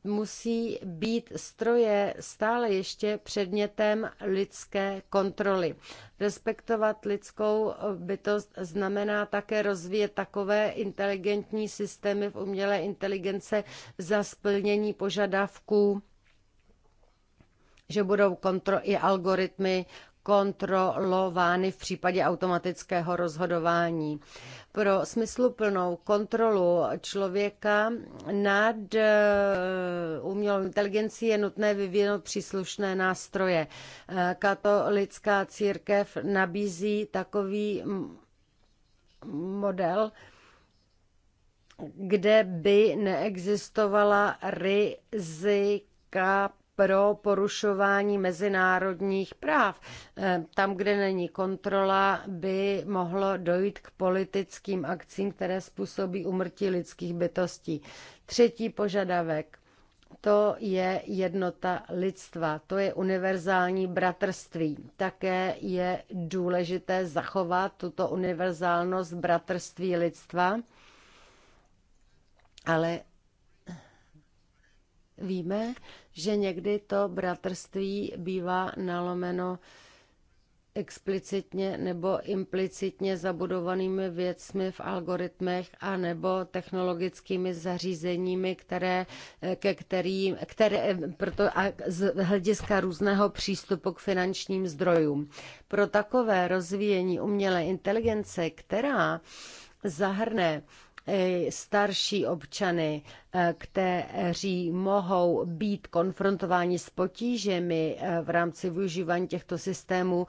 musí být stroje stále ještě předmětem lidské kontroly. Respektovat lidskou bytost znamená také rozvíjet takové inteligentní systémy v umělé inteligence za splnění požadavků že budou kontro- i algoritmy kontrolovány v případě automatického rozhodování. Pro smysluplnou kontrolu člověka nad eh, umělou inteligencí je nutné vyvinout příslušné nástroje. Eh, katolická církev nabízí takový model, kde by neexistovala rizika pro porušování mezinárodních práv. Eh, tam, kde není kontrola, by mohlo dojít k politickým akcím, které způsobí umrtí lidských bytostí. Třetí požadavek. To je jednota lidstva, to je univerzální bratrství. Také je důležité zachovat tuto univerzálnost bratrství lidstva, ale víme, že někdy to bratrství bývá nalomeno explicitně nebo implicitně zabudovanými věcmi v algoritmech a nebo technologickými zařízeními, které, ke kterým, které proto a z hlediska různého přístupu k finančním zdrojům. Pro takové rozvíjení umělé inteligence, která zahrne E, starší občany, e, kteří mohou být konfrontováni s potížemi e, v rámci využívání těchto systémů,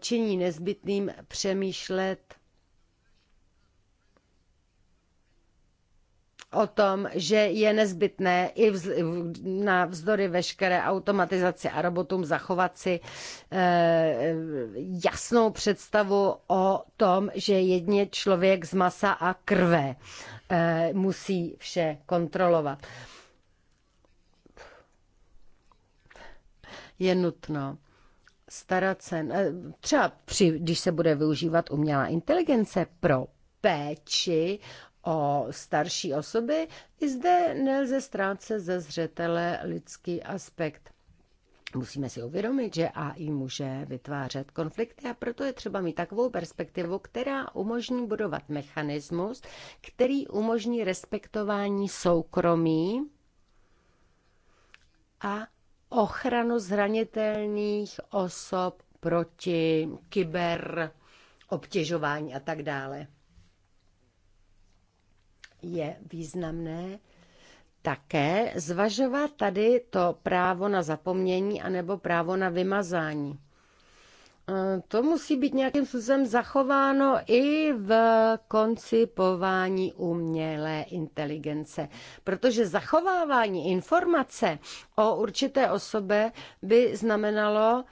činí nezbytným přemýšlet o tom, že je nezbytné i vz, na vzdory veškeré automatizaci a robotům zachovat si e, jasnou představu o tom, že jedně člověk z masa a krve e, musí vše kontrolovat. Je nutno starat se, eh, třeba při, když se bude využívat umělá inteligence pro péči o starší osoby, i zde nelze ztrácet ze zřetele lidský aspekt. Musíme si uvědomit, že AI může vytvářet konflikty a proto je třeba mít takovou perspektivu, která umožní budovat mechanismus, který umožní respektování soukromí a ochranu zranitelných osob proti kyber obtěžování a tak dále je významné také zvažovat tady to právo na zapomnění anebo právo na vymazání. E, to musí být nějakým způsobem zachováno i v koncipování umělé inteligence, protože zachovávání informace o určité osobe by znamenalo,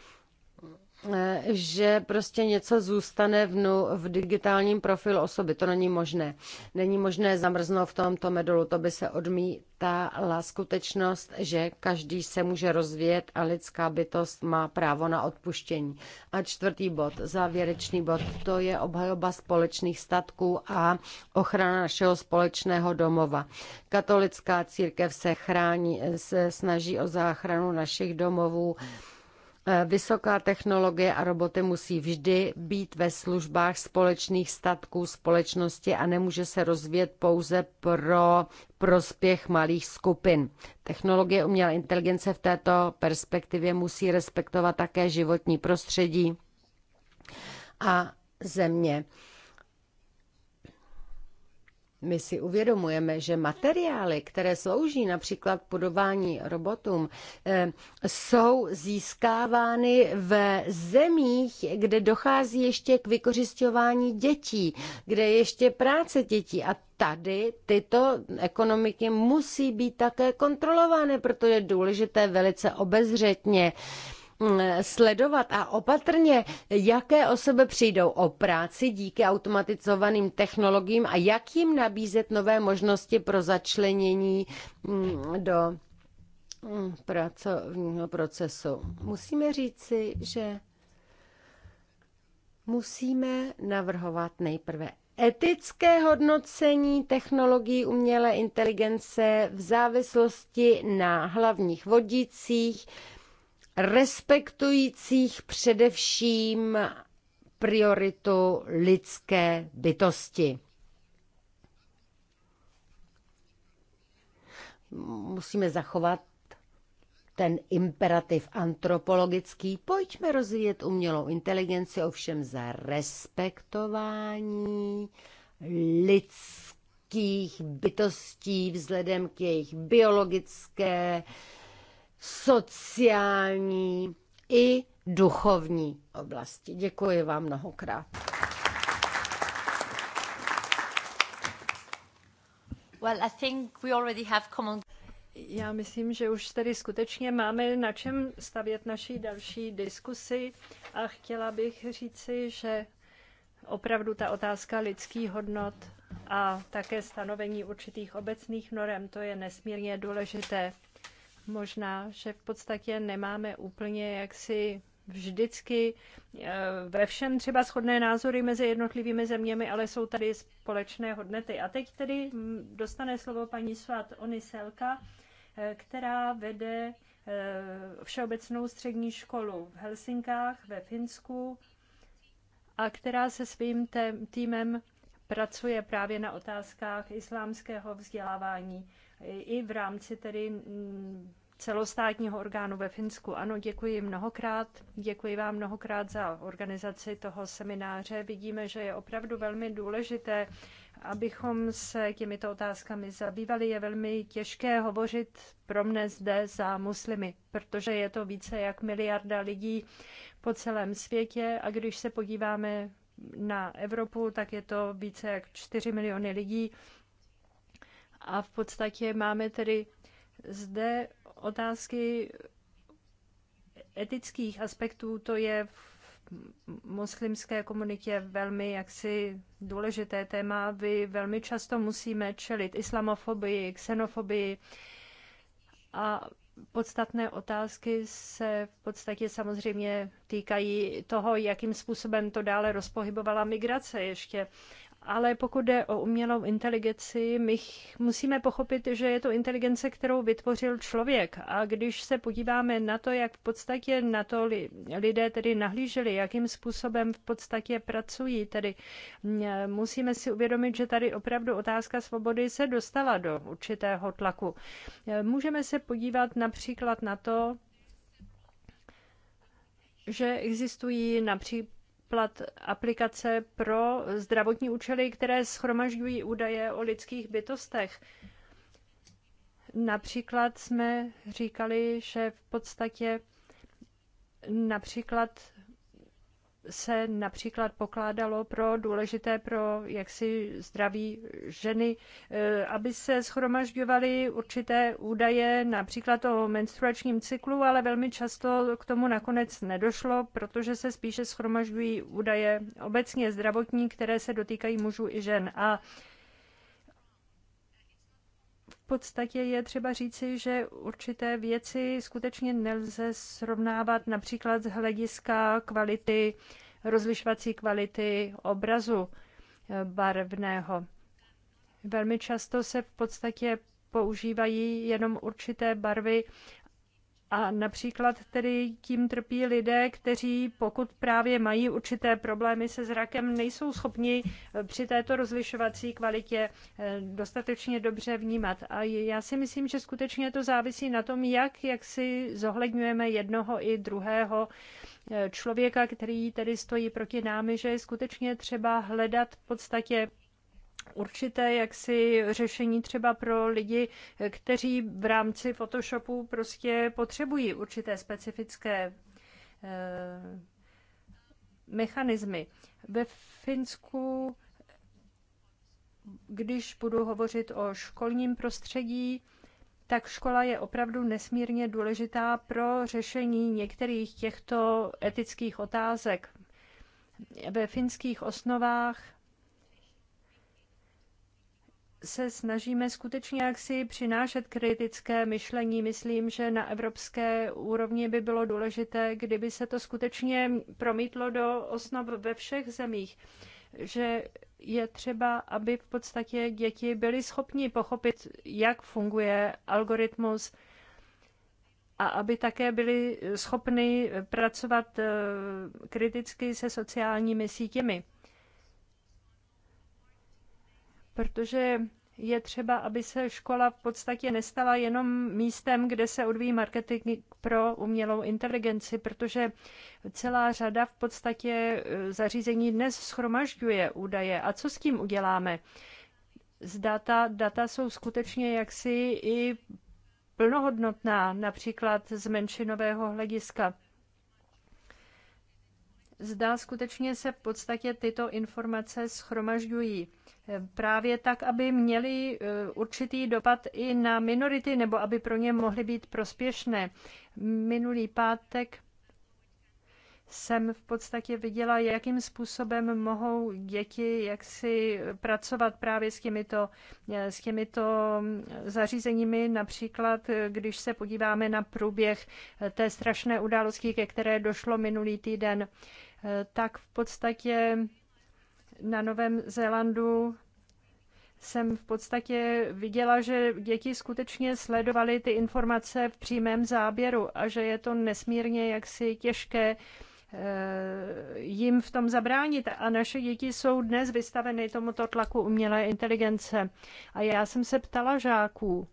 Eh, že prostě něco zůstane v, nu, v digitálním profilu osoby. To není možné. Není možné zamrznout v tomto medolu. To by se odmítala skutečnost, že každý se může rozvíjet a lidská bytost má právo na odpuštění. A čtvrtý bod, závěrečný bod, to je obhajoba společných statků a ochrana našeho společného domova. Katolická církev se chrání, se snaží o záchranu našich domovů. Hmm Eh, vysoká technologie a roboty musí vždy být ve službách společných statků společnosti a nemůže se rozvíjet pouze pro prospěch malých skupin. Technologie umělé inteligence v této perspektivě musí respektovat také životní prostředí a země. My si uvědomujeme, že materiály, které slouží například podobání robotům, eh, jsou získávány v zemích, kde dochází ještě k vykořišťování dětí, kde je ještě práce dětí. A tady tyto ekonomiky musí být také kontrolovány, protože je důležité velice obezřetně Mm, sledovat a opatrně, jaké osoby přijdou o práci díky automatizovaným technologiím a jak jim nabízet nové možnosti pro začlenění mm, do mm, pracovního procesu. Musíme říci, že musíme navrhovat nejprve Etické hodnocení technologií umělé inteligence v závislosti na hlavních vodících respektujících především prioritu lidské bytosti. Musíme zachovat ten imperativ antropologický. Pojďme rozvíjet umělou inteligenci, ovšem za respektování lidských bytostí vzhledem k jejich biologické sociální i duchovní oblasti. Děkuji vám mnohokrát. Well, I think we already have common... Já myslím, že už tady skutečně máme na čem stavět naší další diskusi a chtěla bych říci, že opravdu ta otázka lidských hodnot a také stanovení určitých obecných norem, to je nesmírně důležité. Možná, že v podstatě nemáme úplně jaksi vždycky eh, ve všem třeba shodné názory mezi jednotlivými zeměmi, ale jsou tady společné hodnoty. A teď tedy mm, dostane slovo paní Svat Oniselka, eh, která vede eh, Všeobecnou střední školu v Helsinkách ve Finsku a která se svým týmem pracuje právě na otázkách islámského vzdělávání i v rámci tedy mm, celostátního orgánu ve Finsku. Ano, děkuji mnohokrát. Děkuji vám mnohokrát za organizaci toho semináře. Vidíme, že je opravdu velmi důležité, abychom se těmito otázkami zabývali. Je velmi těžké hovořit pro mne zde za muslimy, protože je to více jak miliarda lidí po celém světě a když se podíváme na Evropu, tak je to více jak 4 miliony lidí. A v podstatě máme tedy zde otázky etických aspektů, to je v muslimské komunitě velmi jaksi důležité téma. Vy velmi často musíme čelit islamofobii, xenofobii a podstatné otázky se v podstatě samozřejmě týkají toho, jakým způsobem to dále rozpohybovala migrace ještě ale pokud jde o umělou inteligenci, my musíme pochopit, že je to inteligence, kterou vytvořil člověk. A když se podíváme na to, jak v podstatě na to lidé tedy nahlíželi, jakým způsobem v podstatě pracují, tedy musíme si uvědomit, že tady opravdu otázka svobody se dostala do určitého tlaku. Můžeme se podívat například na to, že existují například plat aplikace pro zdravotní účely, které schromažďují údaje o lidských bytostech. Například jsme říkali, že v podstatě například se například pokládalo pro důležité pro jaksi zdraví ženy, eh, aby se schromažďovaly určité údaje, například o menstruačním cyklu, ale velmi často k tomu nakonec nedošlo, protože se spíše schromažďují údaje obecně zdravotní, které se dotýkají mužů i žen. A podstatě je třeba říci, že určité věci skutečně nelze srovnávat například z hlediska kvality, rozlišovací kvality obrazu eh, barevného. Velmi často se v podstatě používají jenom určité barvy a například tedy tím trpí lidé, kteří pokud právě mají určité problémy se zrakem, nejsou schopni eh, při této rozlišovací kvalitě eh, dostatečně dobře vnímat. A já si myslím, že skutečně to závisí na tom, jak, jak si zohledňujeme jednoho i druhého eh, člověka, který tedy stojí proti námi, že je skutečně třeba hledat v podstatě určité jaksi řešení třeba pro lidi, kteří v rámci Photoshopu prostě potřebují určité specifické eh, mechanismy. Ve Finsku, když budu hovořit o školním prostředí, tak škola je opravdu nesmírně důležitá pro řešení některých těchto etických otázek. Ve finských osnovách se snažíme skutečně jaksi přinášet kritické myšlení. Myslím, že na evropské úrovni by bylo důležité, kdyby se to skutečně promítlo do osnov ve všech zemích, že je třeba, aby v podstatě děti byly schopni pochopit, jak funguje algoritmus a aby také byly schopny pracovat eh, kriticky se sociálními sítěmi protože je třeba, aby se škola v podstatě nestala jenom místem, kde se odvíjí marketing pro umělou inteligenci, protože celá řada v podstatě eh, zařízení dnes schromažďuje údaje. A co s tím uděláme? Z data, data jsou skutečně jaksi i plnohodnotná, například z menšinového hlediska zda skutečně se v podstatě tyto informace schromažďují právě tak, aby měly e, určitý dopad i na minority nebo aby pro ně mohly být prospěšné. Minulý pátek jsem v podstatě viděla, jakým způsobem mohou děti jaksi pracovat právě s těmito, e, s těmito zařízeními. Například, e, když se podíváme na průběh té strašné události, ke které došlo minulý týden Eh, tak v podstatě na Novém Zélandu jsem v podstatě viděla, že děti skutečně sledovaly ty informace v přímém záběru a že je to nesmírně jaksi těžké eh, jim v tom zabránit. A naše děti jsou dnes vystaveny tomuto tlaku umělé inteligence. A já jsem se ptala žáků,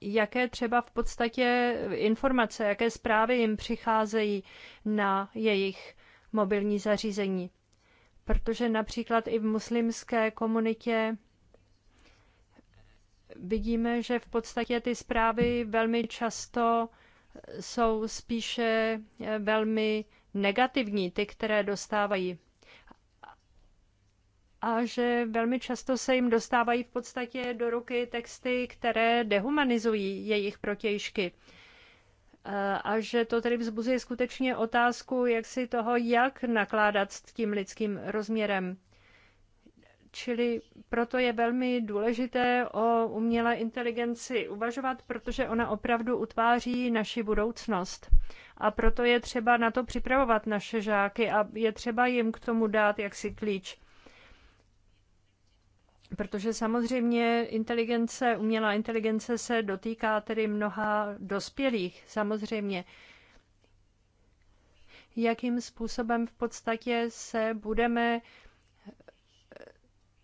jaké třeba v podstatě informace, jaké zprávy jim přicházejí na jejich mobilní zařízení. Protože například i v muslimské komunitě vidíme, že v podstatě ty zprávy velmi často jsou spíše eh, velmi negativní, ty, které dostávají a že velmi často se jim dostávají v podstatě do ruky texty, které dehumanizují jejich protějšky. Eh, a že to tedy vzbuzuje skutečně otázku, jak si toho, jak nakládat s tím lidským rozměrem. Čili proto je velmi důležité o umělé inteligenci uvažovat, protože ona opravdu utváří naši budoucnost. A proto je třeba na to připravovat naše žáky a je třeba jim k tomu dát jaksi klíč Protože samozřejmě inteligence, umělá inteligence se dotýká tedy mnoha dospělých, samozřejmě. Jakým způsobem v podstatě se budeme eh,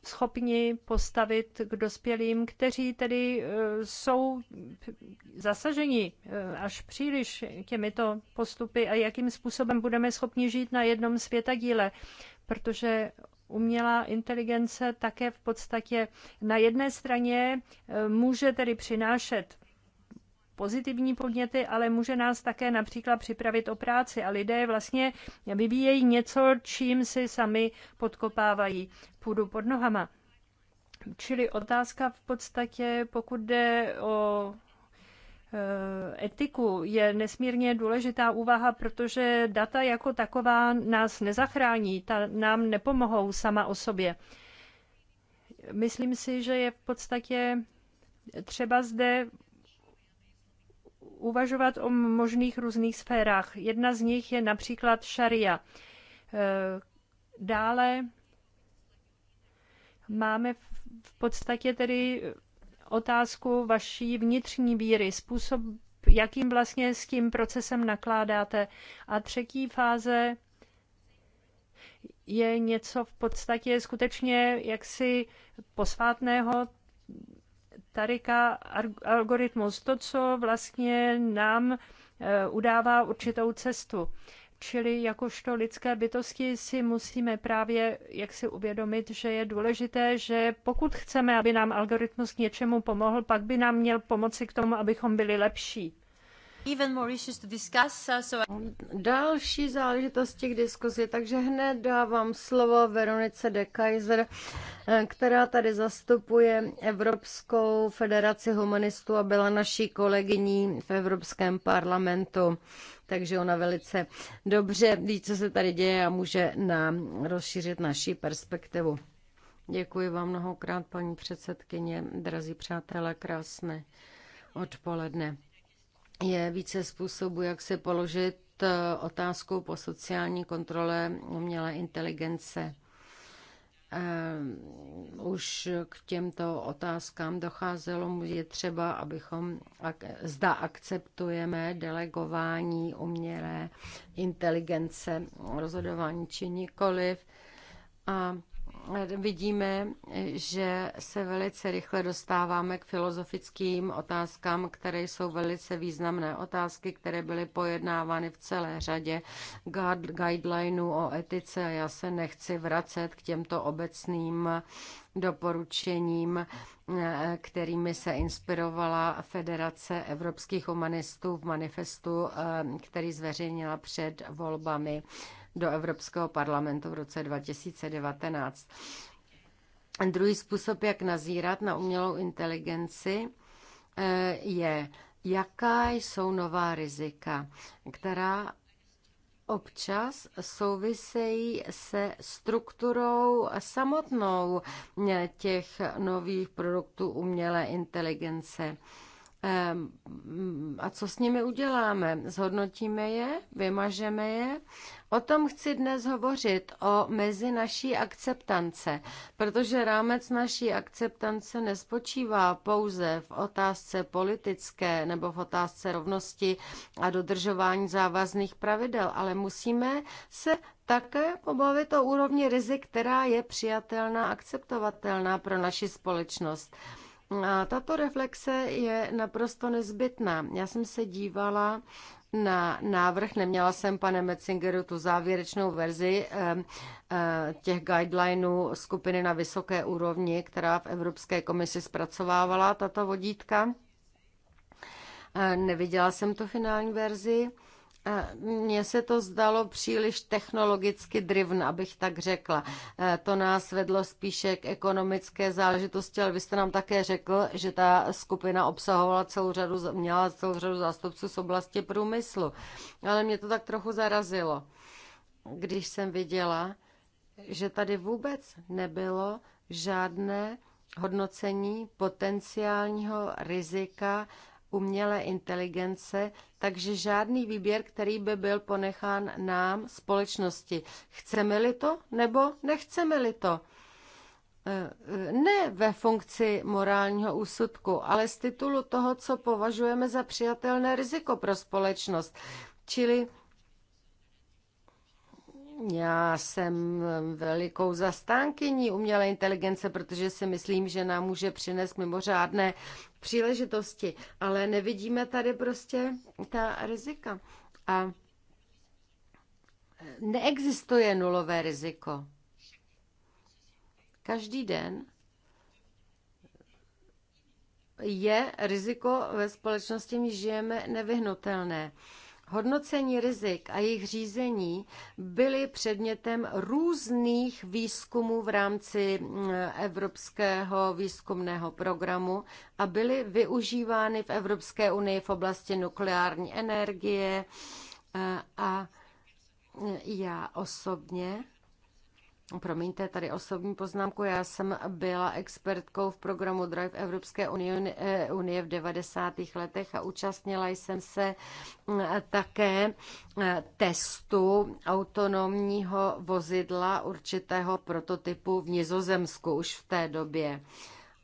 schopni postavit k dospělým, kteří tedy eh, jsou zasaženi eh, až příliš těmito postupy a jakým způsobem budeme schopni žít na jednom světadíle, protože umělá inteligence také v podstatě na jedné straně eh, může tedy přinášet pozitivní podněty, ale může nás také například připravit o práci a lidé vlastně vyvíjejí něco, čím si sami podkopávají půdu pod nohama. Čili otázka v podstatě, pokud jde o Eh, etiku je nesmírně důležitá úvaha, protože data jako taková nás nezachrání, ta nám nepomohou sama o sobě. Myslím si, že je v podstatě třeba zde uvažovat o možných různých sférách. Jedna z nich je například šaria. Eh, dále máme v podstatě tedy otázku vaší vnitřní víry, způsob, jakým vlastně s tím procesem nakládáte. A třetí fáze je něco v podstatě skutečně jaksi posvátného, Tarika algoritmus, to, co vlastně nám eh, udává určitou cestu. Čili jakožto lidské bytosti si musíme právě jak si uvědomit, že je důležité, že pokud chceme, aby nám algoritmus k něčemu pomohl, pak by nám měl pomoci k tomu, abychom byli lepší. Uh, Další záležitosti k diskuzi, takže hned dávám slovo Veronice de Kaiser, eh, která tady zastupuje Evropskou federaci humanistů a byla naší kolegyní v Evropském parlamentu. Takže ona velice dobře ví, co se tady děje a může nám rozšířit naši perspektivu. Děkuji vám mnohokrát, paní předsedkyně, drazí přátelé, krásné odpoledne je více způsobů, jak se položit eh, otázkou po sociální kontrole umělé inteligence. Eh, už k těmto otázkám docházelo, je třeba, abychom zda akceptujeme delegování umělé inteligence rozhodování či nikoliv. A vidíme, že se velice rychle dostáváme k filozofickým otázkám, které jsou velice významné otázky, které byly pojednávány v celé řadě guidelineů o etice. Já se nechci vracet k těmto obecným doporučením, kterými se inspirovala Federace evropských humanistů v manifestu, eh, který zveřejnila před volbami do Evropského parlamentu v roce 2019. Druhý způsob, jak nazírat na umělou inteligenci, eh, je, jaká jsou nová rizika, která občas souvisejí se strukturou samotnou eh, těch nových produktů umělé inteligence. Mm, a co s nimi uděláme? Zhodnotíme je, vymažeme je. O tom chci dnes hovořit, o mezi naší akceptance, protože rámec naší akceptance nespočívá pouze v otázce politické nebo v otázce rovnosti a dodržování závazných pravidel, ale musíme se také pobavit o úrovni rizik, která je přijatelná, akceptovatelná pro naši společnost. A tato reflexe je naprosto nezbytná. Já jsem se dívala na návrh, neměla jsem, pane Metzingeru, tu závěrečnou verzi eh, eh, těch guidelineů skupiny na vysoké úrovni, která v Evropské komisi zpracovávala tato vodítka. Eh, neviděla jsem tu finální verzi mně se to zdalo příliš technologicky driven, abych tak řekla. E, to nás vedlo spíše k ekonomické záležitosti, ale vy jste nám také řekl, že ta skupina obsahovala celou řadu, měla celou řadu zástupců z oblasti průmyslu. Ale mě to tak trochu zarazilo, když jsem viděla, že tady vůbec nebylo žádné hodnocení potenciálního rizika umělé inteligence, takže žádný výběr, který by byl ponechán nám, společnosti. Chceme-li to nebo nechceme-li to? Eh, eh, ne ve funkci morálního úsudku, ale z titulu toho, co považujeme za přijatelné riziko pro společnost. Čili já jsem velikou zastánkyní umělé inteligence, protože si myslím, že nám může přinést mimořádné příležitosti, ale nevidíme tady prostě ta rizika. A neexistuje nulové riziko. Každý den je riziko ve společnosti, v níž žijeme, nevyhnutelné. Hodnocení rizik a jejich řízení byly předmětem různých výzkumů v rámci mm, Evropského výzkumného programu a byly využívány v Evropské unii v oblasti nukleární energie eh, a mm, já osobně Promiňte, tady osobní poznámku. Já jsem byla expertkou v programu Drive Evropské unie, v 90. letech a účastnila jsem se mm, také mm, testu autonomního vozidla určitého prototypu v Nizozemsku už v té době.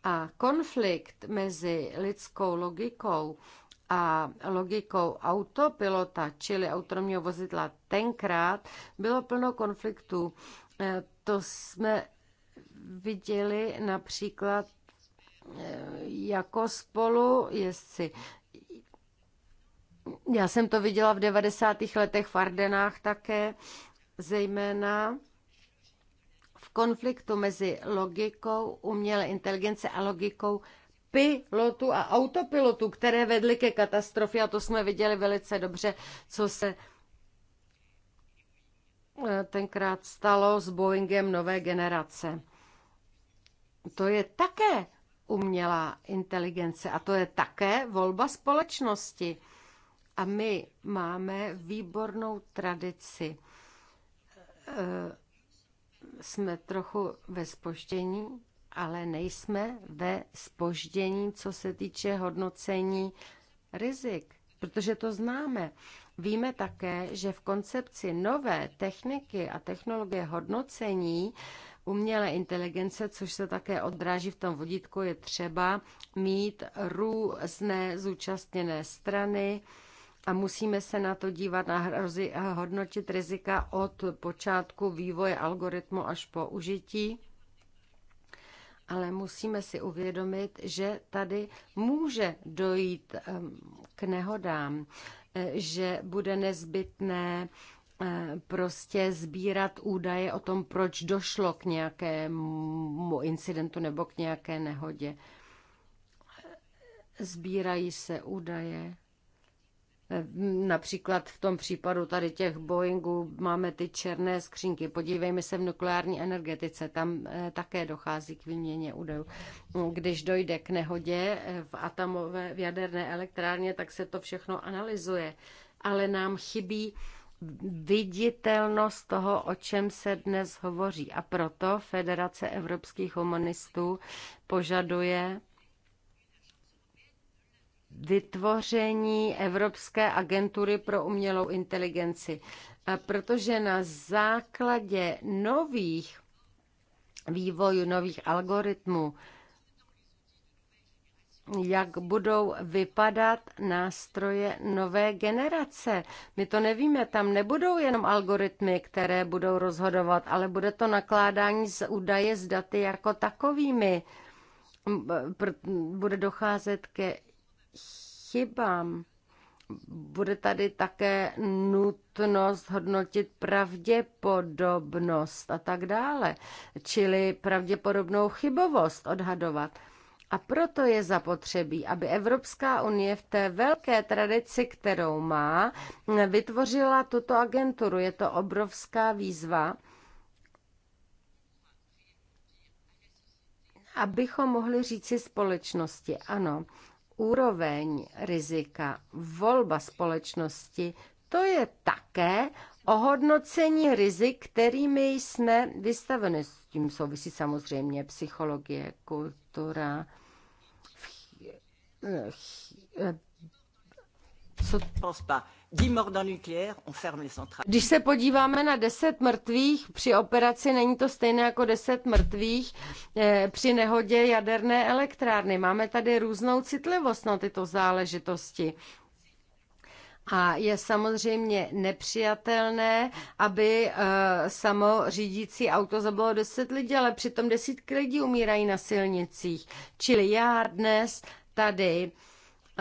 A konflikt mezi lidskou logikou a logikou autopilota, čili autonomního vozidla, tenkrát bylo plno konfliktů eh, to jsme viděli například eh, jako spolu jezdci. Já jsem to viděla v 90. letech v Ardenách také, zejména v konfliktu mezi logikou umělé inteligence a logikou pilotu a autopilotu, které vedly ke katastrofě a to jsme viděli velice dobře, co se Eh, tenkrát stalo s Boeingem nové generace. To je také umělá inteligence a to je také volba společnosti. A my máme výbornou tradici. Eh, jsme trochu ve spoždění, ale nejsme ve spoždění, co se týče hodnocení rizik, protože to známe. Víme také, že v koncepci nové techniky a technologie hodnocení umělé inteligence, což se také odráží v tom vodítku, je třeba mít různé zúčastněné strany a musíme se na to dívat a, hodnotit rizika od počátku vývoje algoritmu až po užití ale musíme si uvědomit, že tady může dojít k nehodám, eh, že bude nezbytné eh, prostě sbírat údaje o tom, proč došlo k nějakému incidentu nebo k nějaké nehodě. Sbírají se údaje Eh, například v tom případu tady těch Boeingů máme ty černé skřínky. Podívejme se v nukleární energetice, tam eh, také dochází k výměně údajů. Když dojde k nehodě eh, v atomové, v jaderné elektrárně, tak se to všechno analyzuje. Ale nám chybí viditelnost toho, o čem se dnes hovoří. A proto Federace evropských humanistů požaduje vytvoření Evropské agentury pro umělou inteligenci, protože na základě nových vývojů, nových algoritmů, jak budou vypadat nástroje nové generace. My to nevíme, tam nebudou jenom algoritmy, které budou rozhodovat, ale bude to nakládání z údaje s daty jako takovými. Bude docházet ke chybám. Bude tady také nutnost hodnotit pravděpodobnost a tak dále, čili pravděpodobnou chybovost odhadovat. A proto je zapotřebí, aby Evropská unie v té velké tradici, kterou má, vytvořila tuto agenturu. Je to obrovská výzva, abychom mohli říci společnosti, ano, úroveň rizika, volba společnosti, to je také ohodnocení rizik, kterými jsme vystaveni. S tím souvisí samozřejmě psychologie, kultura, eh, eh, co... Prospa. Když se podíváme na 10 mrtvých při operaci, není to stejné jako 10 mrtvých eh, při nehodě jaderné elektrárny. Máme tady různou citlivost na tyto záležitosti. A je samozřejmě nepřijatelné, aby uh, samo řídící auto zabilo 10 lidí, ale přitom desítky lidí umírají na silnicích. Čili já dnes tady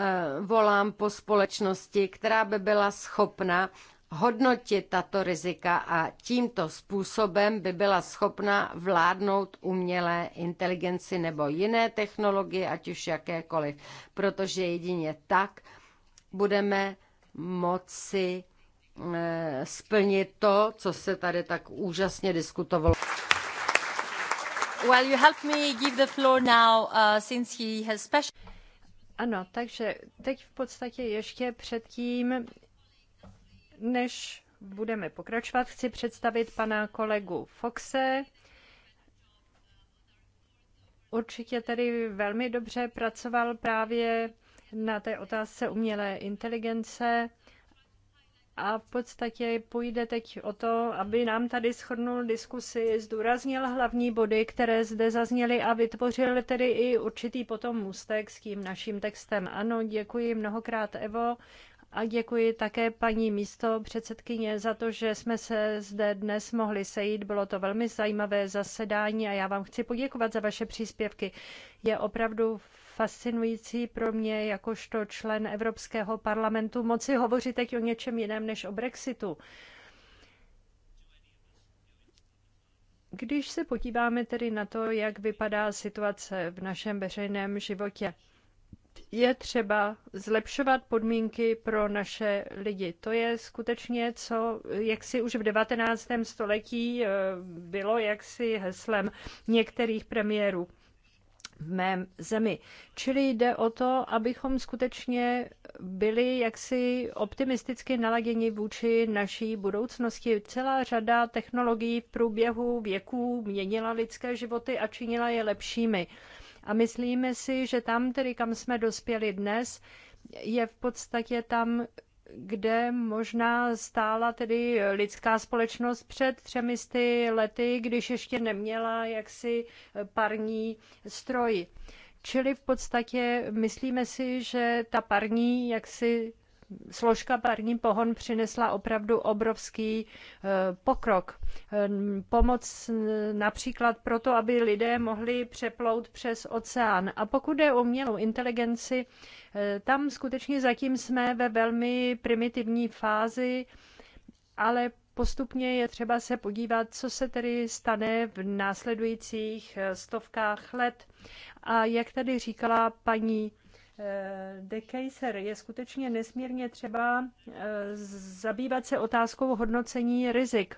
Eh, volám po společnosti, která by byla schopna hodnotit tato rizika a tímto způsobem by byla schopna vládnout umělé inteligenci nebo jiné technologie, ať už jakékoliv, protože jedině tak budeme moci eh, splnit to, co se tady tak úžasně diskutovalo. Well, you me give the floor now, uh, since he has special... Ano, takže teď v podstatě ještě předtím, než budeme pokračovat, chci představit pana kolegu Foxe. Určitě tedy velmi dobře pracoval právě na té otázce umělé inteligence a v podstatě půjde teď o to, aby nám tady schrnul diskusi, zdůraznil hlavní body, které zde zazněly a vytvořil tedy i určitý potom mustek s tím naším textem. Ano, děkuji mnohokrát, Evo. A děkuji také paní místo předsedkyně za to, že jsme se zde dnes mohli sejít. Bylo to velmi zajímavé zasedání a já vám chci poděkovat za vaše příspěvky. Je opravdu fascinující pro mě, jakožto člen Evropského parlamentu, moci hovořit teď o něčem jiném než o Brexitu. Když se podíváme tedy na to, jak vypadá situace v našem veřejném životě, je třeba zlepšovat podmínky pro naše lidi. To je skutečně, co jak si už v 19. století eh, bylo jaksi heslem některých premiérů v mém zemi. Čili jde o to, abychom skutečně byli jaksi optimisticky naladěni vůči naší budoucnosti. Celá řada technologií v průběhu věků měnila lidské životy a činila je lepšími. A myslíme si, že tam, tedy kam jsme dospěli dnes, je v podstatě tam, kde možná stála tedy lidská společnost před třemi sty lety, když ještě neměla jaksi parní stroj. Čili v podstatě myslíme si, že ta parní jaksi složka parní pohon přinesla opravdu obrovský eh, pokrok. Ehm, pomoc například proto, aby lidé mohli přeplout přes oceán. A pokud je o umělou inteligenci, eh, tam skutečně zatím jsme ve velmi primitivní fázi, ale postupně je třeba se podívat, co se tedy stane v následujících eh, stovkách let. A jak tady říkala paní Eh, de Kaiser, je skutečně nesmírně třeba eh, zabývat se otázkou hodnocení rizik.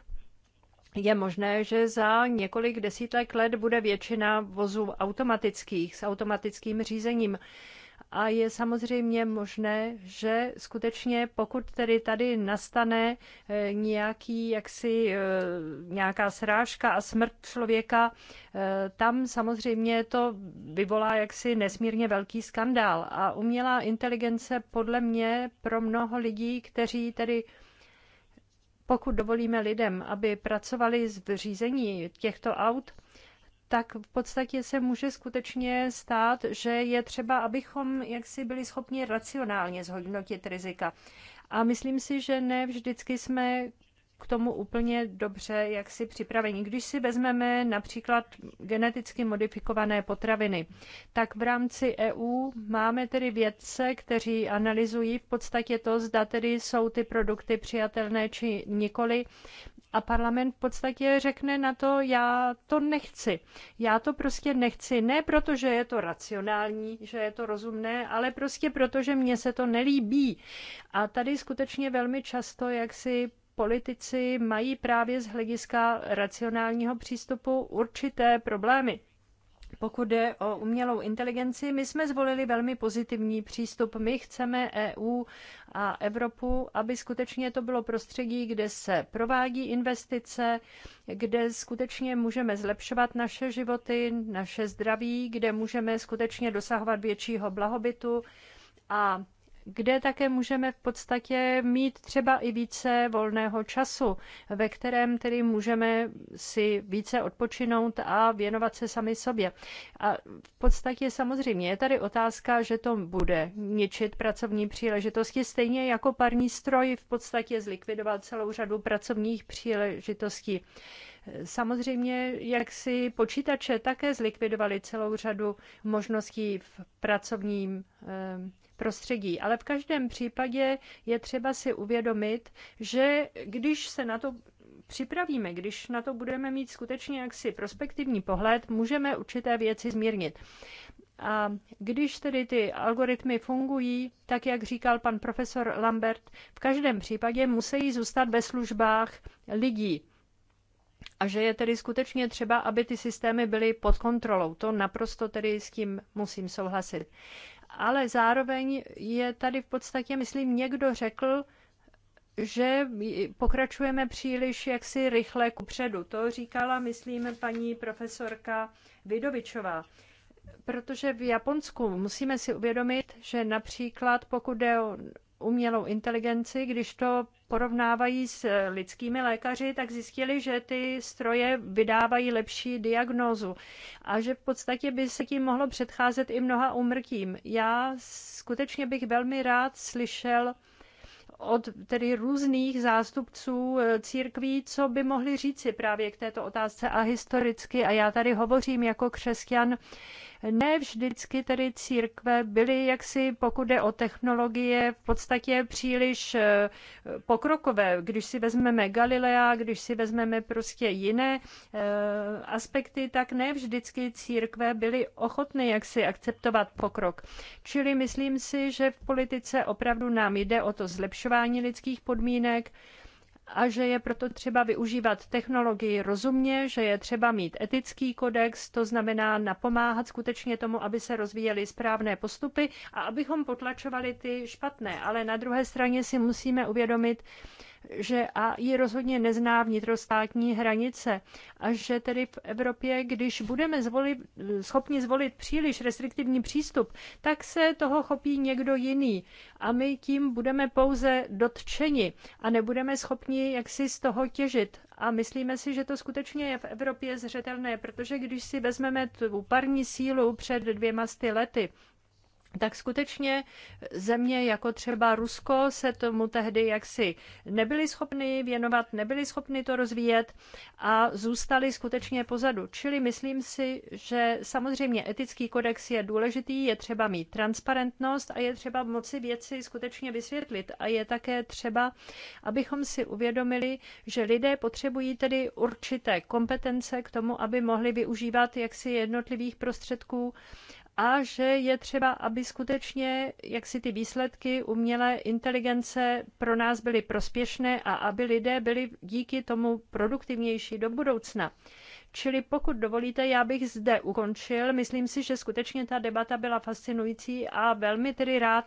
Je možné, že za několik desítek let bude většina vozů automatických s automatickým řízením a je samozřejmě možné, že skutečně pokud tedy tady nastane eh, nějaký, jaksi, eh, nějaká srážka a smrt člověka, eh, tam samozřejmě to vyvolá jaksi nesmírně velký skandál. A umělá inteligence podle mě pro mnoho lidí, kteří tedy pokud dovolíme lidem, aby pracovali s řízení těchto aut, tak v podstatě se může skutečně stát, že je třeba, abychom jaksi byli schopni racionálně zhodnotit rizika. A myslím si, že ne vždycky jsme k tomu úplně dobře jak si připraveni. Když si vezmeme například geneticky modifikované potraviny, tak v rámci EU máme tedy vědce, kteří analyzují v podstatě to, zda tedy jsou ty produkty přijatelné či nikoli a parlament v podstatě řekne na to, já to nechci. Já to prostě nechci, ne proto, že je to racionální, že je to rozumné, ale prostě proto, že mně se to nelíbí. A tady skutečně velmi často, jak si politici mají právě z hlediska racionálního přístupu určité problémy. Pokud jde o umělou inteligenci, my jsme zvolili velmi pozitivní přístup. My chceme EU a Evropu, aby skutečně to bylo prostředí, kde se provádí investice, kde skutečně můžeme zlepšovat naše životy, naše zdraví, kde můžeme skutečně dosahovat většího blahobytu a kde také můžeme v podstatě mít třeba i více volného času, ve kterém tedy můžeme si více odpočinout a věnovat se sami sobě. A v podstatě samozřejmě je tady otázka, že to bude ničit pracovní příležitosti, stejně jako parní stroj v podstatě zlikvidoval celou řadu pracovních příležitostí. Samozřejmě, jak si počítače také zlikvidovali celou řadu možností v pracovním eh, prostředí. Ale v každém případě je třeba si uvědomit, že když se na to připravíme, když na to budeme mít skutečně jaksi prospektivní pohled, můžeme určité věci zmírnit. A když tedy ty algoritmy fungují, tak jak říkal pan profesor Lambert, v každém případě musí zůstat ve službách lidí. A že je tedy skutečně třeba, aby ty systémy byly pod kontrolou. To naprosto tedy s tím musím souhlasit ale zároveň je tady v podstatě, myslím, někdo řekl, že pokračujeme příliš jaksi rychle kupředu. To říkala, myslím, paní profesorka Vidovičová. Protože v Japonsku musíme si uvědomit, že například pokud jde o umělou inteligenci, když to porovnávají s lidskými lékaři, tak zjistili, že ty stroje vydávají lepší diagnózu a že v podstatě by se tím mohlo předcházet i mnoha umrtím. Já skutečně bych velmi rád slyšel od tedy různých zástupců eh, církví, co by mohli říci právě k této otázce a historicky. A já tady hovořím jako křesťan, ne vždycky tedy církve byly jaksi, pokud jde o technologie, v podstatě příliš eh, pokrokové. Když si vezmeme Galilea, když si vezmeme prostě jiné eh, aspekty, tak ne vždycky církve byly ochotny jaksi akceptovat pokrok. Čili myslím si, že v politice opravdu nám jde o to zlepšování lidských podmínek, a že je proto třeba využívat technologii rozumně, že je třeba mít etický kodex, to znamená napomáhat skutečně tomu, aby se rozvíjely správné postupy a abychom potlačovali ty špatné. Ale na druhé straně si musíme uvědomit, že AI rozhodně nezná vnitrostátní hranice a že tedy v Evropě, když budeme zvolit, schopni zvolit příliš restriktivní přístup, tak se toho chopí někdo jiný a my tím budeme pouze dotčeni a nebudeme schopni jaksi z toho těžit. A myslíme si, že to skutečně je v Evropě zřetelné, protože když si vezmeme tu parní sílu před dvěma sty lety, tak skutečně země jako třeba Rusko se tomu tehdy jaksi nebyly schopny věnovat, nebyly schopny to rozvíjet a zůstaly skutečně pozadu. Čili myslím si, že samozřejmě etický kodex je důležitý, je třeba mít transparentnost a je třeba moci věci skutečně vysvětlit a je také třeba, abychom si uvědomili, že lidé potřebují tedy určité kompetence k tomu, aby mohli využívat jaksi jednotlivých prostředků a že je třeba, aby skutečně jak si ty výsledky umělé inteligence pro nás byly prospěšné a aby lidé byli díky tomu produktivnější do budoucna. Čili pokud dovolíte, já bych zde ukončil. Myslím si, že skutečně ta debata byla fascinující a velmi tedy rád,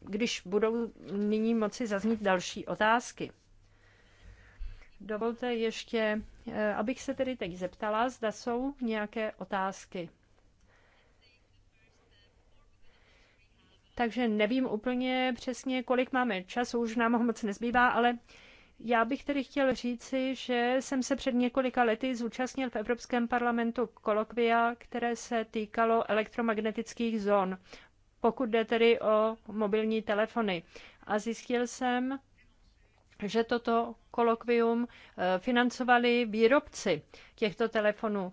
když budou nyní moci zaznít další otázky. Dovolte ještě, eh, abych se tedy teď zeptala, zda jsou nějaké otázky. takže nevím úplně přesně, kolik máme času, už nám ho moc nezbývá, ale já bych tedy chtěl říci, že jsem se před několika lety zúčastnil v Evropském parlamentu kolokvia, které se týkalo elektromagnetických zón, pokud jde tedy o mobilní telefony. A zjistil jsem, že toto kolokvium eh, financovali výrobci těchto telefonů.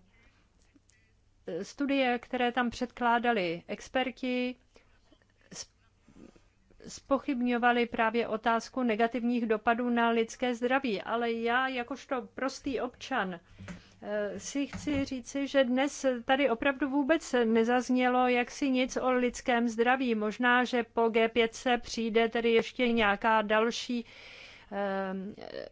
Studie, které tam předkládali experti, spochybňovali právě otázku negativních dopadů na lidské zdraví, ale já jakožto prostý občan eh, si chci říci, že dnes tady opravdu vůbec nezaznělo jaksi nic o lidském zdraví. Možná, že po G5 se přijde tedy ještě nějaká další uh, Ehm, e, e,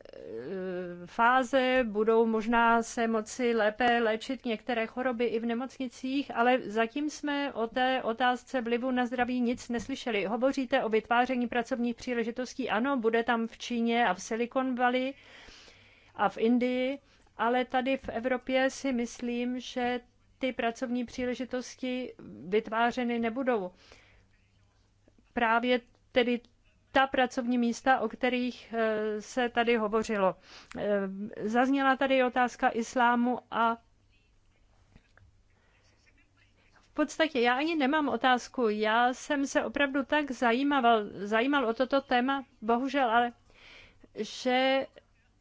fáze, budou možná se moci lépe léčit některé choroby i v nemocnicích, ale zatím jsme o té otázce vlivu na zdraví nic neslyšeli. Hovoříte o vytváření pracovních příležitostí, ano, bude tam v Číně a v Silicon Valley a v Indii, ale tady v Evropě si myslím, že ty pracovní příležitosti vytvářeny nebudou. Právě tedy ta pracovní místa, o kterých eh, se tady hovořilo. Eh, zazněla tady otázka islámu a v podstatě já ani nemám otázku. Já jsem se opravdu tak zajímal, zajímal o toto téma, bohužel, ale že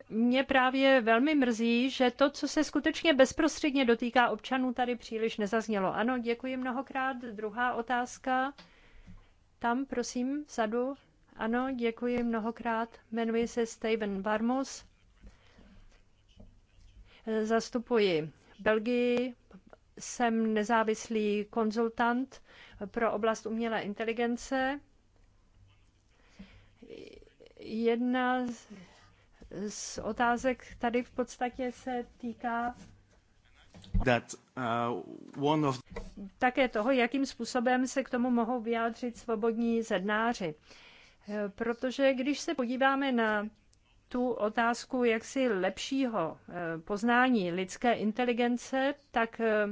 mě právě velmi mrzí, že to, co se skutečně bezprostředně dotýká občanů, tady příliš nezaznělo. Ano, děkuji mnohokrát. Druhá otázka. Tam, prosím, vzadu. Ano, děkuji mnohokrát. Jmenuji se Steven Barmus. Zastupuji Belgii, jsem nezávislý konzultant pro oblast umělé inteligence. Jedna z otázek tady v podstatě se týká That, uh, one of... také toho, jakým způsobem se k tomu mohou vyjádřit svobodní zednáři. Uh, Eh, protože když se podíváme na tu otázku jaksi lepšího eh, poznání lidské inteligence, tak eh,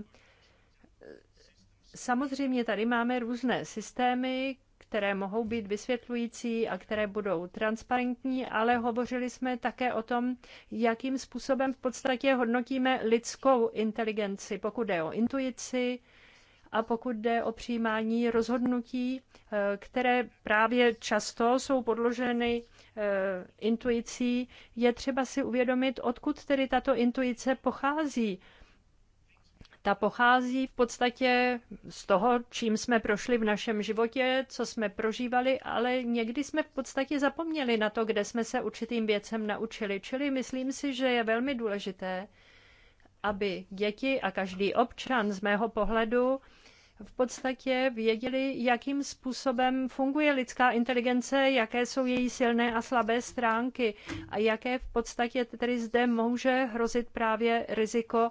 samozřejmě tady máme různé systémy, které mohou být vysvětlující a které budou transparentní, ale hovořili jsme také o tom, jakým způsobem v podstatě hodnotíme lidskou inteligenci, pokud jde o intuici, a pokud jde o přijímání rozhodnutí, eh, které právě často jsou podloženy eh, intuicí, je třeba si uvědomit, odkud tedy tato intuice pochází. Ta pochází v podstatě z toho, čím jsme prošli v našem životě, co jsme prožívali, ale někdy jsme v podstatě zapomněli na to, kde jsme se určitým věcem naučili. Čili myslím si, že je velmi důležité, aby děti a každý občan z mého pohledu v podstatě věděli, jakým způsobem funguje lidská inteligence, jaké jsou její silné a slabé stránky a jaké v podstatě tedy zde může hrozit právě riziko,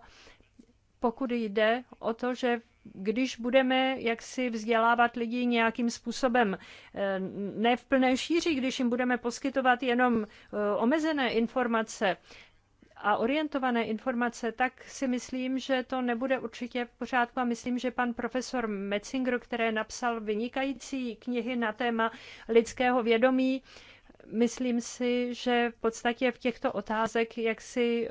pokud jde o to, že když budeme jaksi vzdělávat lidi nějakým způsobem, eh, ne v plné šíři, když jim budeme poskytovat jenom eh, omezené informace, a orientované informace, tak si myslím, že to nebude určitě v pořádku a myslím, že pan profesor Metzinger, který napsal vynikající knihy na téma lidského vědomí, myslím si, že v podstatě v těchto otázek jaksi eh,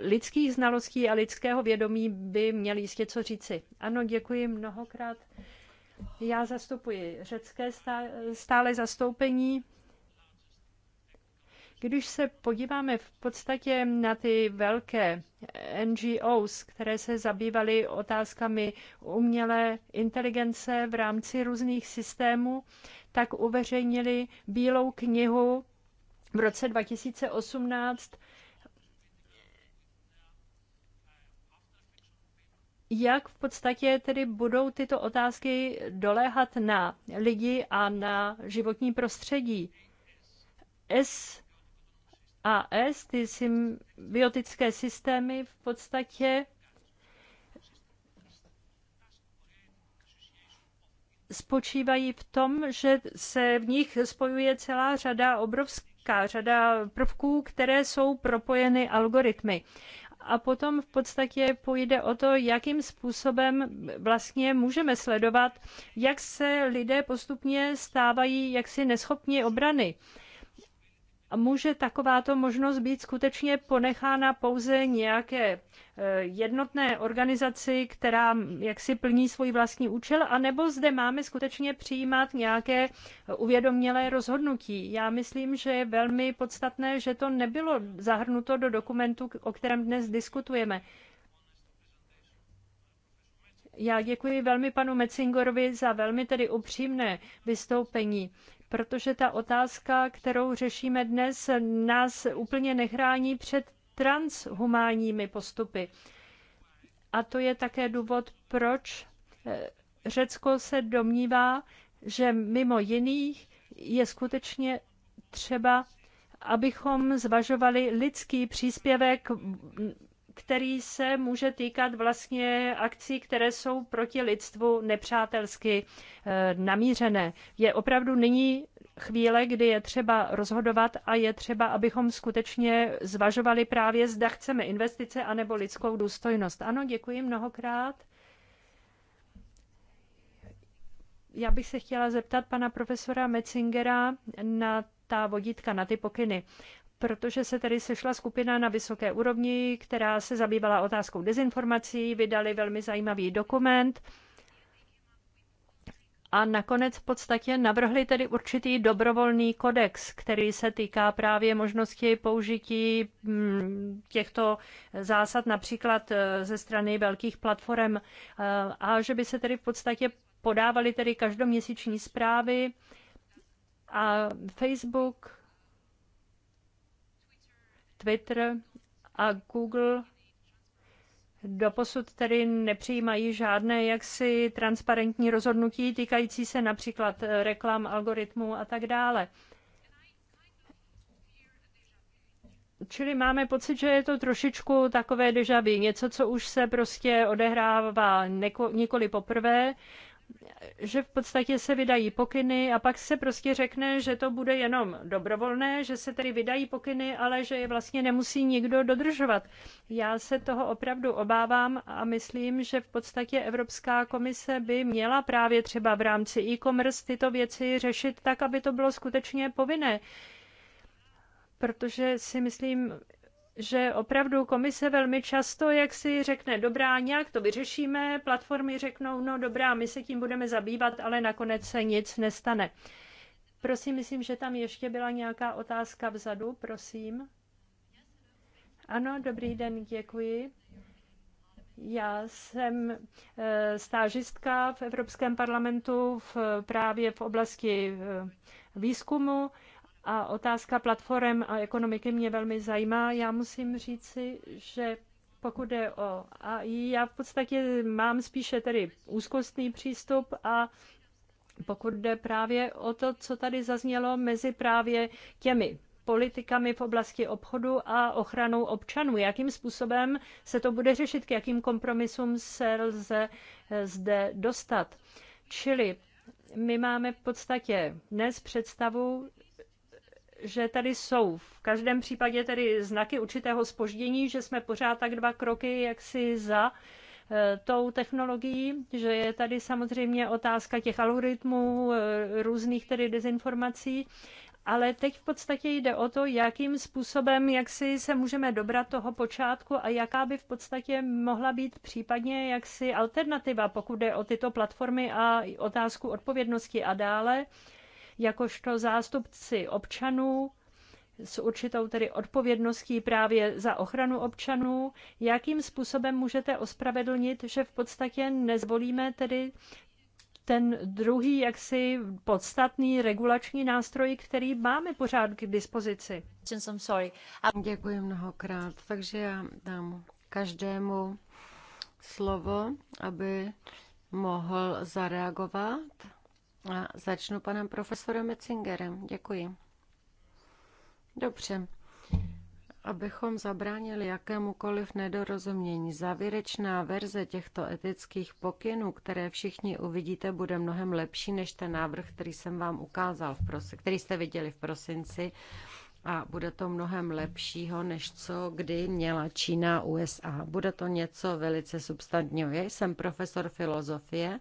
lidských znalostí a lidského vědomí by měl jistě co říci. Ano, děkuji mnohokrát. Já zastupuji řecké stále zastoupení když se podíváme v podstatě na ty velké NGOs, které se zabývaly otázkami umělé inteligence v rámci různých systémů, tak uveřejnili Bílou knihu v roce 2018 jak v podstatě tedy budou tyto otázky doléhat na lidi a na životní prostředí. S AS, ty symbiotické systémy v podstatě spočívají v tom, že se v nich spojuje celá řada obrovská řada prvků, které jsou propojeny algoritmy. A potom v podstatě půjde o to, jakým způsobem vlastně můžeme sledovat, jak se lidé postupně stávají jaksi neschopní obrany. Uh, může takováto možnost být skutečně ponechána pouze nějaké e, jednotné organizaci, která jaksi plní svůj vlastní účel, anebo zde máme skutečně přijímat nějaké e, uvědomělé rozhodnutí. Já myslím, že je velmi podstatné, že to nebylo zahrnuto do dokumentu, o kterém dnes diskutujeme. Já děkuji velmi panu Metzingerovi za velmi tedy upřímné vystoupení protože ta otázka, kterou řešíme dnes, nás úplně nechrání před transhumánními postupy. A to je také důvod, proč eh, Řecko se domnívá, že mimo jiných je skutečně třeba, abychom zvažovali lidský příspěvek který se může týkat vlastně akcí, které jsou proti lidstvu nepřátelsky eh, namířené. Je opravdu nyní chvíle, kdy je třeba rozhodovat a je třeba, abychom skutečně zvažovali právě, zda chceme investice anebo lidskou důstojnost. Ano, děkuji mnohokrát. Já bych se chtěla zeptat pana profesora Metzingera na ta vodítka, na ty pokyny protože se tedy sešla skupina na vysoké úrovni, která se zabývala otázkou dezinformací, vydali velmi zajímavý dokument a nakonec v podstatě navrhli tedy určitý dobrovolný kodex, který se týká právě možnosti použití mm, těchto zásad například eh, ze strany velkých platform eh, a že by se tedy v podstatě podávaly tedy každoměsíční zprávy a Facebook Twitter a Google doposud tedy nepřijímají žádné jaksi transparentní rozhodnutí týkající se například eh, reklam, algoritmů a tak dále. Čili máme pocit, že je to trošičku takové deja vu, něco, co už se prostě odehrává nikoli poprvé že v podstatě se vydají pokyny a pak se prostě řekne, že to bude jenom dobrovolné, že se tedy vydají pokyny, ale že je vlastně nemusí nikdo dodržovat. Já se toho opravdu obávám a myslím, že v podstatě Evropská komise by měla právě třeba v rámci e-commerce tyto věci řešit tak, aby to bylo skutečně povinné protože si myslím, že opravdu komise velmi často, jak si řekne, dobrá, nějak to vyřešíme, platformy řeknou, no dobrá, my se tím budeme zabývat, ale nakonec se nic nestane. Prosím, myslím, že tam ještě byla nějaká otázka vzadu, prosím. Ano, dobrý den, děkuji. Já jsem eh, stážistka v Evropském parlamentu v, právě v oblasti eh, výzkumu. A otázka platform a ekonomiky mě velmi zajímá. Já musím říci, že pokud jde o AI, já v podstatě mám spíše tedy úzkostný přístup a pokud jde právě o to, co tady zaznělo mezi právě těmi politikami v oblasti obchodu a ochranou občanů. Jakým způsobem se to bude řešit, k jakým kompromisům se lze eh, zde dostat. Čili my máme v podstatě dnes představu, že tady jsou v každém případě tedy znaky určitého spoždění, že jsme pořád tak dva kroky jaksi za e, tou technologií, že je tady samozřejmě otázka těch algoritmů, e, různých tedy dezinformací, ale teď v podstatě jde o to, jakým způsobem, jak si se můžeme dobrat toho počátku a jaká by v podstatě mohla být případně jaksi alternativa, pokud jde o tyto platformy a otázku odpovědnosti a dále jakožto zástupci občanů s určitou tedy odpovědností právě za ochranu občanů, jakým způsobem můžete ospravedlnit, že v podstatě nezvolíme tedy ten druhý jaksi podstatný regulační nástroj, který máme pořád k dispozici. Děkuji mnohokrát. Takže já dám každému slovo, aby mohl zareagovat a začnu panem profesorem Metzingerem. Děkuji. Dobře. Abychom zabránili jakémukoliv nedorozumění, závěrečná verze těchto etických pokynů, které všichni uvidíte, bude mnohem lepší než ten návrh, který jsem vám ukázal, v prosi, který jste viděli v prosinci. A bude to mnohem lepšího, než co kdy měla Čína USA. Bude to něco velice substantního. Já jsem profesor filozofie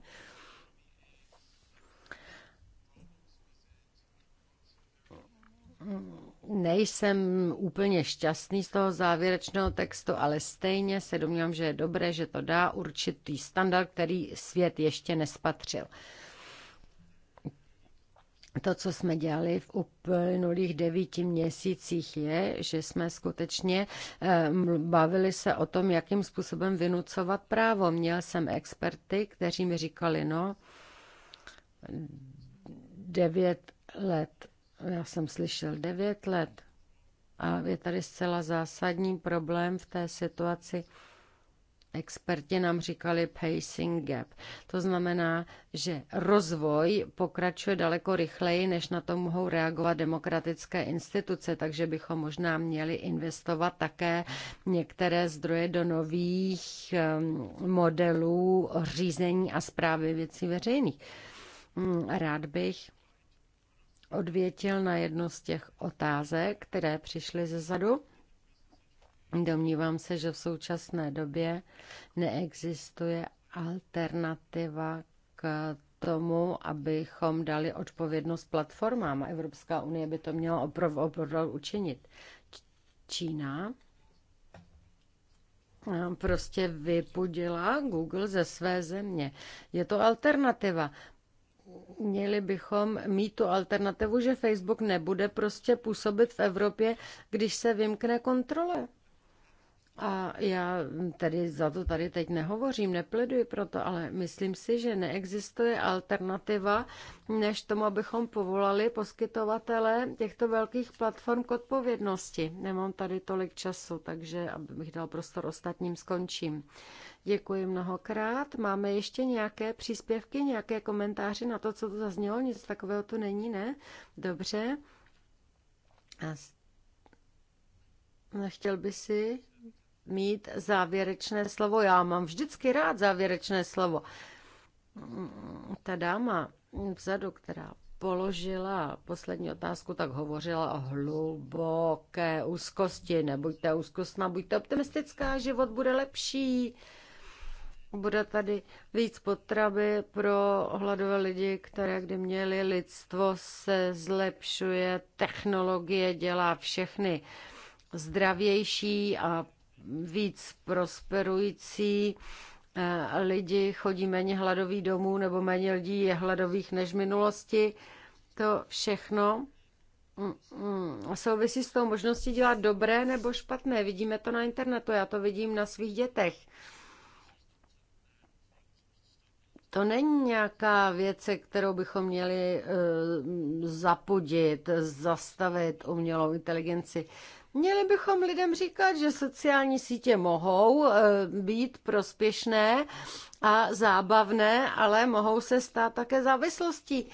nejsem úplně šťastný z toho závěrečného textu, ale stejně se domnívám, že je dobré, že to dá určitý standard, který svět ještě nespatřil. To, co jsme dělali v uplynulých devíti měsících, je, že jsme skutečně eh, bavili se o tom, jakým způsobem vynucovat právo. Měl jsem experty, kteří mi říkali, no, devět let já jsem slyšel 9 let. A je tady zcela zásadní problém v té situaci. Experti nám říkali pacing gap. To znamená, že rozvoj pokračuje daleko rychleji, než na to mohou reagovat demokratické instituce, takže bychom možná měli investovat také některé zdroje do nových ehm, modelů řízení a zprávy věcí veřejných. Hm, rád bych odvětil na jednu z těch otázek, které přišly ze zadu. Domnívám se, že v současné době neexistuje alternativa k tomu, abychom dali odpovědnost platformám a Evropská unie by to měla opravdu, opravdu učinit. Čína prostě vypudila Google ze své země. Je to alternativa měli bychom mít tu alternativu, že Facebook nebude prostě působit v Evropě, když se vymkne kontrole. A já tedy za to tady teď nehovořím, nepleduji proto, ale myslím si, že neexistuje alternativa než tomu, abychom povolali poskytovatele těchto velkých platform k odpovědnosti. Nemám tady tolik času, takže abych dal prostor ostatním, skončím. Děkuji mnohokrát. Máme ještě nějaké příspěvky, nějaké komentáře na to, co tu zaznělo? Nic takového tu není, ne? Dobře. A chtěl by si mít závěrečné slovo. Já mám vždycky rád závěrečné slovo. Ta dáma vzadu, která položila poslední otázku, tak hovořila o hluboké úzkosti. Nebuďte úzkostná, buďte optimistická, život bude lepší. Bude tady víc potravy pro hladové lidi, které kdy měli lidstvo, se zlepšuje, technologie dělá všechny zdravější a víc prosperující eh, lidi chodí méně hladový domů nebo méně lidí je hladových než v minulosti. To všechno mm, mm, souvisí s tou možností dělat dobré nebo špatné. Vidíme to na internetu, já to vidím na svých dětech. To není nějaká věc, kterou bychom měli eh, zapudit, zastavit umělou inteligenci. Měli bychom lidem říkat, že sociální sítě mohou eh, být prospěšné a zábavné, ale mohou se stát také závislostí.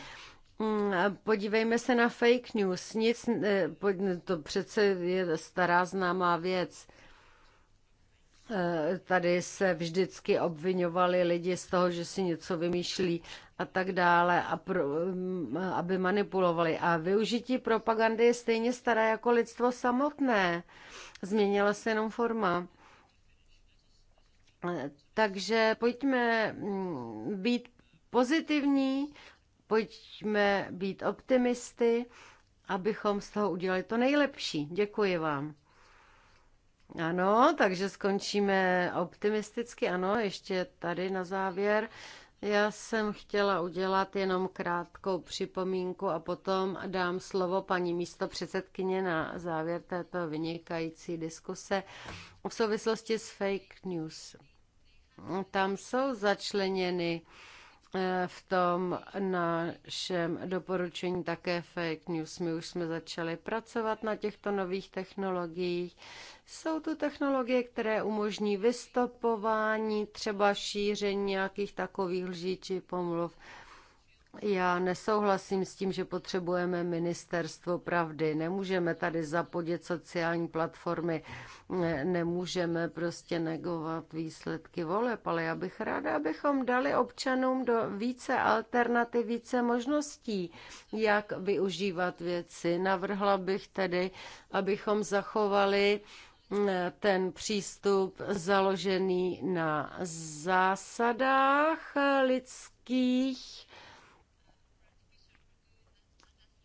Mm, podívejme se na fake news. Nic, eh, to přece je stará známá věc. Eh, tady se vždycky obvinovali lidi z toho, že si něco vymýšlí a tak dále, a pro, mm, aby manipulovali. A využití propagandy je stejně staré jako lidstvo samotné. Změnila se jenom forma. Eh, takže pojďme mm, být pozitivní, pojďme být optimisty, abychom z toho udělali to nejlepší. Děkuji vám. Ano, takže skončíme optimisticky. Ano, ještě tady na závěr. Já jsem chtěla udělat jenom krátkou připomínku a potom dám slovo paní místo předsedkyně na závěr této vynikající diskuse v souvislosti s fake news. Tam jsou začleněny Eh, v tom našem doporučení také fake news. My už jsme začali pracovat na těchto nových technologiích. Jsou tu technologie, které umožní vystopování, třeba šíření nějakých takových lží či pomluv. Já nesouhlasím s tím, že potřebujeme ministerstvo pravdy. Nemůžeme tady zapodět sociální platformy, nemůžeme prostě negovat výsledky voleb, ale já bych ráda, abychom dali občanům do více alternativ, více možností, jak využívat věci. Navrhla bych tedy, abychom zachovali eh, ten přístup založený na zásadách eh, lidských,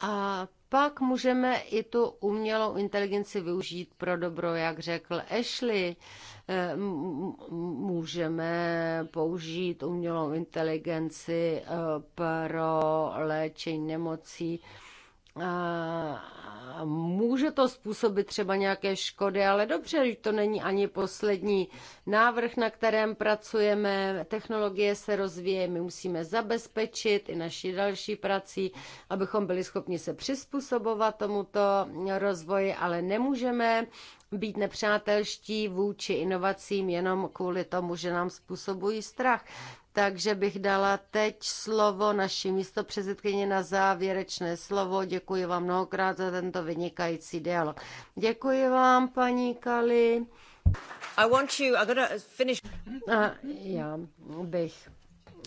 a pak můžeme i tu umělou inteligenci využít pro dobro, jak řekl Ashley. Eh, můžeme použít umělou inteligenci eh, pro léčení nemocí může to způsobit třeba nějaké škody, ale dobře, že to není ani poslední návrh, na kterém pracujeme. Technologie se rozvíje, my musíme zabezpečit i naši další prací, abychom byli schopni se přizpůsobovat tomuto rozvoji, ale nemůžeme být nepřátelští vůči inovacím jenom kvůli tomu, že nám způsobují strach. Takže bych dala teď slovo naší místopředsedkyni na závěrečné slovo. Děkuji vám mnohokrát za tento vynikající dialog. Děkuji vám, paní Kali. I want you, I'm gonna finish. A já bych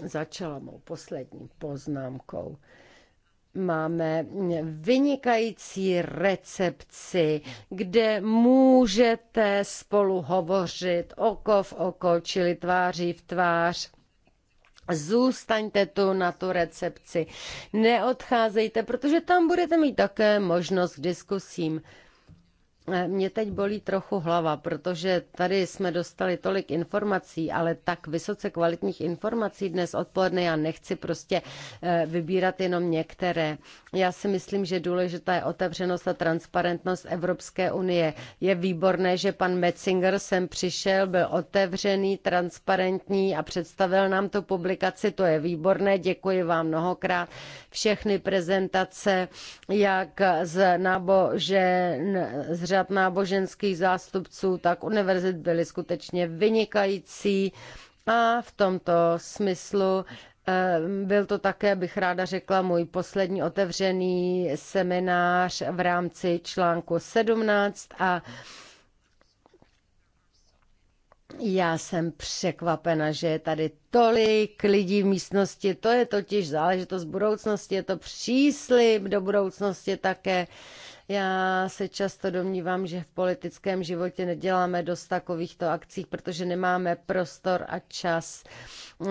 začala mou poslední poznámkou máme vynikající recepci, kde můžete spolu hovořit oko v oko, čili tváří v tvář. Zůstaňte tu na tu recepci, neodcházejte, protože tam budete mít také možnost k diskusím. Eh, mě teď bolí trochu hlava, protože tady jsme dostali tolik informací, ale tak vysoce kvalitních informací dnes odpoledne. Já nechci prostě eh, vybírat jenom některé. Já si myslím, že důležitá je otevřenost a transparentnost Evropské unie. Je výborné, že pan Metzinger sem přišel, byl otevřený, transparentní a představil nám tu publikaci. To je výborné, děkuji vám mnohokrát. Všechny prezentace, jak z nábože z řad náboženských zástupců, tak univerzit byly skutečně vynikající a v tomto smyslu eh, byl to také, bych ráda řekla, můj poslední otevřený seminář v rámci článku 17 a já jsem překvapena, že je tady tolik lidí v místnosti. To je totiž záležitost budoucnosti, je to příslip do budoucnosti také. Já se často domnívám, že v politickém životě neděláme dost takovýchto akcí, protože nemáme prostor a čas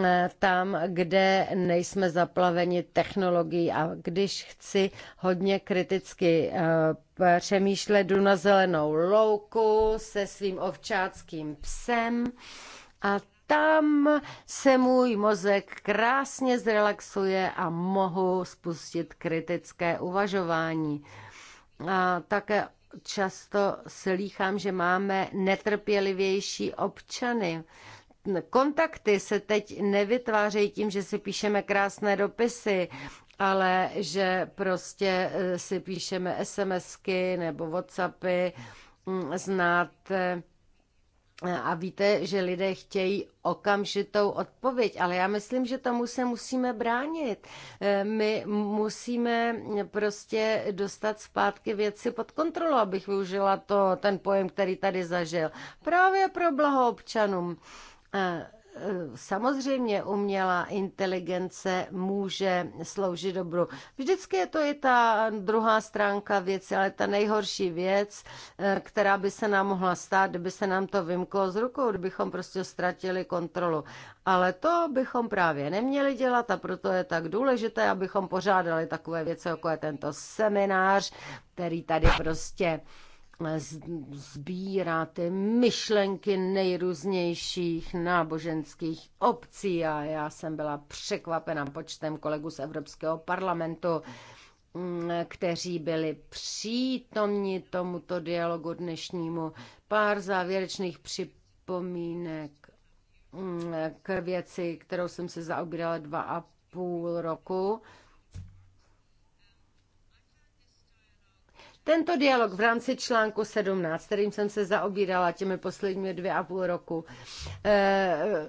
eh, tam, kde nejsme zaplaveni technologií. A když chci hodně kriticky eh, přemýšlet, jdu na zelenou louku se svým ovčáckým psem a tam se můj mozek krásně zrelaxuje a mohu spustit kritické uvažování. A také často slýchám, že máme netrpělivější občany. Kontakty se teď nevytvářejí tím, že si píšeme krásné dopisy, ale že prostě eh, si píšeme SMSky nebo Whatsappy, mm, znáte a víte, že lidé chtějí okamžitou odpověď, ale já myslím, že tomu se musíme bránit. Eh, my musíme prostě dostat zpátky věci pod kontrolu, abych využila to, ten pojem, který tady zažil. Právě pro blaho občanům. Eh, Samozřejmě umělá inteligence může sloužit dobru. Vždycky je to i ta druhá stránka věci, ale ta nejhorší věc, eh, která by se nám mohla stát, kdyby se nám to vymklo z rukou, kdybychom prostě ztratili kontrolu. Ale to bychom právě neměli dělat a proto je tak důležité, abychom pořádali takové věci, jako je tento seminář, který tady prostě sbíráte myšlenky nejrůznějších náboženských obcí a já jsem byla překvapena počtem kolegů z Evropského parlamentu, mm, kteří byli přítomni tomuto dialogu dnešnímu. Pár závěrečných připomínek mm, k věci, kterou jsem se zaobírala dva a půl roku Tento dialog v rámci článku 17, kterým jsem se zaobírala těmi posledními dvě a půl roku, eh,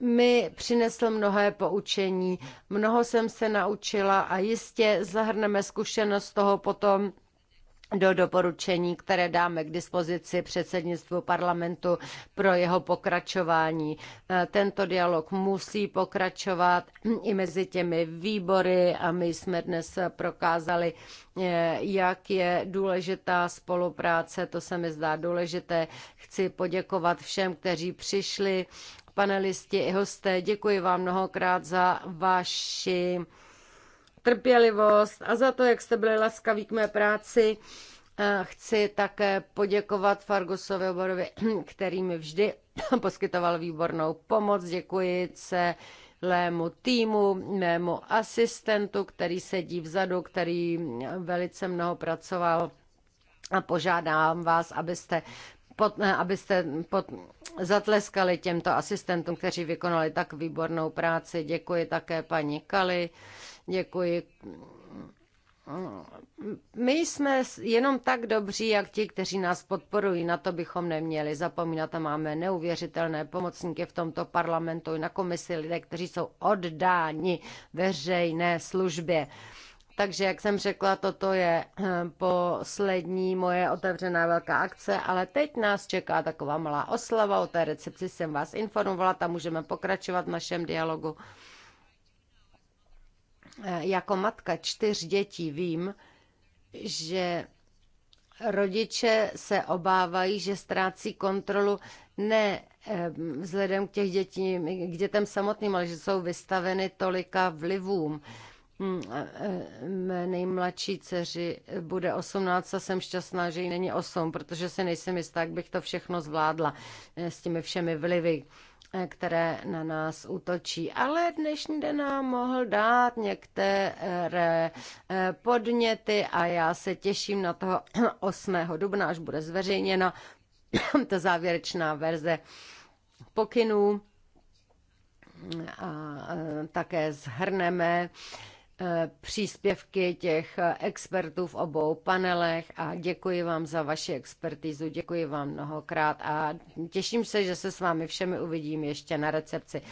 mi přinesl mnohé poučení. Mnoho jsem se naučila a jistě zahrneme zkušenost toho potom do doporučení, které dáme k dispozici předsednictvu parlamentu pro jeho pokračování. E, tento dialog musí pokračovat i mezi těmi výbory a my jsme dnes prokázali, e, jak je důležitá spolupráce, to se mi zdá důležité. Chci poděkovat všem, kteří přišli, panelisti i hosté. Děkuji vám mnohokrát za vaši trpělivost a za to, jak jste byli laskaví k mé práci. Eh, chci také poděkovat Fargusovi oborovi, který mi vždy poskytoval výbornou pomoc. Děkuji se lému týmu, mému asistentu, který sedí vzadu, který velice mnoho pracoval a požádám vás, abyste pod, eh, abyste pod, zatleskali těmto asistentům, kteří vykonali tak výbornou práci. Děkuji také paní Kali Děkuji. My jsme jenom tak dobří, jak ti, kteří nás podporují. Na to bychom neměli zapomínat a máme neuvěřitelné pomocníky v tomto parlamentu i na komisi lidé, kteří jsou oddáni veřejné službě. Takže, jak jsem řekla, toto je eh, poslední moje otevřená velká akce, ale teď nás čeká taková malá oslava. O té recepci jsem vás informovala, tam můžeme pokračovat v našem dialogu. Eh, jako matka čtyř dětí vím, že rodiče se obávají, že ztrácí kontrolu ne eh, vzhledem k, těch dětí, k dětem samotným, ale že jsou vystaveny tolika vlivům. Mé hmm, eh, nejmladší dceři bude 18 a jsem šťastná, že jí není 8, protože si nejsem jistá, jak bych to všechno zvládla s těmi všemi vlivy, Eh, které na nás útočí. Ale dnešní den nám mohl dát některé eh, podněty a já se těším na toho 8. dubna, až bude zveřejněna ta závěrečná verze pokynů a eh, také zhrneme Eh, příspěvky těch expertů v obou panelech a děkuji vám za vaši expertizu, děkuji vám mnohokrát a těším se, že se s vámi všemi uvidím ještě na recepci.